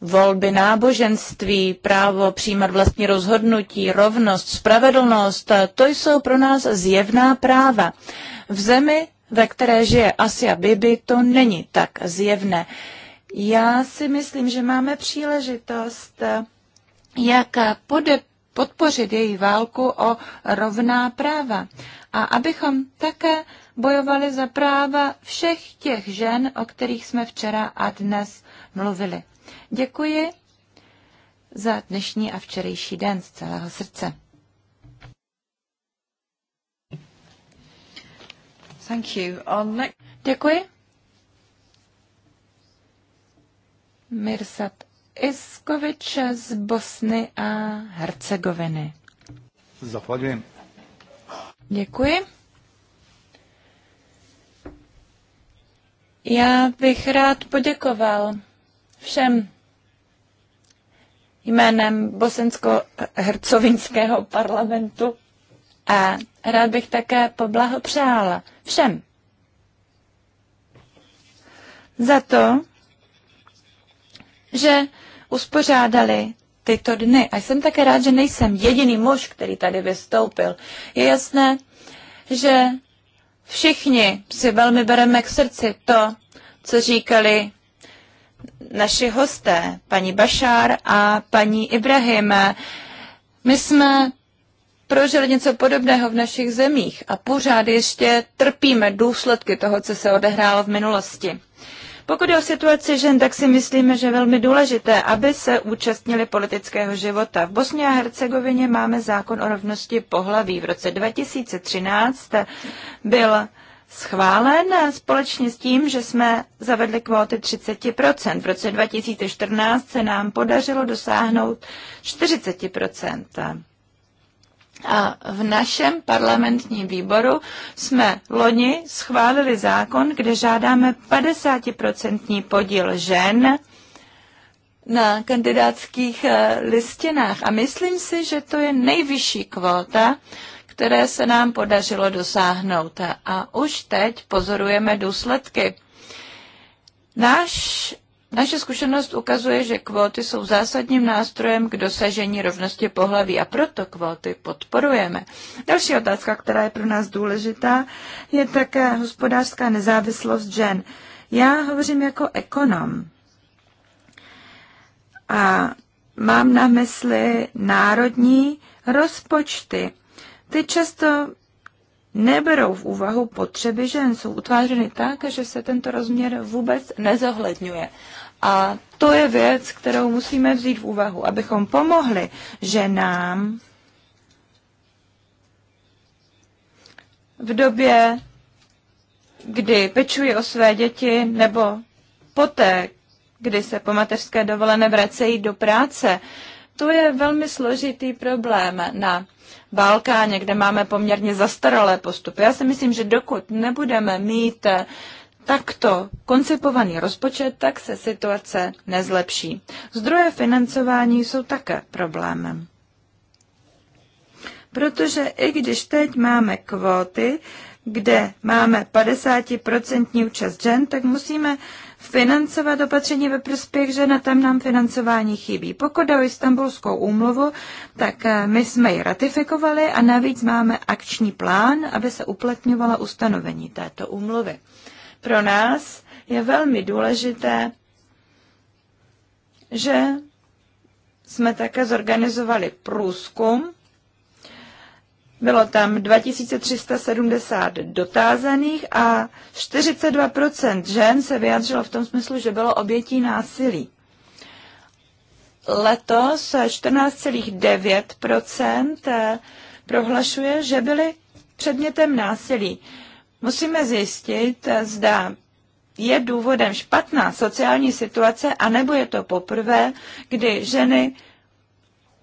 volby náboženství, právo přijímat vlastní rozhodnutí, rovnost, spravedlnost, to jsou pro nás zjevná práva. V zemi, ve které žije Asia Bibi, to není tak zjevné. Já si myslím, že máme příležitost, jak pode, podpořit její válku o rovná práva. A abychom také bojovali za práva všech těch žen, o kterých jsme včera a dnes mluvili. Děkuji za dnešní a včerejší den z celého srdce. Thank you. On next... Děkuji. Mirsad Iskovič z Bosny a Hercegoviny. Zahvaljujem. Děkuji. Já bych rád poděkoval všem jménem bosensko-hercovinského parlamentu a rád bych také poblahopřála všem za to, že uspořádali tyto dny. A jsem také rád, že nejsem jediný muž, který tady vystoupil. Je jasné, že všichni si velmi bereme k srdci to, co říkali naši hosté, paní Bašár a paní Ibrahim. My jsme prožili něco podobného v našich zemích a pořád ještě trpíme důsledky toho, co se odehrálo v minulosti. Pokud je o situaci žen, tak si myslíme, že je velmi důležité, aby se účastnili politického života. V Bosně a Hercegovině máme zákon o rovnosti pohlaví. V roce 2013 byl schválen společně s tím, že jsme zavedli kvóty 30%. V roce 2014 se nám podařilo dosáhnout 40%. A v našem parlamentním výboru jsme loni schválili zákon, kde žádáme 50% podíl žen na kandidátských eh, listinách. A myslím si, že to je nejvyšší kvóta, které se nám podařilo dosáhnout. A už teď pozorujeme důsledky. Náš, naše zkušenost ukazuje, že kvóty jsou zásadním nástrojem k dosažení rovnosti pohlaví a proto kvóty podporujeme. Další otázka, která je pro nás důležitá, je také hospodářská nezávislost žen. Já hovořím jako ekonom. A mám na mysli národní rozpočty ty často neberou v úvahu potřeby žen, jsou utvářeny tak, že se tento rozměr vůbec nezohledňuje. A to je věc, kterou musíme vzít v úvahu, abychom pomohli ženám v době, kdy pečují o své děti nebo poté, kdy se po mateřské dovolené vracejí do práce, to je velmi složitý problém na Balkáně, kde máme poměrně zastaralé postupy. Já si myslím, že dokud nebudeme mít takto koncipovaný rozpočet, tak se situace nezlepší. Zdroje financování jsou také problémem. Protože i když teď máme kvóty, kde máme 50% účast žen, tak musíme financovat opatření ve prospěch žen a tam nám financování chybí. Pokud o istambulskou úmluvu, tak eh, my jsme ji ratifikovali a navíc máme akční plán, aby se uplatňovala ustanovení této úmluvy. Pro nás je velmi důležité, že jsme také zorganizovali průzkum bylo tam 2370 dotázaných a 42% žen se vyjádřilo v tom smyslu, že bylo obětí násilí. Letos 14,9% eh, prohlašuje, že byly předmětem násilí. Musíme zjistit, eh, zda je důvodem špatná sociální situace, anebo je to poprvé, kdy ženy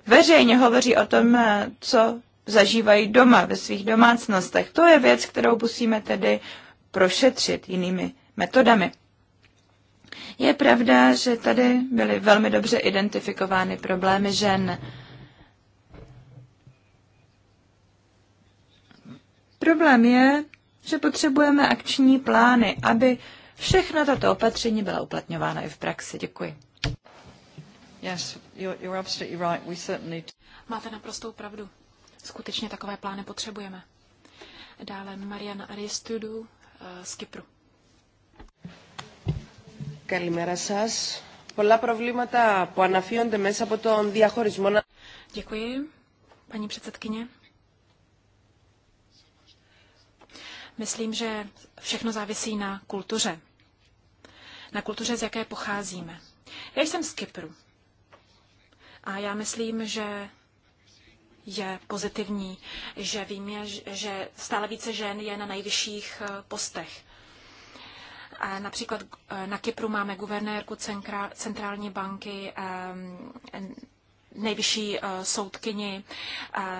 veřejně hovoří o tom, eh, co zažívají doma, ve svých domácnostech. To je věc, kterou musíme tedy prošetřit jinými metodami. Je pravda, že tady byly velmi dobře identifikovány problémy žen. Problém je, že potřebujeme akční plány, aby všechna tato opatření byla uplatňována i v praxi. Děkuji. Yes, you're, you're absolutely right. We certainly... Máte naprostou pravdu. Skutečně takové plány potřebujeme. Dále Mariana Aristudu eh, z Kypru. Děkuji, paní předsedkyně. Myslím, že všechno závisí na kultuře. Na kultuře, z jaké pocházíme. Já jsem z Kypru. A já myslím, že je pozitivní, že vím, že stále více žen je na nejvyšších eh, postech. Například eh, na Kypru máme guvernérku centrální banky, ehm, nejvyšší eh, soudkyni,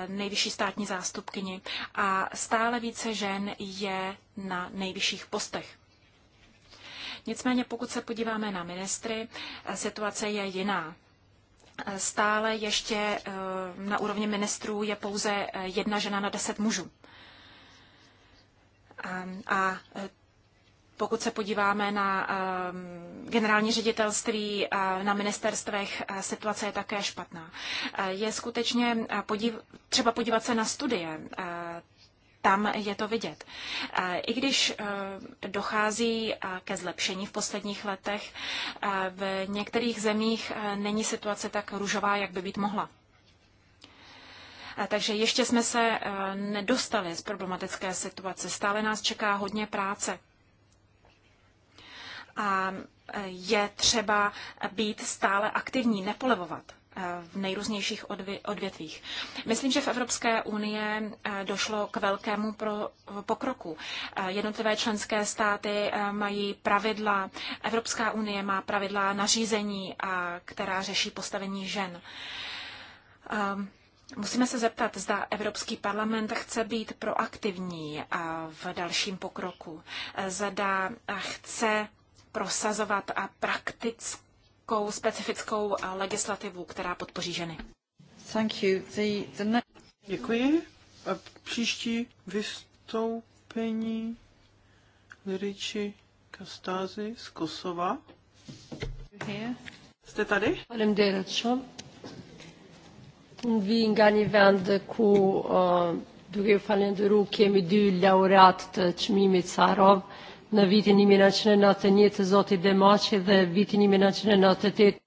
nejvyšší státní zástupkyni a stále více žen je na nejvyšších postech. Nicméně pokud se podíváme na ministry, situace je jiná stále ještě eh, na úrovni ministrů je pouze eh, jedna žena na deset mužů. A eh, pokud se podíváme na generální ředitelství, na ministerstvech, situace je také špatná. Je skutečně podív, třeba podívat se na studie tam je to vidět. I když e, dochází e, ke zlepšení v posledních letech, e, v některých zemích není situace tak růžová, jak by být mohla. Takže ještě jsme se nedostali z problematické situace. Stále nás čeká hodně práce. A je třeba být stále aktivní, nepolevovat v nejrůznějších odvětvích. Myslím, že v Evropské unie eh, došlo k velkému pokroku. Eh, jednotlivé členské státy eh, mají pravidla, Evropská unie má pravidla nařízení, která řeší postavení žen. Ehm, musíme se zeptat, zda Evropský parlament chce být proaktivní v dalším pokroku, zda chce prosazovat a prakticky nějakou specifickou eh, legislativu, která podpoří ženy. Thank you. The, the ne- Děkuji. A příští vystoupení Liriči Kastázy z Kosova. Jste tady? Děkuji. Deracho, vi inganivänder ku eh, du är fallen du roke med du laureat tchmimit sarov në vitin 1991 të Zotit maqe dhe vitin 1998.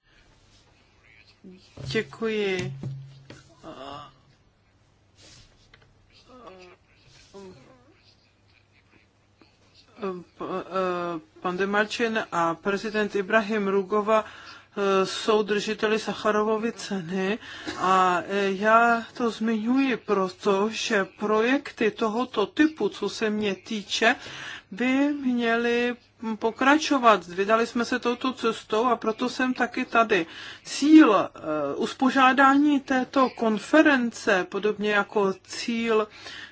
Děkuji. Pande Demarčin a prezident Ibrahim Rugova jsou e, držiteli Sacharovovy ne? a e, já to zmiňuji proto, že projekty tohoto typu, co se mě týče, by měli pokračovat. Vydali jsme se touto cestou a proto jsem taky tady. Cíl eh, uspořádání této konference, podobně jako cíl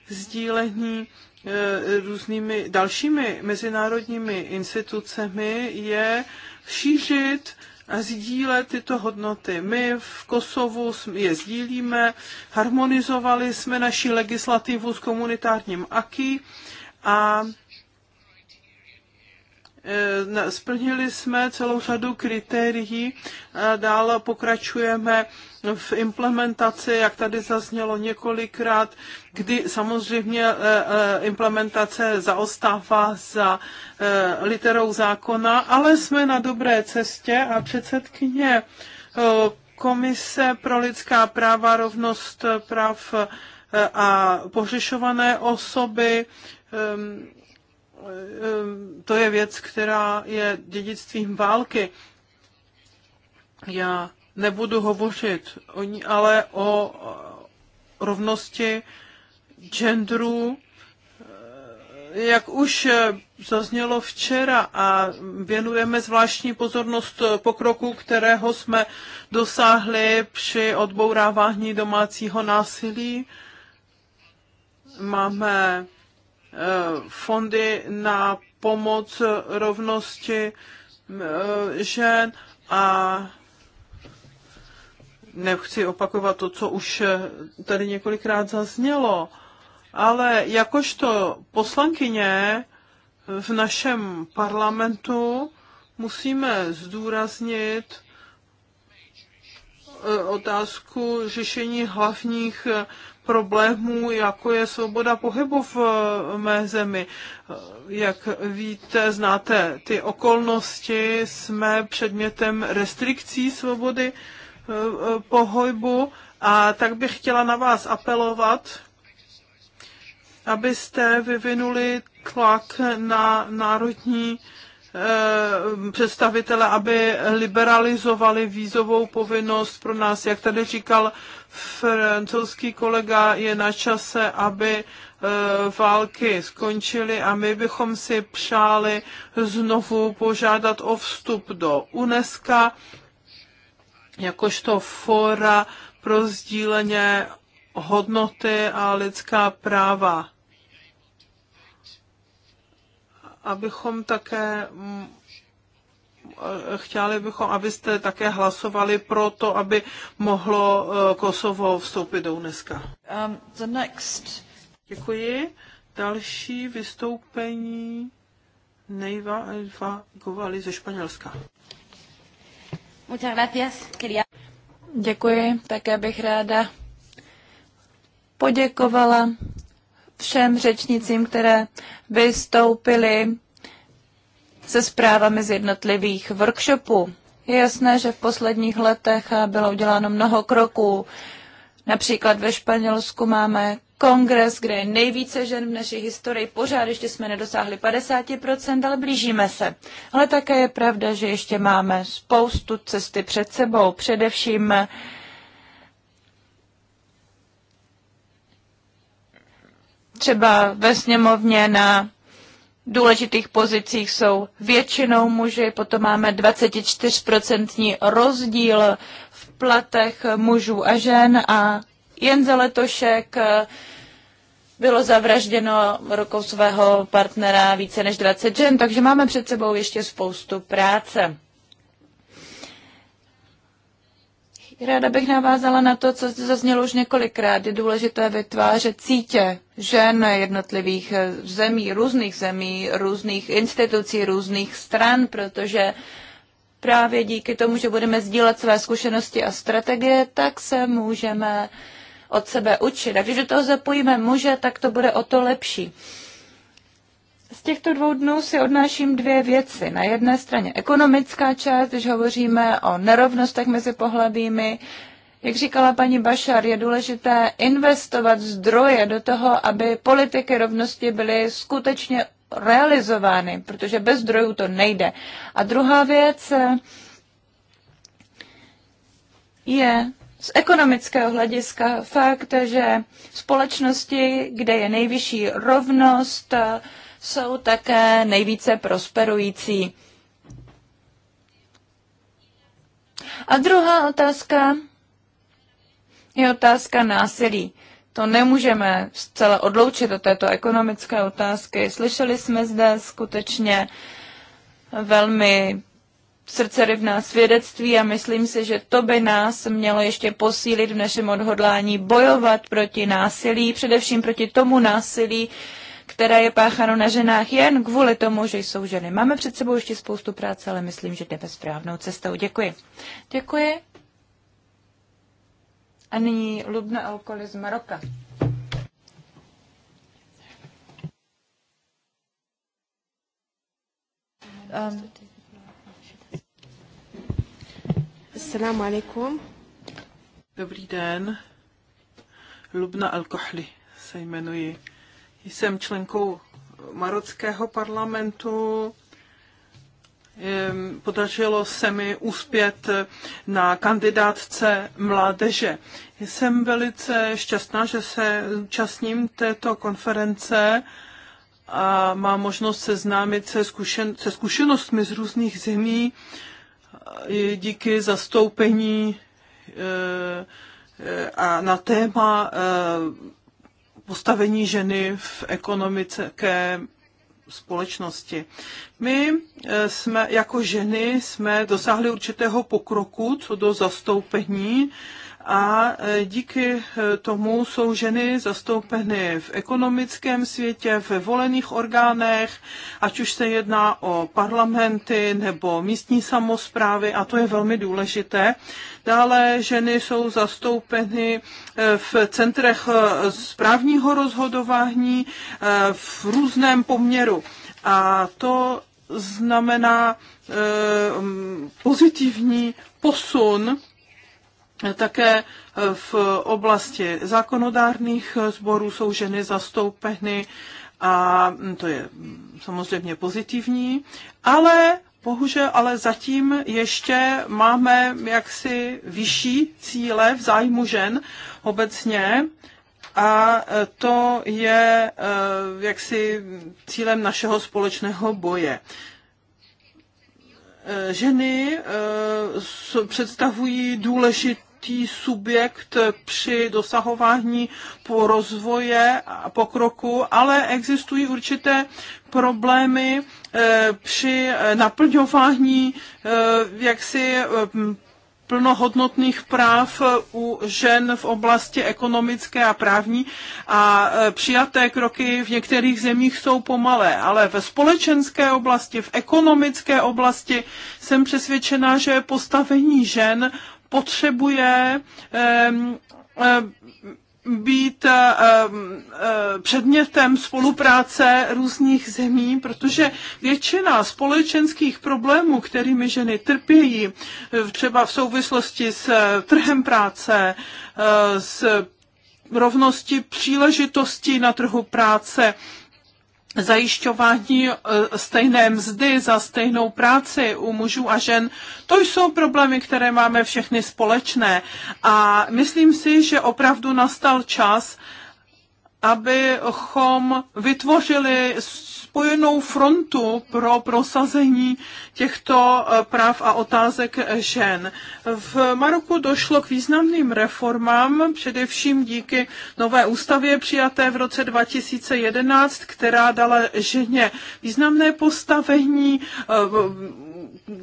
sdílení eh, různými dalšími mezinárodními institucemi, je šířit a sdílet tyto hodnoty. My v Kosovu je sdílíme, harmonizovali jsme naši legislativu s komunitárním AKI a Splnili jsme celou řadu kritérií, dál pokračujeme v implementaci, jak tady zaznělo několikrát, kdy samozřejmě e, e, implementace zaostává za e, literou zákona, ale jsme na dobré cestě a předsedkyně Komise pro lidská práva, rovnost práv a pořešované osoby Ehm, to je věc, která je dědictvím války. Já nebudu hovořit o ní, ale o rovnosti genderů, jak už zaznělo včera a věnujeme zvláštní pozornost pokroku, kterého jsme dosáhli při odbourávání domácího násilí. Máme fondy na pomoc rovnosti e, žen a nechci opakovat to, co už tady několikrát zaznělo, ale jakožto poslankyně v našem parlamentu musíme zdůraznit e, otázku řešení hlavních problémů, jako je svoboda pohybu v eh, mé zemi. Eh, jak víte, znáte ty okolnosti, jsme předmětem restrikcí svobody eh, pohybu a tak bych chtěla na vás apelovat, abyste vyvinuli tlak na národní Eh, představitele, aby liberalizovali vízovou povinnost pro nás. Jak tady říkal francouzský kolega, je na čase, aby eh, války skončily a my bychom si přáli znovu požádat o vstup do UNESCO jakožto fora pro sdíleně hodnoty a lidská práva. abychom také mm, chtěli bychom, abyste také hlasovali pro to, aby mohlo e, Kosovo vstoupit do UNESCO. Um, the next. Děkuji. Další vystoupení Nejva Elva Govali ze Španělska. Muchas gracias. Děkuji. Také bych ráda poděkovala všem řečnicím, které vystoupily se zprávami z jednotlivých workshopů. Je jasné, že v posledních letech bylo uděláno mnoho kroků. Například ve Španělsku máme kongres, kde je nejvíce žen v naší historii. Pořád ještě jsme nedosáhli 50%, ale blížíme se. Ale také je pravda, že ještě máme spoustu cesty před sebou. Především třeba ve sněmovně na důležitých pozicích jsou většinou muži, potom máme 24% rozdíl v platech mužů a žen a jen za letošek eh, bylo zavražděno rukou svého partnera více než 20 žen, takže máme před sebou ještě spoustu práce. Ráda bych navázala na to, co zde zaznělo už několikrát. Je důležité vytvářet cítě žen jednotlivých eh, zemí, různých zemí, různých institucí, různých stran, protože právě díky tomu, že budeme sdílet své zkušenosti a strategie, tak se můžeme od sebe učit. A když do toho zapojíme muže, tak to bude o to lepší těchto dvou dnů si odnáším dvě věci. Na jedné straně ekonomická část, když hovoříme o nerovnostech mezi pohlavími. Jak říkala paní Bašar, je důležité investovat zdroje do toho, aby politiky rovnosti byly skutečně realizovány, protože bez zdrojů to nejde. A druhá věc je z ekonomického hlediska fakt, že společnosti, kde je nejvyšší rovnost, jsou také nejvíce prosperující. A druhá otázka je otázka násilí. To nemůžeme zcela odloučit od této ekonomické otázky. Slyšeli jsme zde skutečně velmi srdcerivná svědectví a myslím si, že to by nás mělo ještě posílit v našem odhodlání bojovat proti násilí, především proti tomu násilí, které je páchano na ženách jen kvůli tomu, že jsou ženy. Máme před sebou ještě spoustu práce, ale myslím, že jdeme správnou cestou. Děkuji. Děkuji. A nyní Lubna Alkoli z Maroka. Um. Assalamu alaikum. Dobrý den. Lubna Alkohli se jmenuji jsem členkou marockého parlamentu. Podařilo se mi úspět na kandidátce mládeže. Jsem velice šťastná, že se účastním této konference a mám možnost seznámit se, zkušen- se zkušenostmi z různých zemí díky zastoupení e, e, a na téma e, postavení ženy v ekonomické společnosti. My eh, jsme jako ženy jsme dosáhli určitého pokroku co do zastoupení a e, díky e, tomu jsou ženy zastoupeny v ekonomickém světě, ve volených orgánech, ať už se jedná o parlamenty nebo místní samozprávy a to je velmi důležité. Dále ženy jsou zastoupeny e, v centrech správního rozhodování v různém poměru a to znamená pozitivní posun také v oblasti zákonodárných sborů jsou ženy zastoupeny a to je samozřejmě pozitivní, ale bohužel ale zatím ještě máme jaksi vyšší cíle v zájmu žen obecně a to je eh, jaksi cílem našeho společného boje eh, ženy eh, představují důležit, určitý subjekt při dosahování po rozvoje a pokroku, ale existují určité problémy eh, při eh, naplňování eh, jaksi plnohodnotných práv u žen v oblasti ekonomické a právní a přijaté kroky v některých zemích jsou pomalé, ale ve společenské oblasti, v ekonomické oblasti jsem přesvědčená, že postavení žen potřebuje být předmětem spolupráce různých zemí, protože většina společenských problémů, kterými ženy trpějí, třeba v souvislosti s trhem práce, eh, s rovnosti příležitostí na trhu práce, zajišťování e, stejné mzdy za stejnou práci u mužů a žen, to jsou problémy, které máme všechny společné. A myslím si, že opravdu nastal čas, abychom vytvořili spojenou frontu pro prosazení těchto eh, práv a otázek žen. V Maroku došlo k významným reformám, především díky nové ústavě přijaté v roce 2011, která dala ženě významné postavení, eh,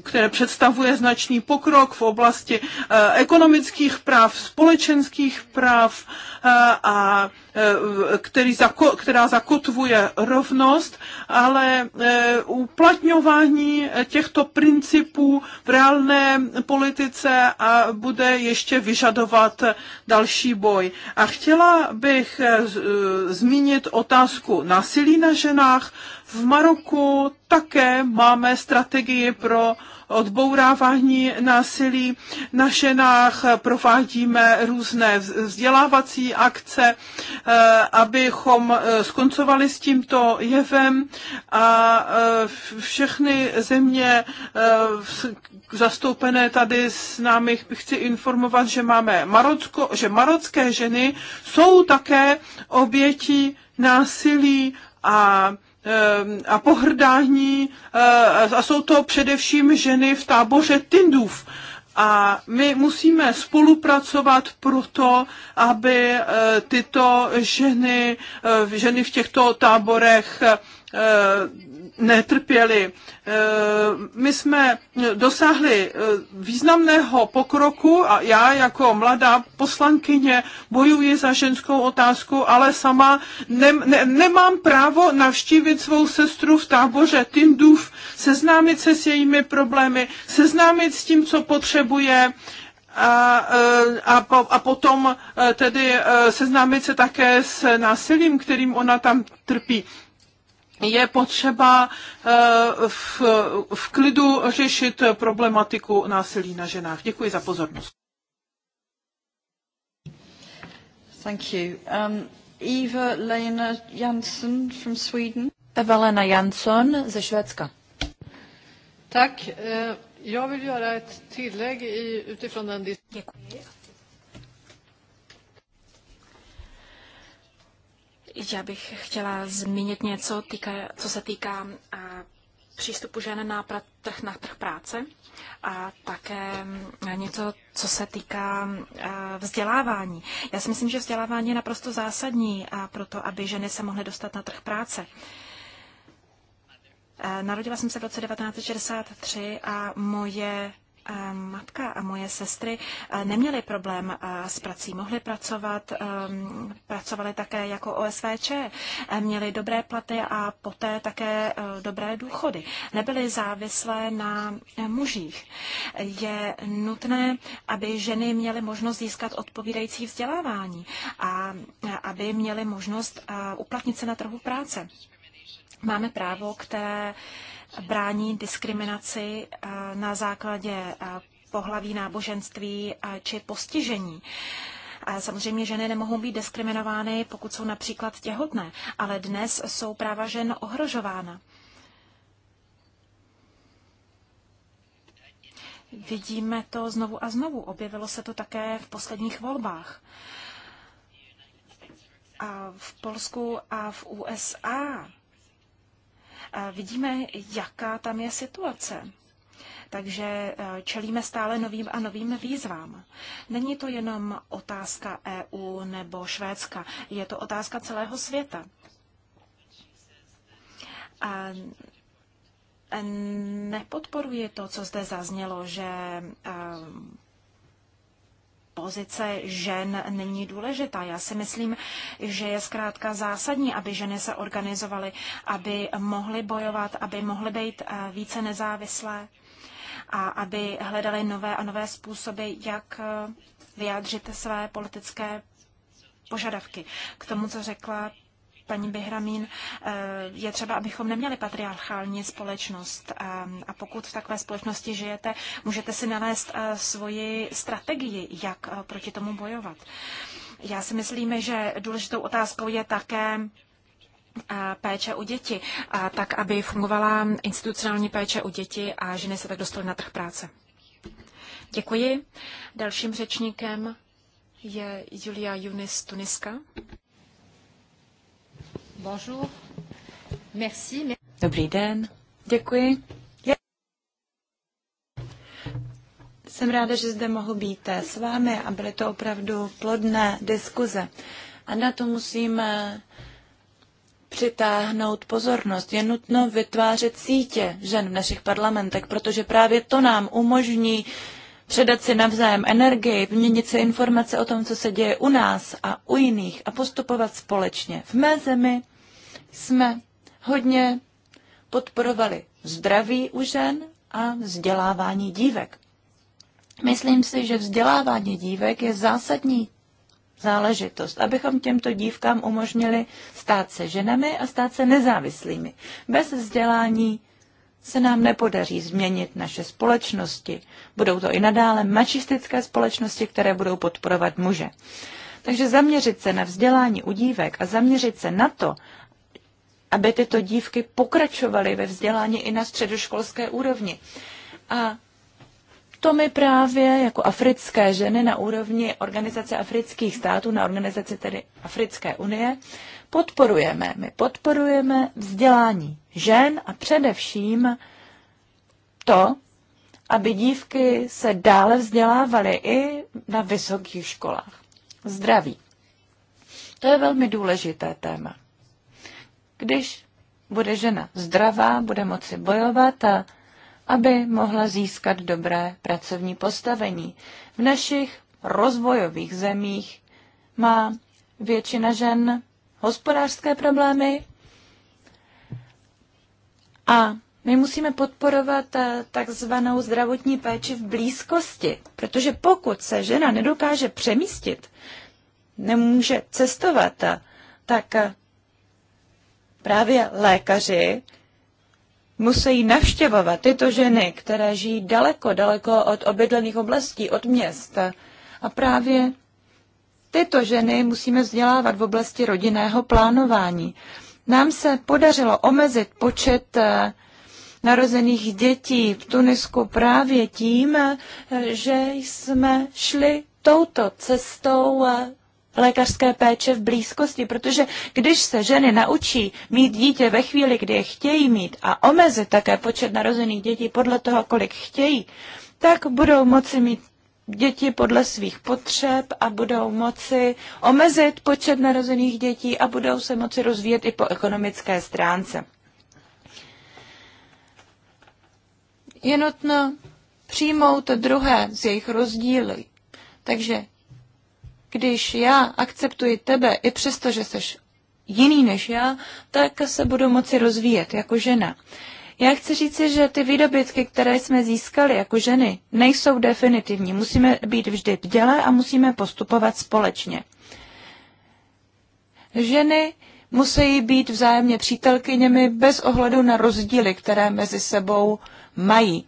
které představuje značný pokrok v oblasti eh, ekonomických práv, společenských práv eh, a eh, který zako, která zakotvuje rovnost, ale uplatňování těchto principů v reálné politice a bude ještě vyžadovat další boj. A chtěla bych zmínit otázku násilí na ženách, v Maroku také máme strategii pro odbourávání násilí na ženách, provádíme různé vzdělávací akce, eh, abychom eh, skoncovali s tímto jevem a eh, všechny země zastoupené tady s námi chci informovat, že máme Marocko, že marocké ženy jsou také oběti násilí a Ehm, a pohrdání eh, a jsou to především ženy v táboře Tindův. A my musíme spolupracovat proto, aby eh, tyto ženy, eh, ženy v těchto táborech netrpěli. E, my jsme dosáhli e, významného pokroku a já jako mladá poslankyně bojuji za ženskou otázku, ale sama ne, ne, nemám právo navštívit svou sestru v táboře Tindův, seznámit se s jejími problémy, seznámit s tím, co potřebuje, a, e, a, a potom tedy seznámit se také s násilím, kterým ona tam trpí je potřeba eh, v, v klidu řešit problematiku násilí na ženách. Děkuji za pozornost. Thank you. Um, Eva-Lena Jansson from Sweden. Eva-Lena Jansson ze Švédska. Tack. Eh, já vill göra ett tillägg i, utifrån den diskussion. Já bych chtěla zmínit něco, týka, co se týká přístupu žen na trh, na trh práce a také něco, co se týká vzdělávání. Já si myslím, že vzdělávání je naprosto zásadní pro to, aby ženy se mohly dostat na trh práce. Narodila jsem se v roce 1963 a moje matka a moje sestry eh, neměly problém eh, s prací, mohly pracovat, ehm, pracovaly také jako OSVČ, eh, měly dobré platy a poté také dobré důchody. Nebyly závislé na mužích. Je nutné, aby ženy měly možnost získat odpovídající vzdělávání a aby měly možnost uplatnit se na trhu práce. Máme právo, které brání diskriminaci eh, na základě eh, pohlaví, náboženství eh, či postižení. Samozřejmě ženy nemohou být diskriminovány, pokud jsou například těhotné, ale dnes jsou práva žen ohrožována. Vidíme to znovu a znovu. Objevilo se to také v posledních volbách. A v Polsku a v USA vidíme, jaká tam je situace. Takže eh, čelíme stále novým a novým výzvám. Není to jenom otázka EU nebo Švédska, je to otázka celého světa. A nepodporuji to, co zde zaznělo, že eh, pozice žen není důležitá. Já si myslím, že je zkrátka zásadní, aby ženy se organizovaly, aby mohly bojovat, aby mohly být eh, více nezávislé a aby hledaly nové a nové způsoby, jak eh, vyjádřit své politické požadavky. K tomu, co řekla paní Behramín, eh, je třeba, abychom neměli patriarchální společnost. Eh, a pokud v takové společnosti žijete, můžete si nalézt eh, svoji strategii, jak proti tomu bojovat. Já si myslím, že důležitou otázkou je také péče o děti, tak aby fungovala institucionální péče o děti a ženy se tak dostaly na trh práce. Děkuji. Dalším řečníkem je Julia Junis Tuniska. Dobrý den. Děkuji. Jsem ráda, že zde mohu být s vámi a byly to opravdu plodné diskuze. A na to musíme přitáhnout pozornost. Je nutno vytvářet sítě žen v našich parlamentech, protože právě to nám umožní předat si navzájem energii, vyměnit si informace o tom, co se děje u nás a u jiných a postupovat společně. V mé zemi jsme hodně podporovali zdraví u žen a vzdělávání dívek. Myslím si, že vzdělávání dívek je zásadní záležitost, abychom těmto dívkám umožnili stát se ženami a stát se nezávislými. Bez vzdělání se nám nepodaří změnit naše společnosti. Budou to i nadále mačistické společnosti, které budou podporovat muže. Takže zaměřit se na vzdělání u dívek a zaměřit se na to, aby tyto dívky pokračovaly ve vzdělání i na středoškolské úrovni. A to my právě jako africké ženy na úrovni Organizace afrických států, na organizaci tedy Africké unie, podporujeme. My podporujeme vzdělání žen a především to, aby dívky se dále vzdělávaly i na vysokých školách. Zdraví. To je velmi důležité téma. Když bude žena zdravá, bude moci bojovat a aby mohla získat dobré pracovní postavení. V našich rozvojových zemích má většina žen hospodářské problémy a my musíme podporovat eh, takzvanou zdravotní péči v blízkosti, protože pokud se žena nedokáže přemístit, nemůže cestovat, eh, tak eh, právě lékaři musí navštěvovat tyto ženy, které žijí daleko, daleko od obydlených oblastí, od měst. A právě tyto ženy musíme vzdělávat v oblasti rodinného plánování. Nám se podařilo omezit počet eh, narozených dětí v Tunisku právě tím, eh, že jsme šli touto cestou eh, lékařské péče v blízkosti, protože když se ženy naučí mít dítě ve chvíli, kdy je chtějí mít a omezit také počet narozených dětí podle toho, kolik chtějí, tak budou moci mít děti podle svých potřeb a budou moci omezit počet narozených dětí a budou se moci rozvíjet i po ekonomické stránce. Je nutno přijmout druhé z jejich rozdíly. Takže když já akceptuji tebe, i přesto, že jsi jiný než já, tak se budu moci rozvíjet jako žena. Já chci říci, že ty výdobytky, které jsme získali jako ženy, nejsou definitivní. Musíme být vždy bdělé a musíme postupovat společně. Ženy musí být vzájemně přítelkyněmi bez ohledu na rozdíly, které mezi sebou mají.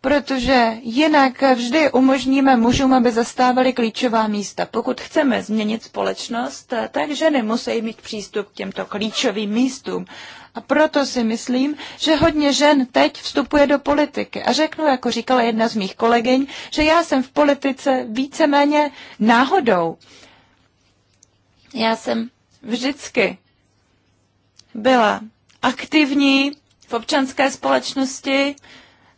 protože jinak vždy umožníme mužům, aby zastávali klíčová místa. Pokud chceme změnit společnost, tak ženy musí mít přístup k těmto klíčovým místům. A proto si myslím, že hodně žen teď vstupuje do politiky. A řeknu, jako říkala jedna z mých kolegyň, že já jsem v politice víceméně náhodou. Já jsem vždycky byla aktivní v občanské společnosti,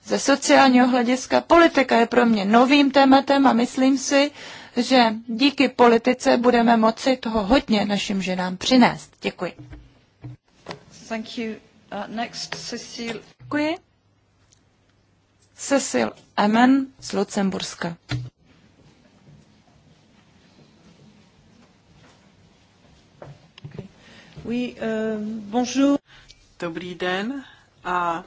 ze sociálního hlediska. Politika je pro mě novým tématem a myslím si, že díky politice budeme moci toho hodně našim ženám přinést. Děkuji. Thank you. Uh, next, Cecil. Děkuji. Cecil Emen z Lucemburska. Oui, uh, bonjour. Dobrý den a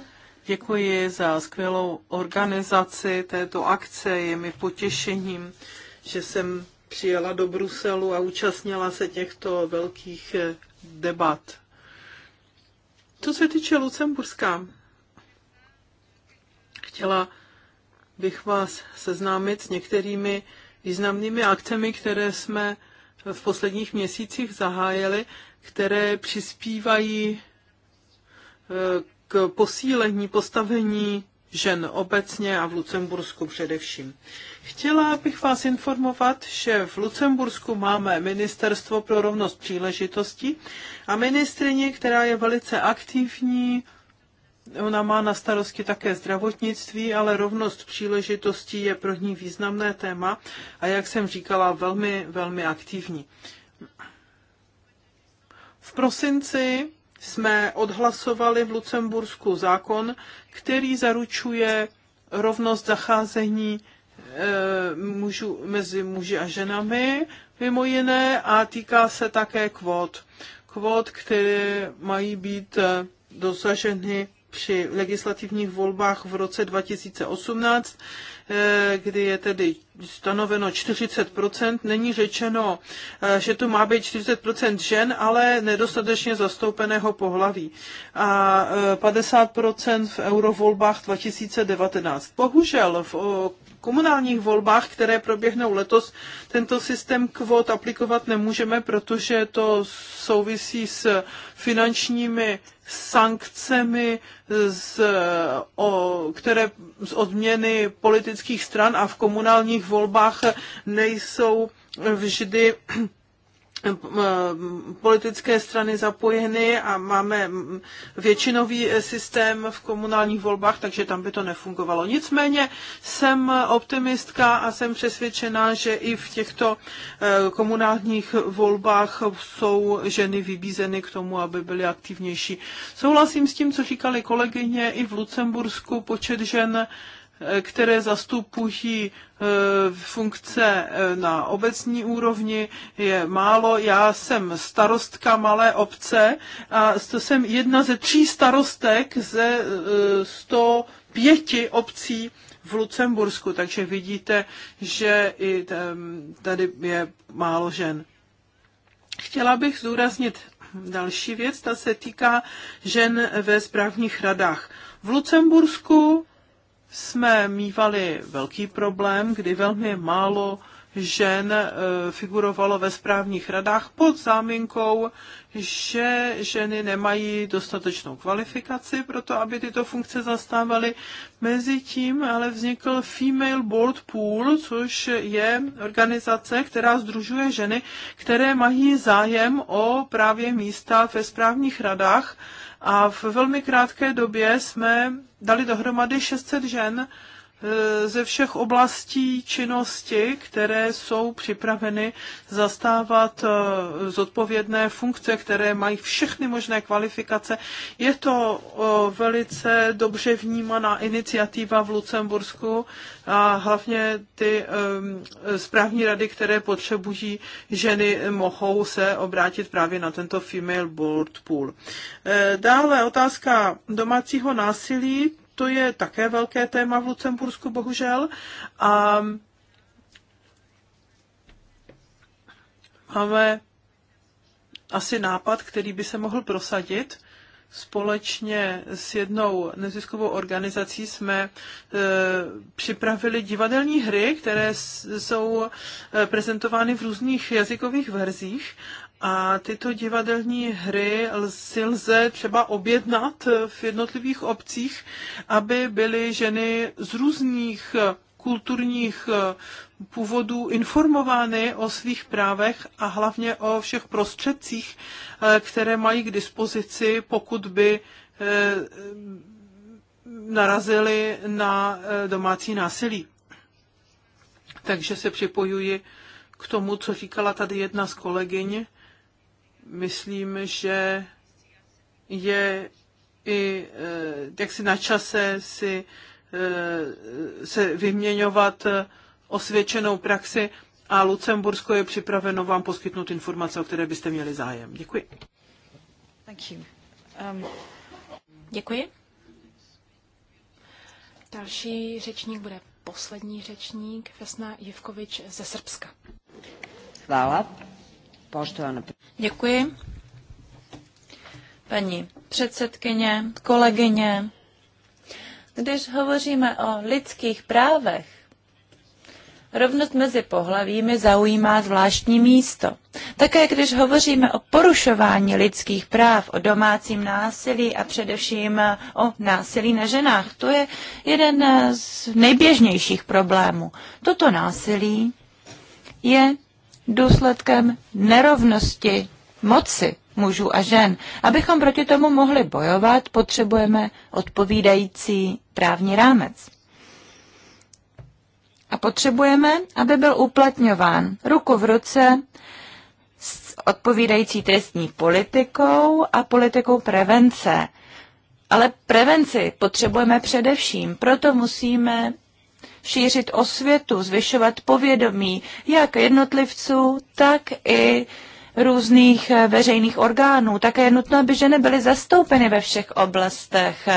Děkuji za skvělou organizaci této akce. Je mi potěšením, že jsem přijela do Bruselu a účastnila se těchto velkých eh, debat. Co se týče Lucemburska, chtěla bych vás seznámit s některými významnými akcemi, které jsme v posledních měsících zahájili, které přispívají eh, k posílení postavení žen obecně a v Lucembursku především. Chtěla bych vás informovat, že v Lucembursku máme Ministerstvo pro rovnost příležitostí a ministrině, která je velice aktivní, ona má na starosti také zdravotnictví, ale rovnost příležitostí je pro ní významné téma a jak jsem říkala, velmi, velmi aktivní. V prosinci jsme odhlasovali v Lucembursku zákon, který zaručuje rovnost zacházení eh, mužů, mezi muži a ženami, mimo jiné, a týká se také kvót. Kvót, které mají být eh, dosaženy při legislativních volbách v roce 2018, eh, kdy je tedy stanoveno 40%, není řečeno, eh, že tu má být 40% žen, ale nedostatečně zastoupeného pohlaví. A 50% eh, v eurovolbách 2019. Bohužel v komunálních volbách, které proběhnou letos, tento systém kvot aplikovat nemůžeme, protože to souvisí s finančními sankcemi z, o, které z odměny politických stran a v komunálních volbách nejsou vždy politické strany zapojeny a máme většinový eh, systém v komunálních volbách, takže tam by to nefungovalo. Nicméně jsem eh, optimistka a jsem přesvědčená, že i v těchto eh, komunálních volbách jsou ženy vybízeny k tomu, aby byly aktivnější. Souhlasím s tím, co říkali kolegyně i v Lucembursku, počet žen Eh, které zastupují eh, funkce eh, na obecní úrovni, je málo. Já jsem starostka malé obce a to jsem jedna ze tří starostek ze 105 obcí v Lucembursku, takže vidíte, že i tady je málo žen. Chtěla bych zdůraznit další věc, ta se týká žen ve správních radách. V Lucembursku jsme mývali velký problém, kdy velmi málo žen e, figurovalo ve správních radách pod záminkou, že ženy nemají dostatečnou kvalifikaci pro to, aby tyto funkce zastávaly. Mezitím ale vznikl Female Board Pool, což je organizace, která združuje ženy, které mají zájem o právě místa ve správních radách a v velmi krátké době jsme dali dohromady 600 žen, E, ze všech oblastí činnosti, které jsou připraveny zastávat e, zodpovědné funkce, které mají všechny možné kvalifikace. Je to e, velice dobře vnímaná iniciativa v Lucembursku a hlavně ty správní rady, které potřebují ženy, mohou se obrátit právě na tento Female Board Pool. Dále otázka domácího násilí to je také velké téma v Lucembursku, bohužel. A máme asi nápad, který by se mohl prosadit. Společně s jednou neziskovou organizací jsme e, připravili divadelní hry, které jsou e, prezentovány v různých jazykových verzích a tyto divadelní hry si lze třeba objednat eh, v jednotlivých obcích, aby byly ženy z různých eh, kulturních eh, původů informovány o svých právech a hlavně o všech prostředcích, které mají k dispozici, pokud by narazili na domácí násilí. Takže se připojuji k tomu, co říkala tady jedna z kolegyně myslím, že je i eh, jak si na čase si eh, se vyměňovat eh, osvědčenou praxi a Lucembursko je připraveno vám poskytnout informace, o které byste měli zájem. Děkuji. Thank you. Um, děkuji. Další řečník bude poslední řečník, Vesna Jivkovič ze Srbska. Hvala. Poštovaná. Děkuji. Paní předsedkyně, kolegyně, když hovoříme o lidských právech, rovnost mezi pohlavími zaujímá zvláštní místo. Také když hovoříme o porušování lidských práv, o domácím násilí a především o násilí na ženách, to je jeden z nejběžnějších problémů. Toto násilí je důsledkem nerovnosti moci mužů a žen. Abychom proti tomu mohli bojovat, potřebujeme odpovídající právní rámec. A potřebujeme, aby byl uplatňován ruku v ruce s odpovídající trestní politikou a politikou prevence. Ale prevenci potřebujeme především, proto musíme šířit osvětu, zvyšovat povědomí jak jednotlivců, tak i různých eh, veřejných orgánů. Také je nutno, aby ženy byly zastoupeny ve všech oblastech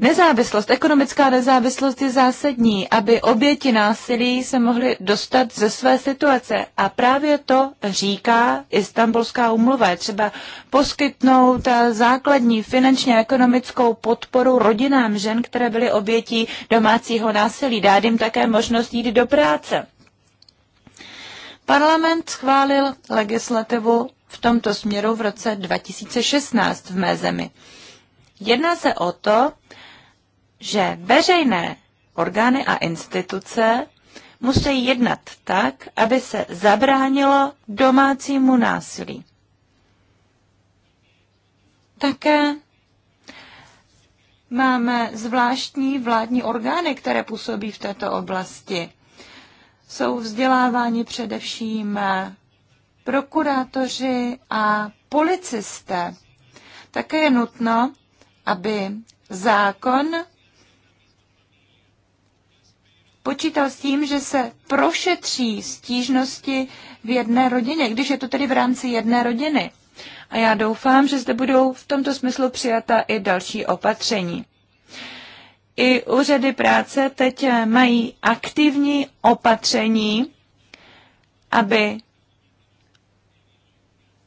Nezávislost, ekonomická nezávislost je zásadní, aby oběti násilí se mohly dostat ze své situace. A právě to říká Istanbulská umluva. Je třeba poskytnout základní finančně ekonomickou podporu rodinám žen, které byly obětí domácího násilí. Dát jim také možnost jít do práce. Parlament schválil legislativu v tomto směru v roce 2016 v mé zemi. Jedná se o to, že veřejné orgány a instituce musí jednat tak, aby se zabránilo domácímu násilí. Také máme zvláštní vládní orgány, které působí v této oblasti. Jsou vzděláváni především prokurátoři a policisté. Také je nutno, aby zákon počítal s tím, že se prošetří stížnosti v jedné rodině, když je to tedy v rámci jedné rodiny. A já doufám, že zde budou v tomto smyslu přijata i další opatření. I úřady práce teď mají aktivní opatření, aby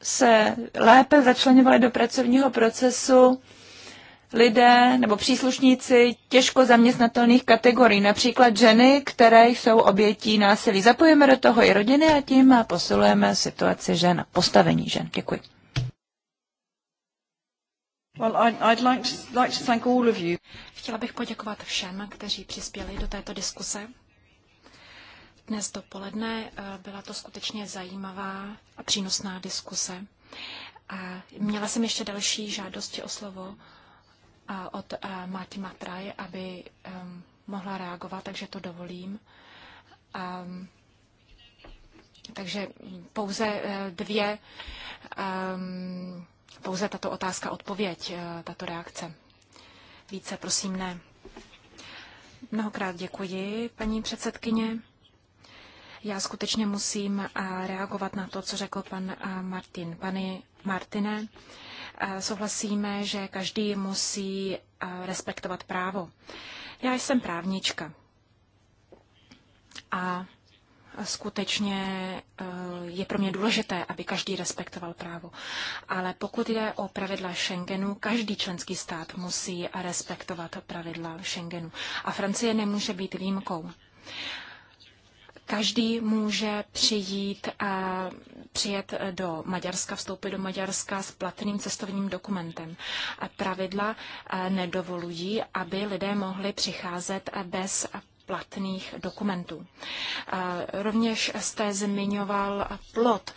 se lépe začlenovaly do pracovního procesu lidé nebo příslušníci těžko zaměstnatelných kategorií, například ženy, které jsou obětí násilí. Zapojíme do toho i rodiny a tím a posilujeme situaci žen, postavení žen. Děkuji. Well, I'd like to, like to thank all of you. Chtěla bych poděkovat všem, kteří přispěli do této diskuse. Dnes dopoledne eh, byla to skutečně zajímavá a přínosná diskuse. A měla jsem ještě další žádosti o slovo od Máti Matraj, aby mohla reagovat, takže to dovolím. Takže pouze eh, dvě, pouze tato otázka, odpověď, eh, tato reakce. Více, prosím, ne. Mnohokrát děkuji, paní předsedkyně. Já skutečně musím eh, reagovat na to, co řekl pan Martin. Pane Martine, souhlasíme, že každý musí respektovat právo. Já jsem právnička a skutečně e, je pro mě důležité, aby každý respektoval právo. Ale pokud jde o pravidla Schengenu, každý členský stát musí respektovat pravidla Schengenu. A Francie nemůže být výjimkou. Každý může přijít a přijet do Maďarska, vstoupit do Maďarska s platným cestovním dokumentem. A Pravidla eh, nedovolují, aby lidé mohli přicházet bez platných dokumentů. Eh, rovněž jste zmiňoval plot.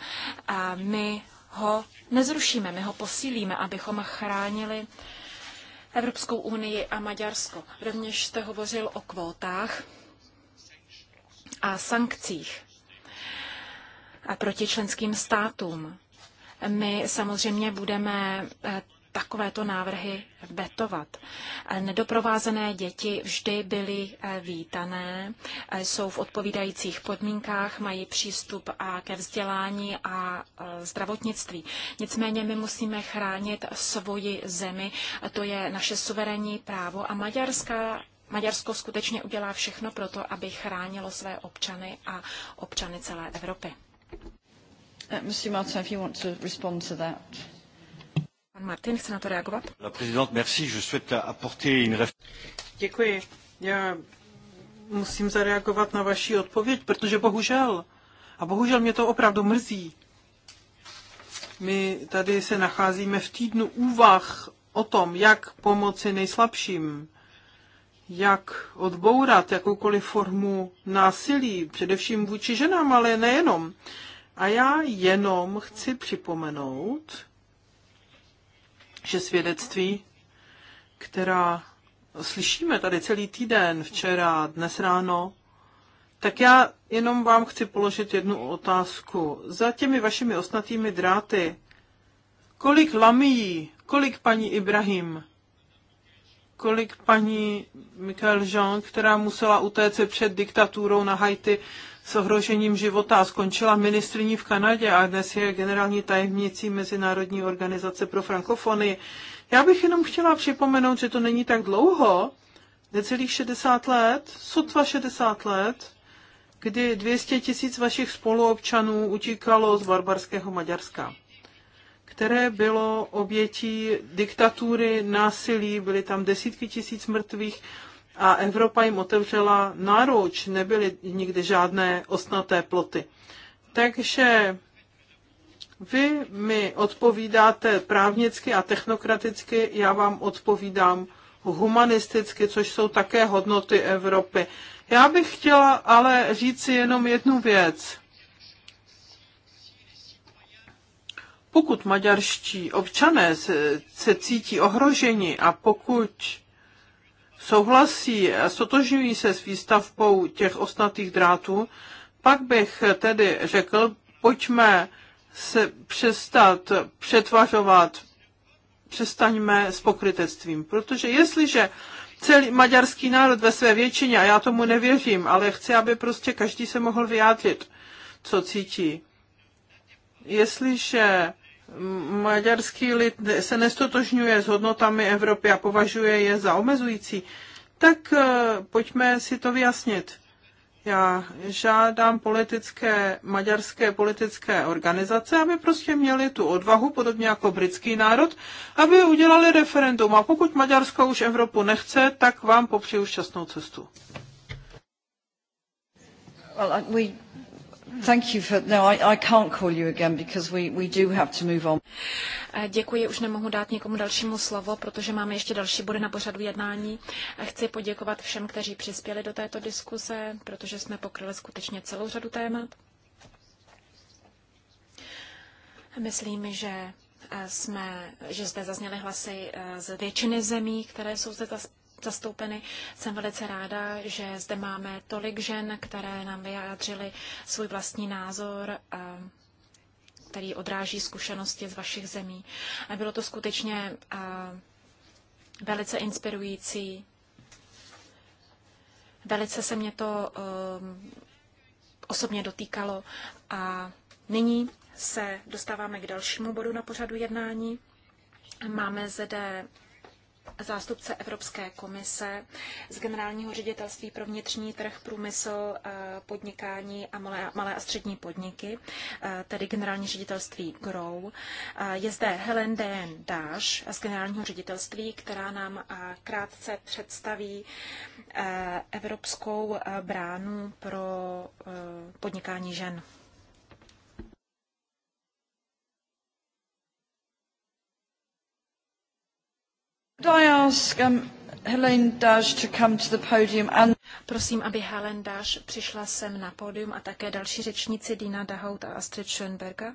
My ho nezrušíme, my ho posílíme, abychom chránili Evropskou unii a Maďarsko. Rovněž jste hovořil o kvótách a sankcích a proti členským státům. My samozřejmě budeme eh, takovéto návrhy vetovat. Eh, nedoprovázené děti vždy byly eh, vítané, jsou v odpovídajících podmínkách, mají přístup a ke vzdělání a zdravotnictví. Nicméně my musíme chránit svoji zemi, to je naše suverénní právo a maďarská Maďarsko skutečně udělá všechno pro to, aby chránilo své občany a občany celé Evropy. Uh, Monsieur Martin, if you want to respond to that. Pan Martin chce na to reagovat. La présidente, merci. Je souhaite apporter une Děkuji. Já musím zareagovat na vaši odpověď, protože bohužel, a bohužel mě to opravdu mrzí, my tady se nacházíme v týdnu úvah o tom, jak pomoci nejslabším jak odbourat jakoukoliv formu násilí, především vůči ženám, ale nejenom. A já jenom chci připomenout, že svědectví, která slyšíme tady celý týden, včera, dnes ráno, tak já jenom vám chci položit jednu otázku. Za těmi vašimi osnatými dráty, kolik lamí, kolik paní Ibrahim, kolik paní Michael Jean, která musela utéct před diktaturou na Haiti s ohrožením života a skončila ministriní v Kanadě a dnes je generální tajemnicí Mezinárodní organizace pro frankofony. Já bych jenom chtěla připomenout, že to není tak dlouho, necelých 60 let, sotva 60 let, kdy 200 tisíc vašich spoluobčanů utíkalo z barbarského Maďarska které bylo obětí diktatury, násilí, byly tam desítky tisíc mrtvých a Evropa jim otevřela náruč, nebyly nikdy žádné osnaté ploty. Takže vy mi odpovídáte právnicky a technokraticky, já vám odpovídám humanisticky, což jsou také hodnoty Evropy. Já bych chtěla ale říci jenom jednu věc. Pokud maďarští občané se, se cítí ohroženi a pokud souhlasí a sotožňují se s výstavbou těch osnatých drátů, pak bych tedy řekl, pojďme se přestat přetvařovat, přestaňme s pokrytectvím, protože jestliže celý maďarský národ ve své většině, a já tomu nevěřím, ale chci, aby prostě každý se mohl vyjádřit, co cítí. Jestliže Maďarský lid se nestotožňuje s hodnotami Evropy a považuje je za omezující, tak eh, pojďme si to vyjasnit. Já žádám politické, maďarské politické organizace, aby prostě měli tu odvahu, podobně jako britský národ, aby udělali referendum. A pokud Maďarsko už Evropu nechce, tak vám popřeju šťastnou cestu. Well, we Thank you for, no, I, I can't call you again because we, we do have to move on. Eh, děkuji, už nemohu dát někomu dalšímu slovo, protože máme ještě další body na pořadu jednání. Eh, chci poděkovat všem, kteří přispěli do této diskuse, protože jsme pokryli skutečně celou řadu témat. Myslím, že eh, jsme, že zde zazněly hlasy z většiny zemí, které jsou zde zastoupeny. Jsem velice ráda, že zde máme tolik žen, které nám vyjádřily svůj vlastní názor který odráží zkušenosti z vašich zemí. A bylo to skutečně velice inspirující. Velice se mě to um, osobně dotýkalo. A nyní se dostáváme k dalšímu bodu na pořadu jednání. Máme zde zástupce Evropské komise z Generálního ředitelství pro vnitřní trh, průmysl, eh, podnikání a malé a střední podniky, eh, tedy Generální ředitelství GROW. Eh, je zde Helen D. Dash z Generálního ředitelství, která nám krátce představí Evropskou bránu pro podnikání žen. Could I ask um, Dash to come to the podium and... Prosím, aby Helen Dash přišla sem na pódium a také další řečníci Dina Dahout a Astrid Schönberger.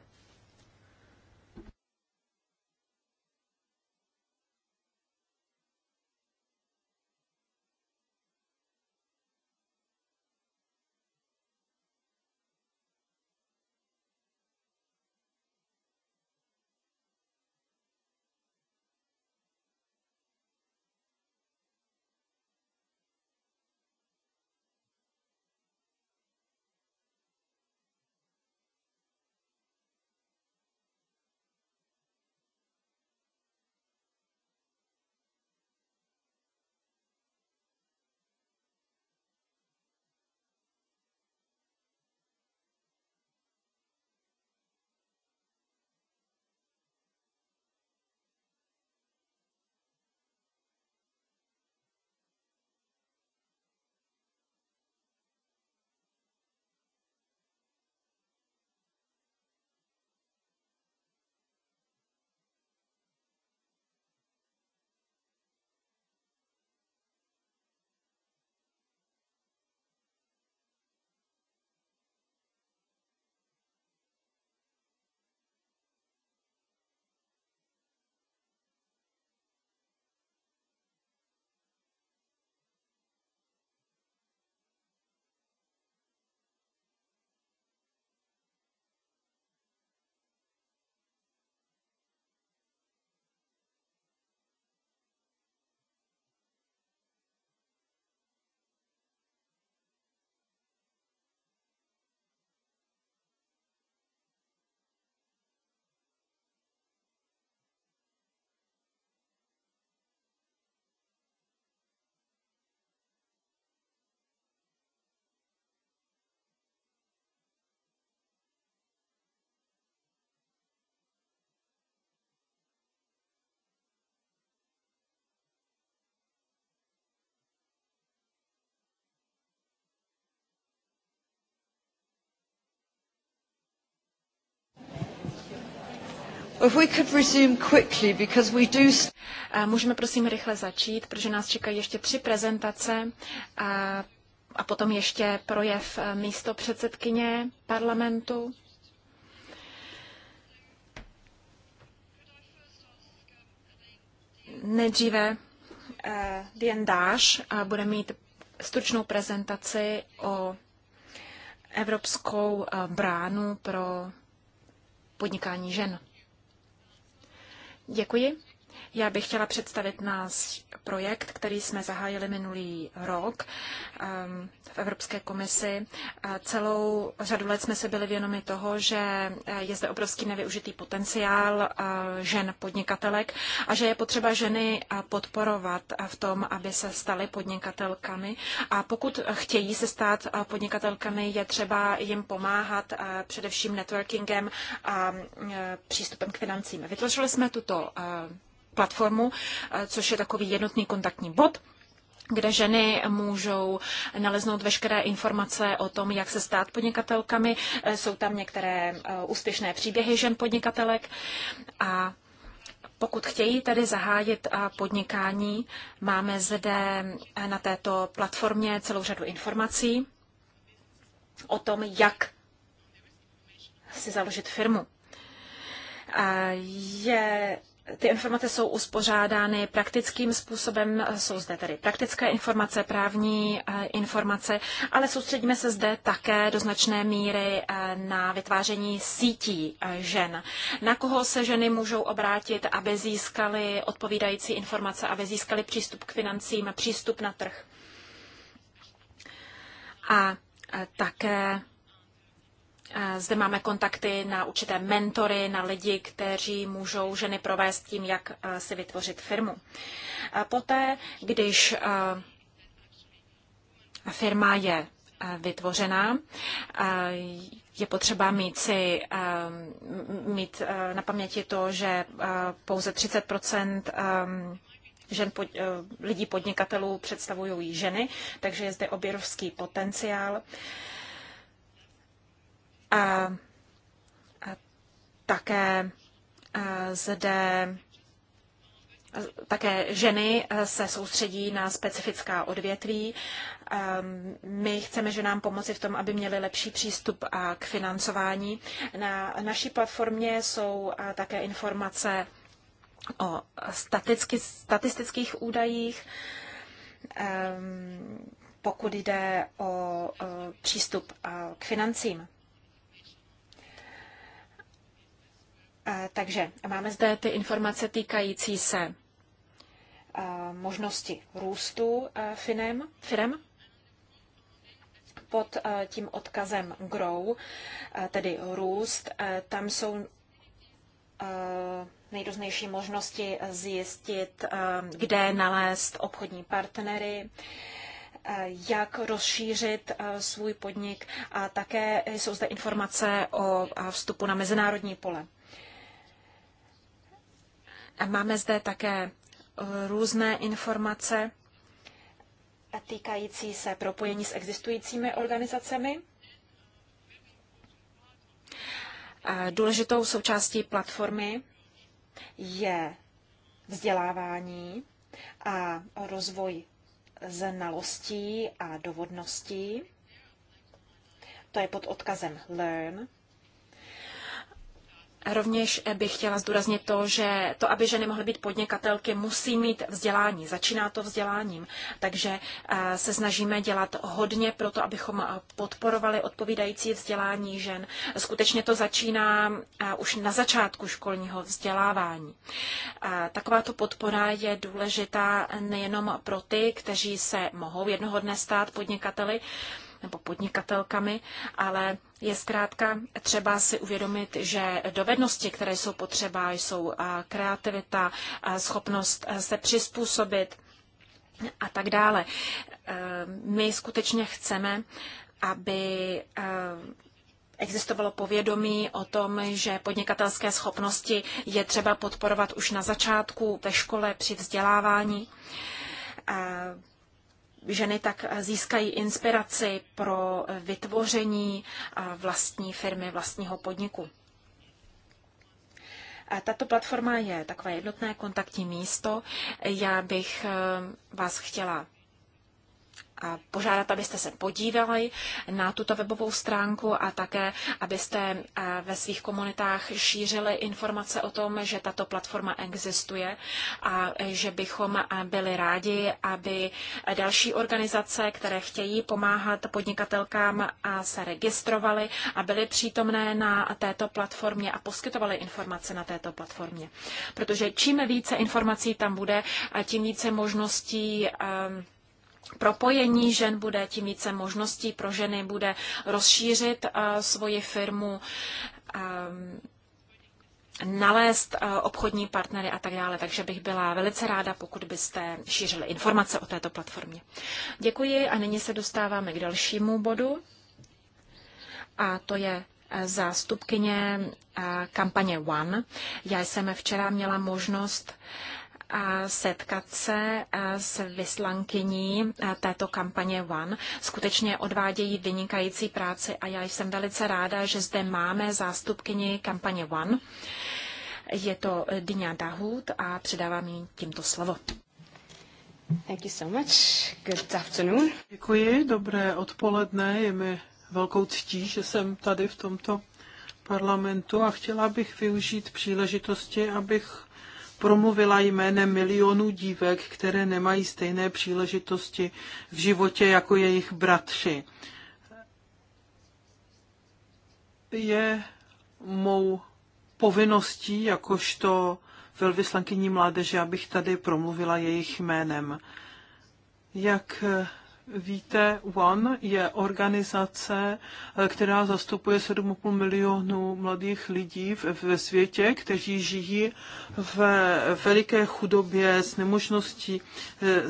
Můžeme prosím rychle začít, protože nás čekají ještě tři prezentace a, a potom ještě projev e, místo předsedkyně parlamentu. Nejdříve eh, Dáš bude mít stručnou prezentaci o evropskou e, bránu pro podnikání žen. Děkuji. Já bych chtěla představit náš projekt, který jsme zahájili minulý rok ehm, v Evropské komisi. Celou řadu let jsme se byli vědomi toho, že e, je zde obrovský nevyužitý potenciál e, žen podnikatelek a že je potřeba ženy e, podporovat v tom, aby se staly podnikatelkami. A pokud chtějí se stát podnikatelkami, je třeba jim pomáhat především networkingem a přístupem k financím. Vytvořili jsme tuto platformu, eh, což je takový jednotný kontaktní bod kde ženy můžou naleznout veškeré informace o tom, jak se stát podnikatelkami. Eh, jsou tam některé eh, úspěšné příběhy žen podnikatelek a pokud chtějí tedy zahájit podnikání, máme zde na této platformě celou řadu informací o tom, jak si založit firmu. Je ty informace jsou uspořádány praktickým způsobem, jsou zde tedy praktické informace, právní eh, informace, ale soustředíme se zde také do značné míry eh, na vytváření sítí eh, žen. Na koho se ženy můžou obrátit, aby získaly odpovídající informace, aby získaly přístup k financím, přístup na trh. A také zde máme kontakty na určité mentory, na lidi, kteří můžou ženy provést tím, jak si vytvořit firmu. Poté, když firma je vytvořená, je potřeba mít si mít na paměti to, že pouze 30 žen pod, lidí podnikatelů představují ženy, takže je zde obrovský potenciál. A také zde také ženy se soustředí na specifická odvětví. My chceme ženám pomoci v tom, aby měly lepší přístup k financování. Na naší platformě jsou také informace o staticky, statistických údajích, pokud jde o přístup k financím. Eh, takže máme zde ty informace týkající se eh, možnosti růstu eh, firm firem pod tím odkazem grow, tedy růst, tam jsou nejrůznější možnosti zjistit, kde nalézt obchodní partnery, jak rozšířit svůj podnik a také jsou zde informace o vstupu na mezinárodní pole. Máme zde také eh, různé informace týkající se propojení s existujícími organizacemi. Důležitou součástí platformy je vzdělávání a rozvoj znalostí a dovodností. To je pod odkazem Learn. Rovněž eh, bych chtěla zdůraznit to, že to, aby ženy mohly být podnikatelky, musí mít vzdělání. Začíná to vzděláním. Takže eh, se snažíme dělat hodně pro to, abychom eh, podporovali odpovídající vzdělání žen. Skutečně to začíná už na začátku školního vzdělávání. Takováto podpora je důležitá nejenom pro ty, kteří se mohou jednoho dne stát podnikateli nebo podnikatelkami, ale je zkrátka třeba si uvědomit, že dovednosti, které jsou potřeba, jsou kreativita, schopnost se přizpůsobit a tak dále. E, my skutečně chceme, aby e, existovalo povědomí o tom, že podnikatelské schopnosti je třeba podporovat už na začátku, ve škole, při vzdělávání e, ženy tak získají inspiraci pro vytvoření eh, vlastní firmy, vlastního podniku. A tato platforma je takové jednotné kontaktní místo. Já bych eh, vás chtěla požádat, abyste se podívali na tuto webovou stránku a také, abyste eh, ve svých komunitách šířili informace o tom, že tato platforma existuje a eh, že bychom eh, byli rádi, aby další organizace, které chtějí pomáhat podnikatelkám, se registrovaly a byly přítomné na této platformě a poskytovaly informace na této platformě. Protože čím více informací tam bude, tím více možností um, propojení žen bude, tím více možností pro ženy bude rozšířit eh, svoji firmu, ehm, nalézt eh, obchodní partnery a tak dále. Takže bych byla velice ráda, pokud byste šířili informace o této platformě. Děkuji a nyní se dostáváme k dalšímu bodu. A to je eh, zástupkyně kampaně One. Já jsem včera měla možnost setkat se s vyslankyní této kampaně One. Skutečně odvádějí vynikající práci a já jsem velice ráda, že zde máme zástupkyni kampaně One. Je to Dňa Dahut a předávám jí tímto slovo. Thank you so much. Good afternoon. Děkuji, dobré odpoledne. Je mi velkou ctí, že jsem tady v tomto parlamentu a chtěla bych využít příležitosti, abych promluvila jménem milionů dívek, které nemají stejné příležitosti v životě jako jejich bratři. Je mou povinností, jakožto velvyslankyní mládeže, abych tady promluvila jejich jménem. Jak víte, One je organizace, eh, která zastupuje 7,5 milionu mladých lidí ve světě, kteří žijí v eh, veliké chudobě s nemožností eh,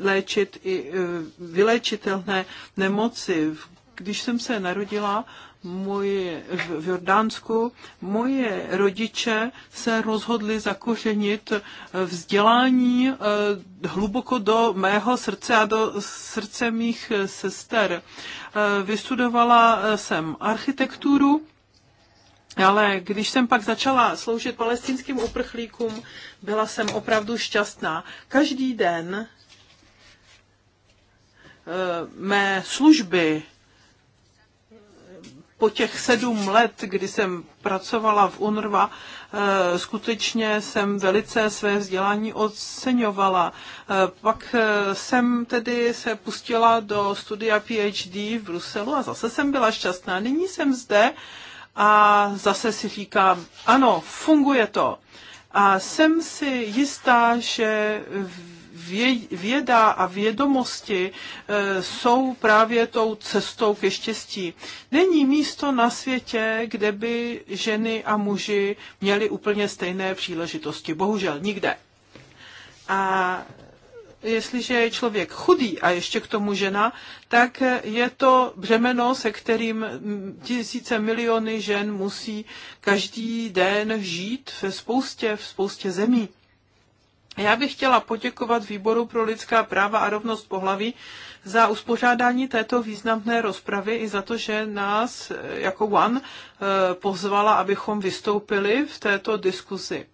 léčit i vyléčitelné nemoci. Když jsem se narodila, moje, v Jordánsku, moje rodiče se rozhodli zakořenit eh, vzdělání eh, hluboko do mého srdce a do srdce mých eh, sester. Vystudovala jsem architekturu, ale když jsem pak začala sloužit palestinským uprchlíkům, byla jsem opravdu šťastná. Každý den mé služby po těch sedm let, kdy jsem pracovala v UNRWA, eh, skutečně jsem velice své vzdělání oceňovala. Eh, pak eh, jsem tedy se pustila do studia PhD v Bruselu a zase jsem byla šťastná. Nyní jsem zde a zase si říkám, ano, funguje to. A jsem si jistá, že věda a vědomosti e, jsou právě tou cestou ke štěstí. Není místo na světě, kde by ženy a muži měli úplně stejné příležitosti. Bohužel nikde. A jestliže je člověk chudý a ještě k tomu žena, tak je to břemeno, se kterým tisíce miliony žen musí každý den žít ve spoustě, v spoustě zemí. Já bych chtěla poděkovat Výboru pro lidská práva a rovnost pohlaví za uspořádání této významné rozpravy i za to, že nás eh, jako One eh, pozvala, abychom vystoupili v této diskuzi.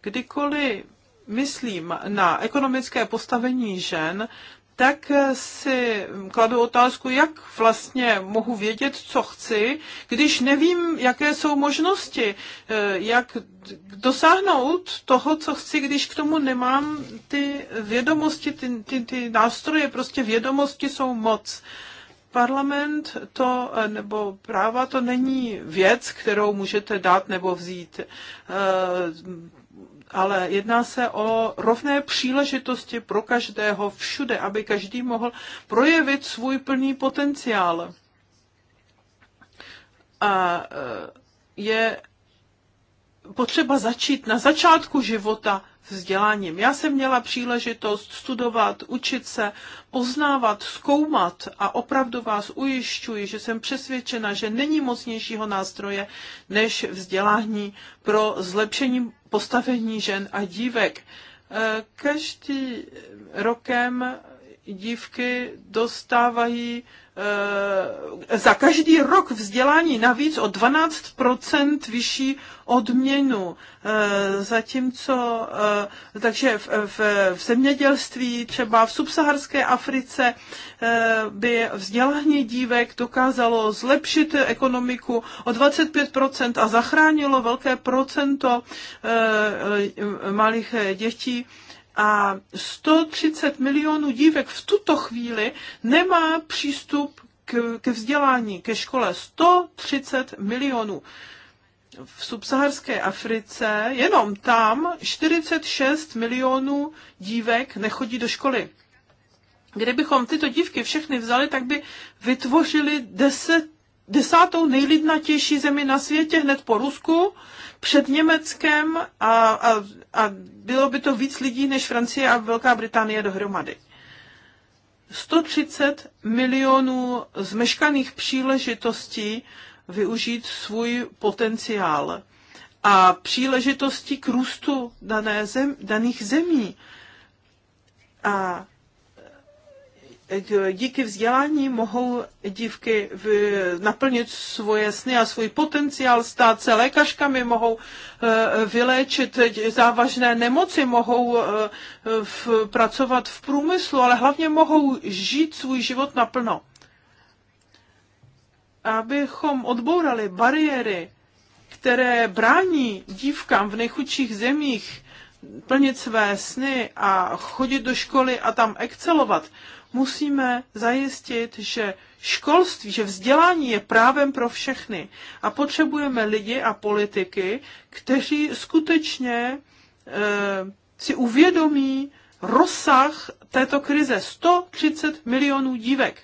Kdykoliv myslím na ekonomické postavení žen, tak si kladu otázku, jak vlastně mohu vědět, co chci, když nevím, jaké jsou možnosti, eh, jak dosáhnout toho, co chci, když k tomu nemám ty vědomosti, ty, ty, ty nástroje, prostě vědomosti jsou moc. Parlament to, eh, nebo práva to není věc, kterou můžete dát nebo vzít eh, ale jedná se o rovné příležitosti pro každého všude, aby každý mohl projevit svůj plný potenciál. A e, je potřeba začít na začátku života vzděláním. Já jsem měla příležitost studovat, učit se, poznávat, zkoumat a opravdu vás ujišťuji, že jsem přesvědčena, že není mocnějšího nástroje než vzdělání pro zlepšení postavení žen a dívek. E, Každý rokem dívky dostávají Eh, za každý rok vzdělání navíc o 12 vyšší odměnu. Eh, zatímco, eh, takže v, v, v zemědělství, třeba v subsaharské Africe, by vzdělání dívek dokázalo zlepšit ekonomiku o 25 a zachránilo velké procento malých dětí a 130 milionů dívek v tuto chvíli nemá přístup k, ke vzdělání, ke škole. 130 milionů. V subsaharské Africe jenom tam 46 milionů dívek nechodí do školy. Kdybychom tyto dívky všechny vzali, tak by vytvořili 10 desátou nejlidnatější zemi na světě hned po Rusku, před Německem a, a, a bylo by to víc lidí než Francie a Velká Británie dohromady. 130 milionů zmeškaných příležitostí využít svůj potenciál a příležitosti k růstu dané zem, daných zemí. A díky vzdělání mohou dívky v, naplnit svoje sny a svůj potenciál, stát se lékařkami, mohou eh, vyléčit závažné nemoci, mohou eh, v, pracovat v průmyslu, ale hlavně mohou žít svůj život naplno. Abychom odbourali bariéry, které brání dívkám v nejchudších zemích plnit své sny a chodit do školy a tam excelovat, musíme zajistit, že školství, že vzdělání je právem pro všechny a potřebujeme lidi a politiky, kteří skutečně eh, si uvědomí rozsah této krize 130 milionů dívek,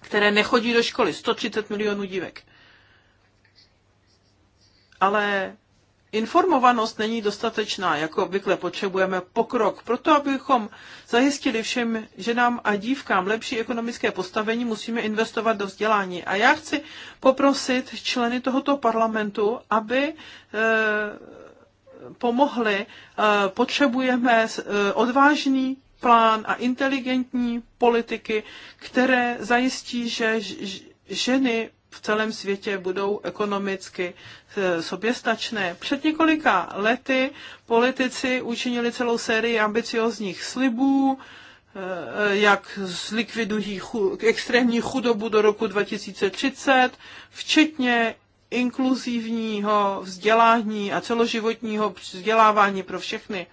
které nechodí do školy, 130 milionů dívek. Ale informovanost není dostatečná, jako obvykle potřebujeme pokrok. Proto, abychom zajistili všem ženám a dívkám lepší ekonomické postavení, musíme investovat do vzdělání. A já chci poprosit členy tohoto parlamentu, aby eh, pomohli. Eh, potřebujeme eh, odvážný plán a inteligentní politiky, které zajistí, že ženy v celém světě budou ekonomicky eh, soběstačné. Před několika lety politici učinili celou sérii ambiciozních slibů, eh, jak zlikvidují extrémní chudobu do roku 2030, včetně inkluzivního vzdělání a celoživotního vzdělávání pro všechny.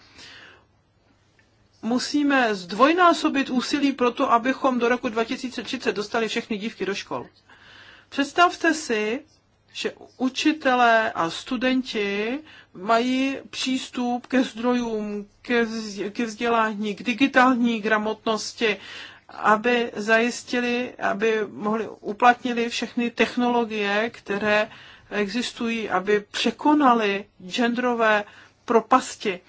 Musíme zdvojnásobit úsilí pro to, abychom do roku 2030 dostali všechny dívky do škol. Představte si, že učitelé a studenti mají přístup ke zdrojům, ke vzdělání, k digitální gramotnosti, aby zajistili, aby mohli uplatnili všechny technologie, které existují, aby překonali genderové propasti.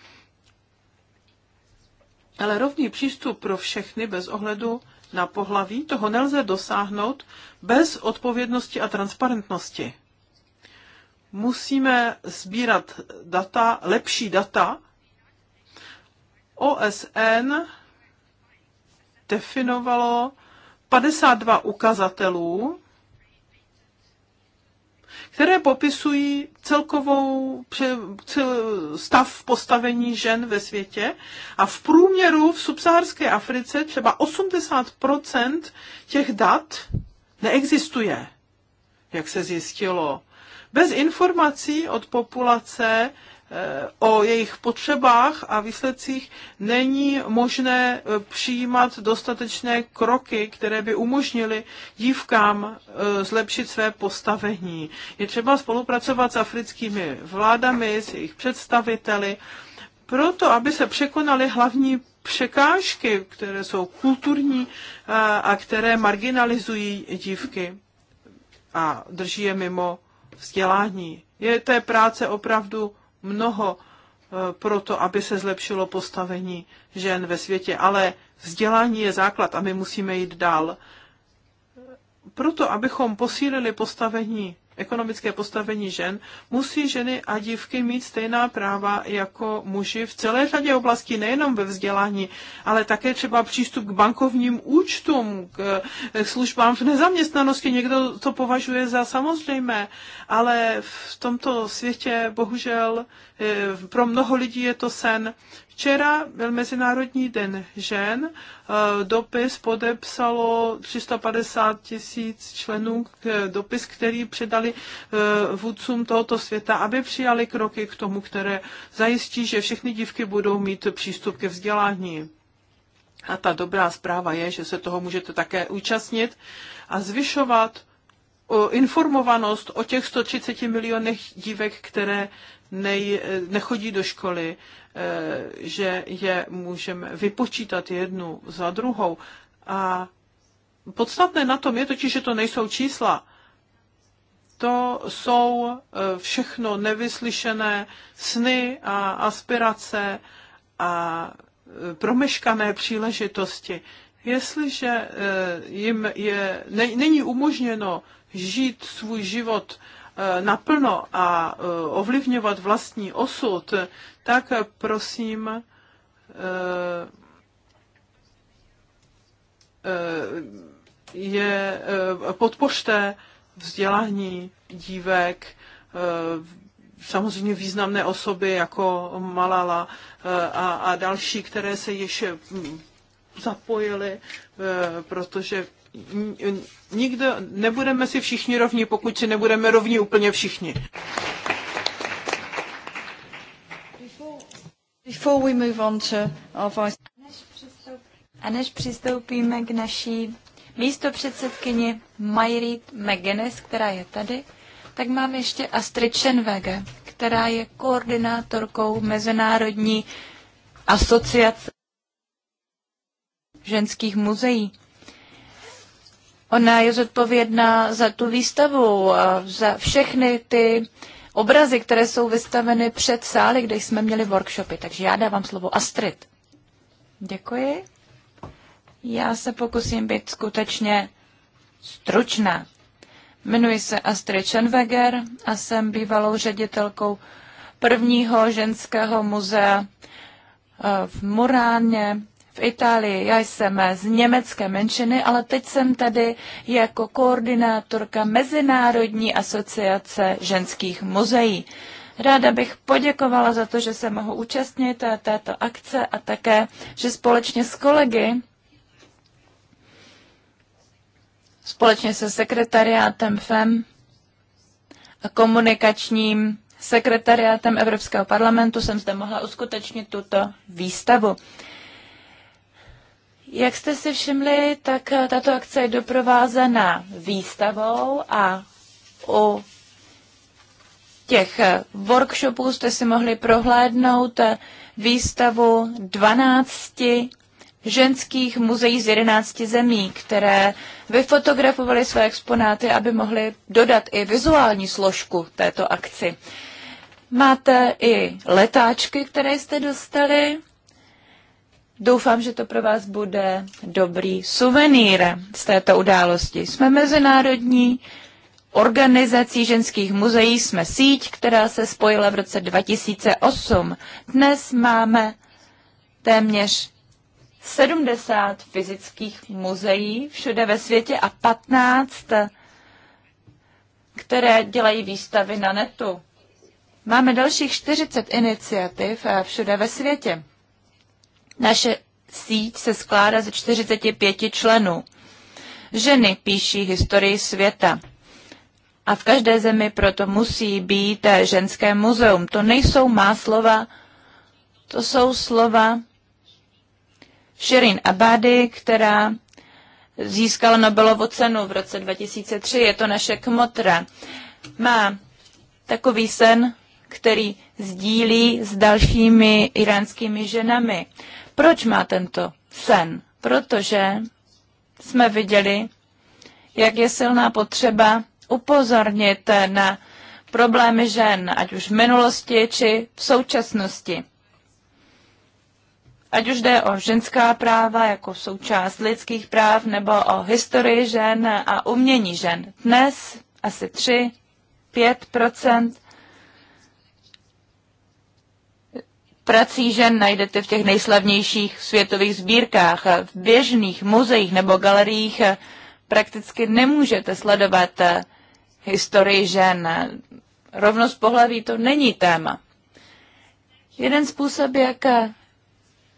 Ale rovný přístup pro všechny bez ohledu na pohlaví, toho nelze dosáhnout bez odpovědnosti a transparentnosti. Musíme sbírat data, lepší data. OSN definovalo 52 ukazatelů, které popisují celkovou stav postavení žen ve světě a v průměru v subsaharské Africe třeba 80% těch dat neexistuje, jak se zjistilo. Bez informací od populace Eh, o jejich potřebách a výsledcích, není možné eh, přijímat dostatečné kroky, které by umožnily dívkám eh, zlepšit své postavení. Je třeba spolupracovat s africkými vládami, s jejich představiteli, proto, aby se překonaly hlavní překážky, které jsou kulturní a které marginalizují dívky a drží je mimo vzdělání. Je té práce opravdu mnoho eh, pro to, aby se zlepšilo postavení žen ve světě, ale vzdělání je základ a my musíme jít dál. Proto, abychom posílili postavení ekonomické postavení žen, musí ženy a dívky mít stejná práva jako muži v celé řadě oblastí, nejenom ve vzdělání, ale také třeba přístup k bankovním účtům, k, službám v nezaměstnanosti. Někdo to považuje za samozřejmé, ale v tomto světě bohužel eh, pro mnoho lidí je to sen. Včera byl Mezinárodní den žen, eh, dopis podepsalo 350 tisíc členů, eh, dopis, který předali eh, vůdcům tohoto světa, aby přijali kroky k tomu, které zajistí, že všechny dívky budou mít přístup ke vzdělání. A ta dobrá zpráva je, že se toho můžete také účastnit a zvyšovat informovanost o těch 130 milionech dívek, které nej, nechodí do školy Eh, že je můžeme vypočítat jednu za druhou. A podstatné na tom je totiž, že to nejsou čísla. To jsou eh, všechno nevyslyšené sny a aspirace a eh, promeškané příležitosti. Jestliže jim je, není umožněno žít svůj život Eh, naplno a eh, ovlivňovat vlastní osud, tak prosím, eh, je podpořte vzdělání dívek, samozřejmě významné osoby jako Malala a, a další, které se ještě hm, zapojily, protože nikdo, nebudeme si všichni rovní, pokud si nebudeme rovní úplně všichni. A než přistoupíme k naší místo předsedkyni Mayrit McGuinness, která je tady, tak mám ještě Astrid Schenwege, která je koordinátorkou Mezinárodní asociace ženských muzeí. Ona je zodpovědná za tu výstavu, a za všechny ty obrazy, které jsou vystaveny před sály, kde jsme měli workshopy. Takže já dávám slovo Astrid. Děkuji. Já se pokusím být skutečně stručná. Jmenuji se Astrid Schenweger a jsem bývalou ředitelkou prvního ženského muzea eh, v Muráně v Itálii, já jsem z německé menšiny, ale teď jsem tady jako koordinátorka Mezinárodní asociace ženských muzeí. Ráda bych poděkovala za to, že se mohu účastnit této akce a také, že společně s kolegy, společně se sekretariátem FEM a komunikačním sekretariátem Evropského parlamentu jsem zde mohla uskutečnit tuto výstavu. Jak jste si všimli, tak eh, tato akce je doprovázena výstavou a u těch eh, workshopů jste si mohli prohlédnout eh, výstavu 12 ženských muzeí z 11 zemí, které vyfotografovaly své exponáty, aby mohly dodat i vizuální složku této akci. Máte i letáčky, které jste dostali Doufám, že to pro vás bude dobrý suvenýr z této události. Jsme mezinárodní organizací ženských muzeí, jsme síť, která se spojila v roce 2008. Dnes máme téměř 70 fyzických muzeí všude ve světě a 15, které dělají výstavy na netu. Máme dalších 40 iniciativ eh, všude ve světě. Naše síť se skládá ze 45 členů. Ženy píší historii světa. A v každé zemi proto musí být ženské muzeum. To nejsou má slova, to jsou slova Shirin Abadi, která získala Nobelovu cenu v roce 2003. Je to naše kmotra. Má takový sen, který sdílí s dalšími iránskými ženami. Proč má tento sen? Protože jsme viděli, jak je silná potřeba upozornit na problémy žen, ať už v minulosti či v současnosti. Ať už jde o ženská práva jako součást lidských práv nebo o historii žen a umění žen. Dnes asi 3-5 prací žen najdete v těch nejslavnějších světových sbírkách. V běžných muzeích nebo galeriích prakticky nemůžete sledovat eh, historii žen. Rovnost pohlaví to není téma. Jeden způsob, jak eh,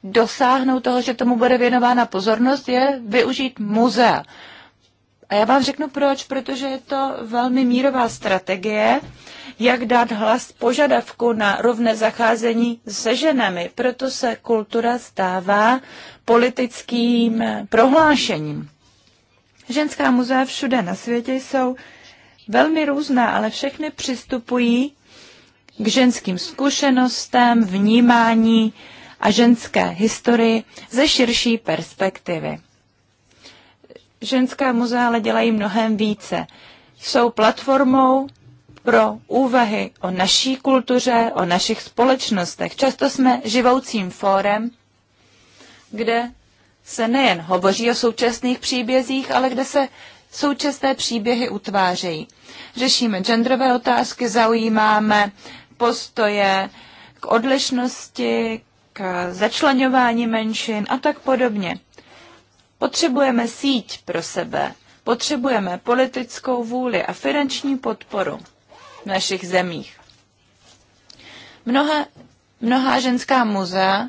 dosáhnout toho, že tomu bude věnována pozornost, je využít muzea. A já vám řeknu proč, protože je to velmi mírová strategie, jak dát hlas požadavku na rovné zacházení se ženami. Proto se kultura stává politickým prohlášením. Ženská muzea všude na světě jsou velmi různá, ale všechny přistupují k ženským zkušenostem, vnímání a ženské historii ze širší perspektivy ženská muzea ale dělají mnohem více. Jsou platformou pro úvahy o naší kultuře, o našich společnostech. Často jsme živoucím fórem, kde se nejen hovoří o současných příbězích, ale kde se současné příběhy utvářejí. Řešíme genderové otázky, zaujímáme postoje k odlišnosti, k začlenování menšin a tak podobně. Potřebujeme síť pro sebe, potřebujeme politickou vůli a finanční podporu v našich zemích. Mnoha, mnoha ženská muzea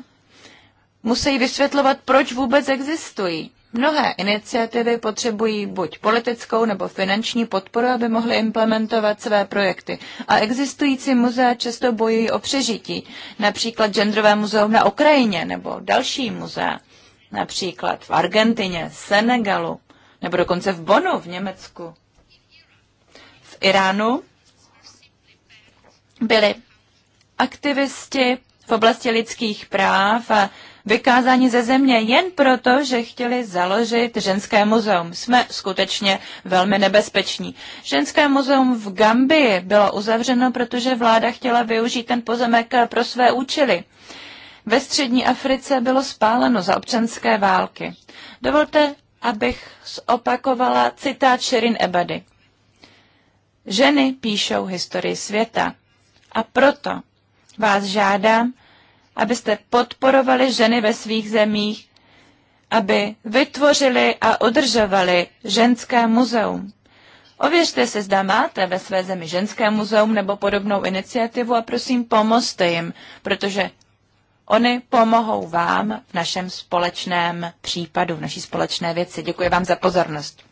musí vysvětlovat, proč vůbec existují. Mnohé iniciativy potřebují buď politickou nebo finanční podporu, aby mohly implementovat své projekty. A existující muzea často bojují o přežití, například genderové muzeum na Ukrajině nebo další muzea například v Argentině, Senegalu, nebo dokonce v Bonu v Německu. V Iránu byli aktivisti v oblasti lidských práv a vykázání ze země jen proto, že chtěli založit ženské muzeum. Jsme skutečně velmi nebezpeční. Ženské muzeum v Gambii bylo uzavřeno, protože vláda chtěla využít ten pozemek pro své účely ve střední Africe bylo spáleno za občanské války. Dovolte, abych zopakovala citát Sherin Ebady. Ženy píšou historii světa a proto vás žádám, abyste podporovali ženy ve svých zemích, aby vytvořili a udržovali ženské muzeum. Ověřte se, zda máte ve své zemi ženské muzeum nebo podobnou iniciativu a prosím, pomozte jim, protože Ony pomohou vám v našem společném případu, v naší společné věci. Děkuji vám za pozornost.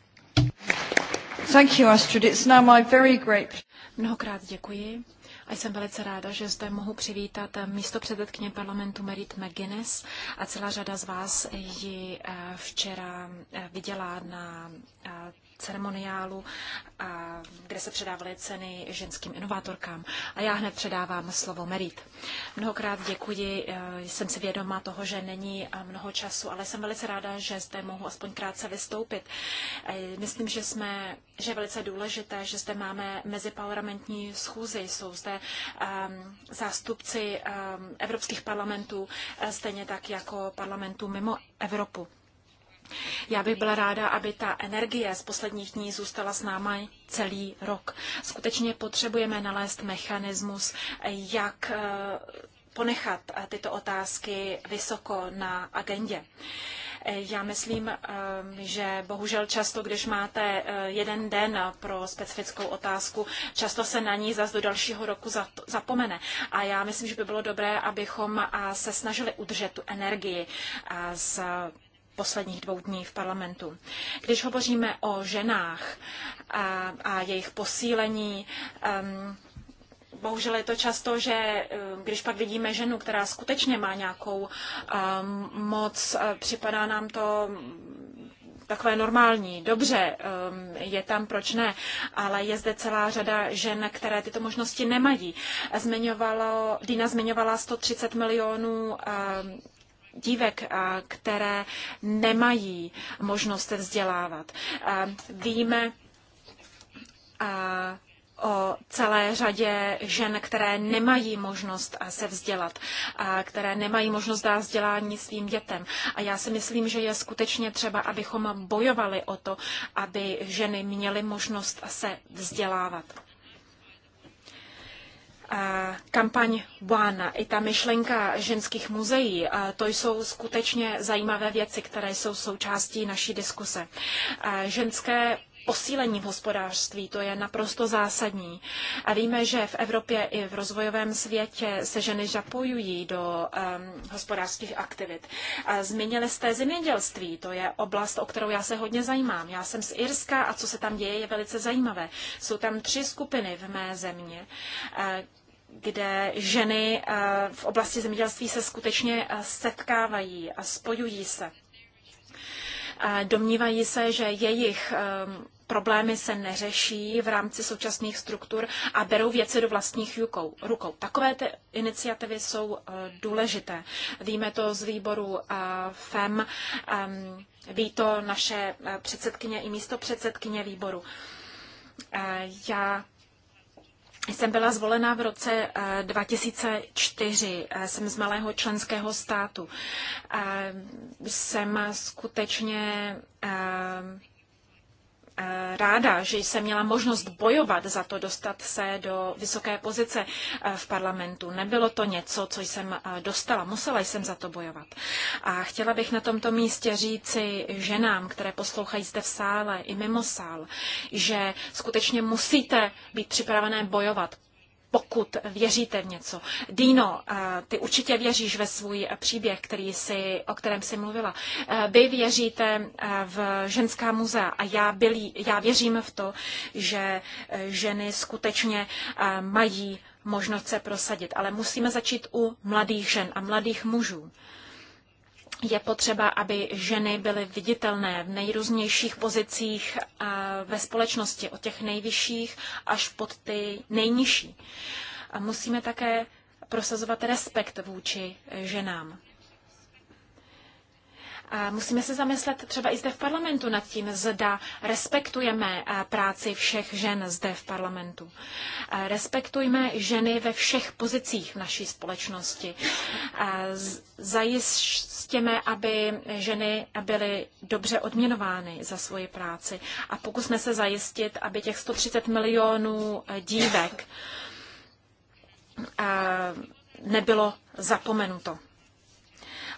Thank you, Astrid. It's now my very great... Mnohokrát děkuji a jsem velice ráda, že zde mohu přivítat místo předsedkyně parlamentu Merit McGuinness a celá řada z vás ji eh, včera eh, viděla na eh, ceremoniálu, kde se předávaly ceny ženským inovátorkám. A já hned předávám slovo Merit. Mnohokrát děkuji, e, jsem si vědoma toho, že není mnoho času, ale jsem velice ráda, že zde mohu aspoň krátce vystoupit. E, myslím, že, jsme, že je velice důležité, že zde máme meziparlamentní schůzy. jsou zde um, zástupci um, evropských parlamentů, stejně tak jako parlamentů mimo Evropu. Já bych byla ráda, aby ta energie z posledních dní zůstala s náma celý rok. Skutečně potřebujeme nalézt mechanismus, jak eh, ponechat eh, tyto otázky vysoko na agendě. Eh, já myslím, že bohužel často, když máte jeden den pro specifickou otázku, často se na ní zase do dalšího roku zapomene. A já myslím, že by bylo dobré, abychom se snažili udržet tu energii z posledních dvou dní v parlamentu. Když hovoříme o ženách a, a jejich posílení, um, bohužel je to často, že když pak vidíme ženu, která skutečně má nějakou um, moc, e, připadá nám to takové normální, dobře, je tam, proč ne, ale je zde celá řada žen, které tyto možnosti nemají. Zmiňovalo, Dina zmiňovala 130 milionů dívek, eh, které nemají možnost se vzdělávat. Eh, víme eh, o celé řadě žen, které nemají možnost se vzdělat, které nemají možnost dát vzdělání svým dětem. A já si myslím, že je skutečně třeba, abychom bojovali o to, aby ženy měly možnost se vzdělávat kampaň One, i ta myšlenka ženských muzeí, to jsou skutečně zajímavé věci, které jsou součástí naší diskuse. Ženské posílení v hospodářství, to je naprosto zásadní. A víme, že v Evropě i v rozvojovém světě se ženy zapojují do um, hospodářských aktivit. A zmínili jste zemědělství, to je oblast, o kterou já se hodně zajímám. Já jsem z Irska a co se tam děje, je velice zajímavé. Jsou tam tři skupiny v mé země, kde ženy eh, v oblasti zemědělství se skutečně eh, setkávají a spojují se. Domnívají se, že jejich eh, problémy se neřeší v rámci současných struktur a berou věci do vlastních rukou. Takové ty iniciativy jsou důležité. Víme to z výboru FEM, ehm, ví to naše předsedkyně i místo předsedkyně výboru. Já jsem byla zvolena v roce 2004, eh, eh, jsem z malého členského státu. Eh, jsem skutečně Eh, ráda, že jsem měla možnost bojovat za to, dostat se do vysoké pozice eh, v parlamentu. Nebylo to něco, co jsem eh, dostala, musela jsem za to bojovat. A chtěla bych na tomto místě říci ženám, které poslouchají zde v sále i mimo sál, že skutečně musíte být připravené bojovat pokud věříte v něco. Dino, eh, ty určitě věříš ve svůj příběh, který jsi, o kterém jsi mluvila. Eh, vy věříte eh, v ženská muzea a já, byli, já věřím v to, že ženy skutečně mají možnost se prosadit. Ale musíme začít u mladých žen a mladých mužů je potřeba, aby ženy byly viditelné v nejrůznějších pozicích eh, ve společnosti, od těch nejvyšších až pod ty nejnižší. A musíme také prosazovat respekt vůči ženám. Musíme se zamyslet třeba i zde v parlamentu nad tím, zda respektujeme eh, práci všech žen zde v parlamentu. Eh, respektujme ženy ve všech pozicích v naší společnosti. Eh, zajistěme, aby ženy byly dobře odměnovány za svoji práci a pokusme se zajistit, aby těch 130 milionů dívek nebylo zapomenuto.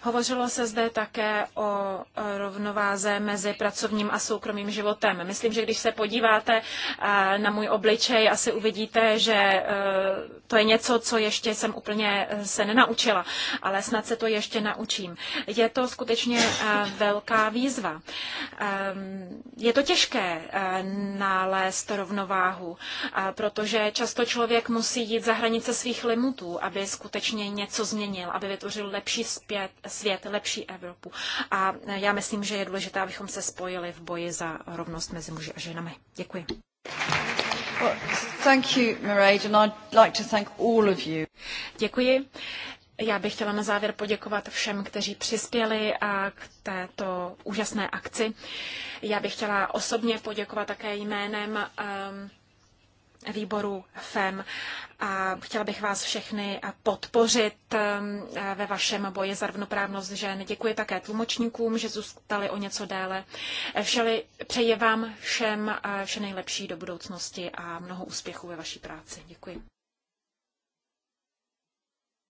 Hovořilo se zde také o e, rovnováze mezi pracovním a soukromým životem. Myslím, že když se podíváte e, na můj obličej, asi uvidíte, že e, to je něco, co ještě jsem úplně se nenaučila, ale snad se to ještě naučím. Je to skutečně velká výzva. Je to těžké nalézt rovnováhu, protože často člověk musí jít za hranice svých limitů, aby skutečně něco změnil, aby vytvořil lepší zpět, svět, lepší Evropu. A já myslím, že je důležité, abychom se spojili v boji za rovnost mezi muži a ženami. Děkuji. Děkuji. Já bych chtěla na závěr poděkovat všem, kteří přispěli a k této úžasné akci. Já bych chtěla osobně poděkovat také jménem um, výboru FEM a chtěla bych vás všechny podpořit um, eh, ve vašem boji za rovnoprávnost žen. Děkuji také tlumočníkům, že zůstali o něco déle. Všeli, přeji vám všem eh, vše nejlepší do budoucnosti a mnoho úspěchů ve vaší práci. Děkuji.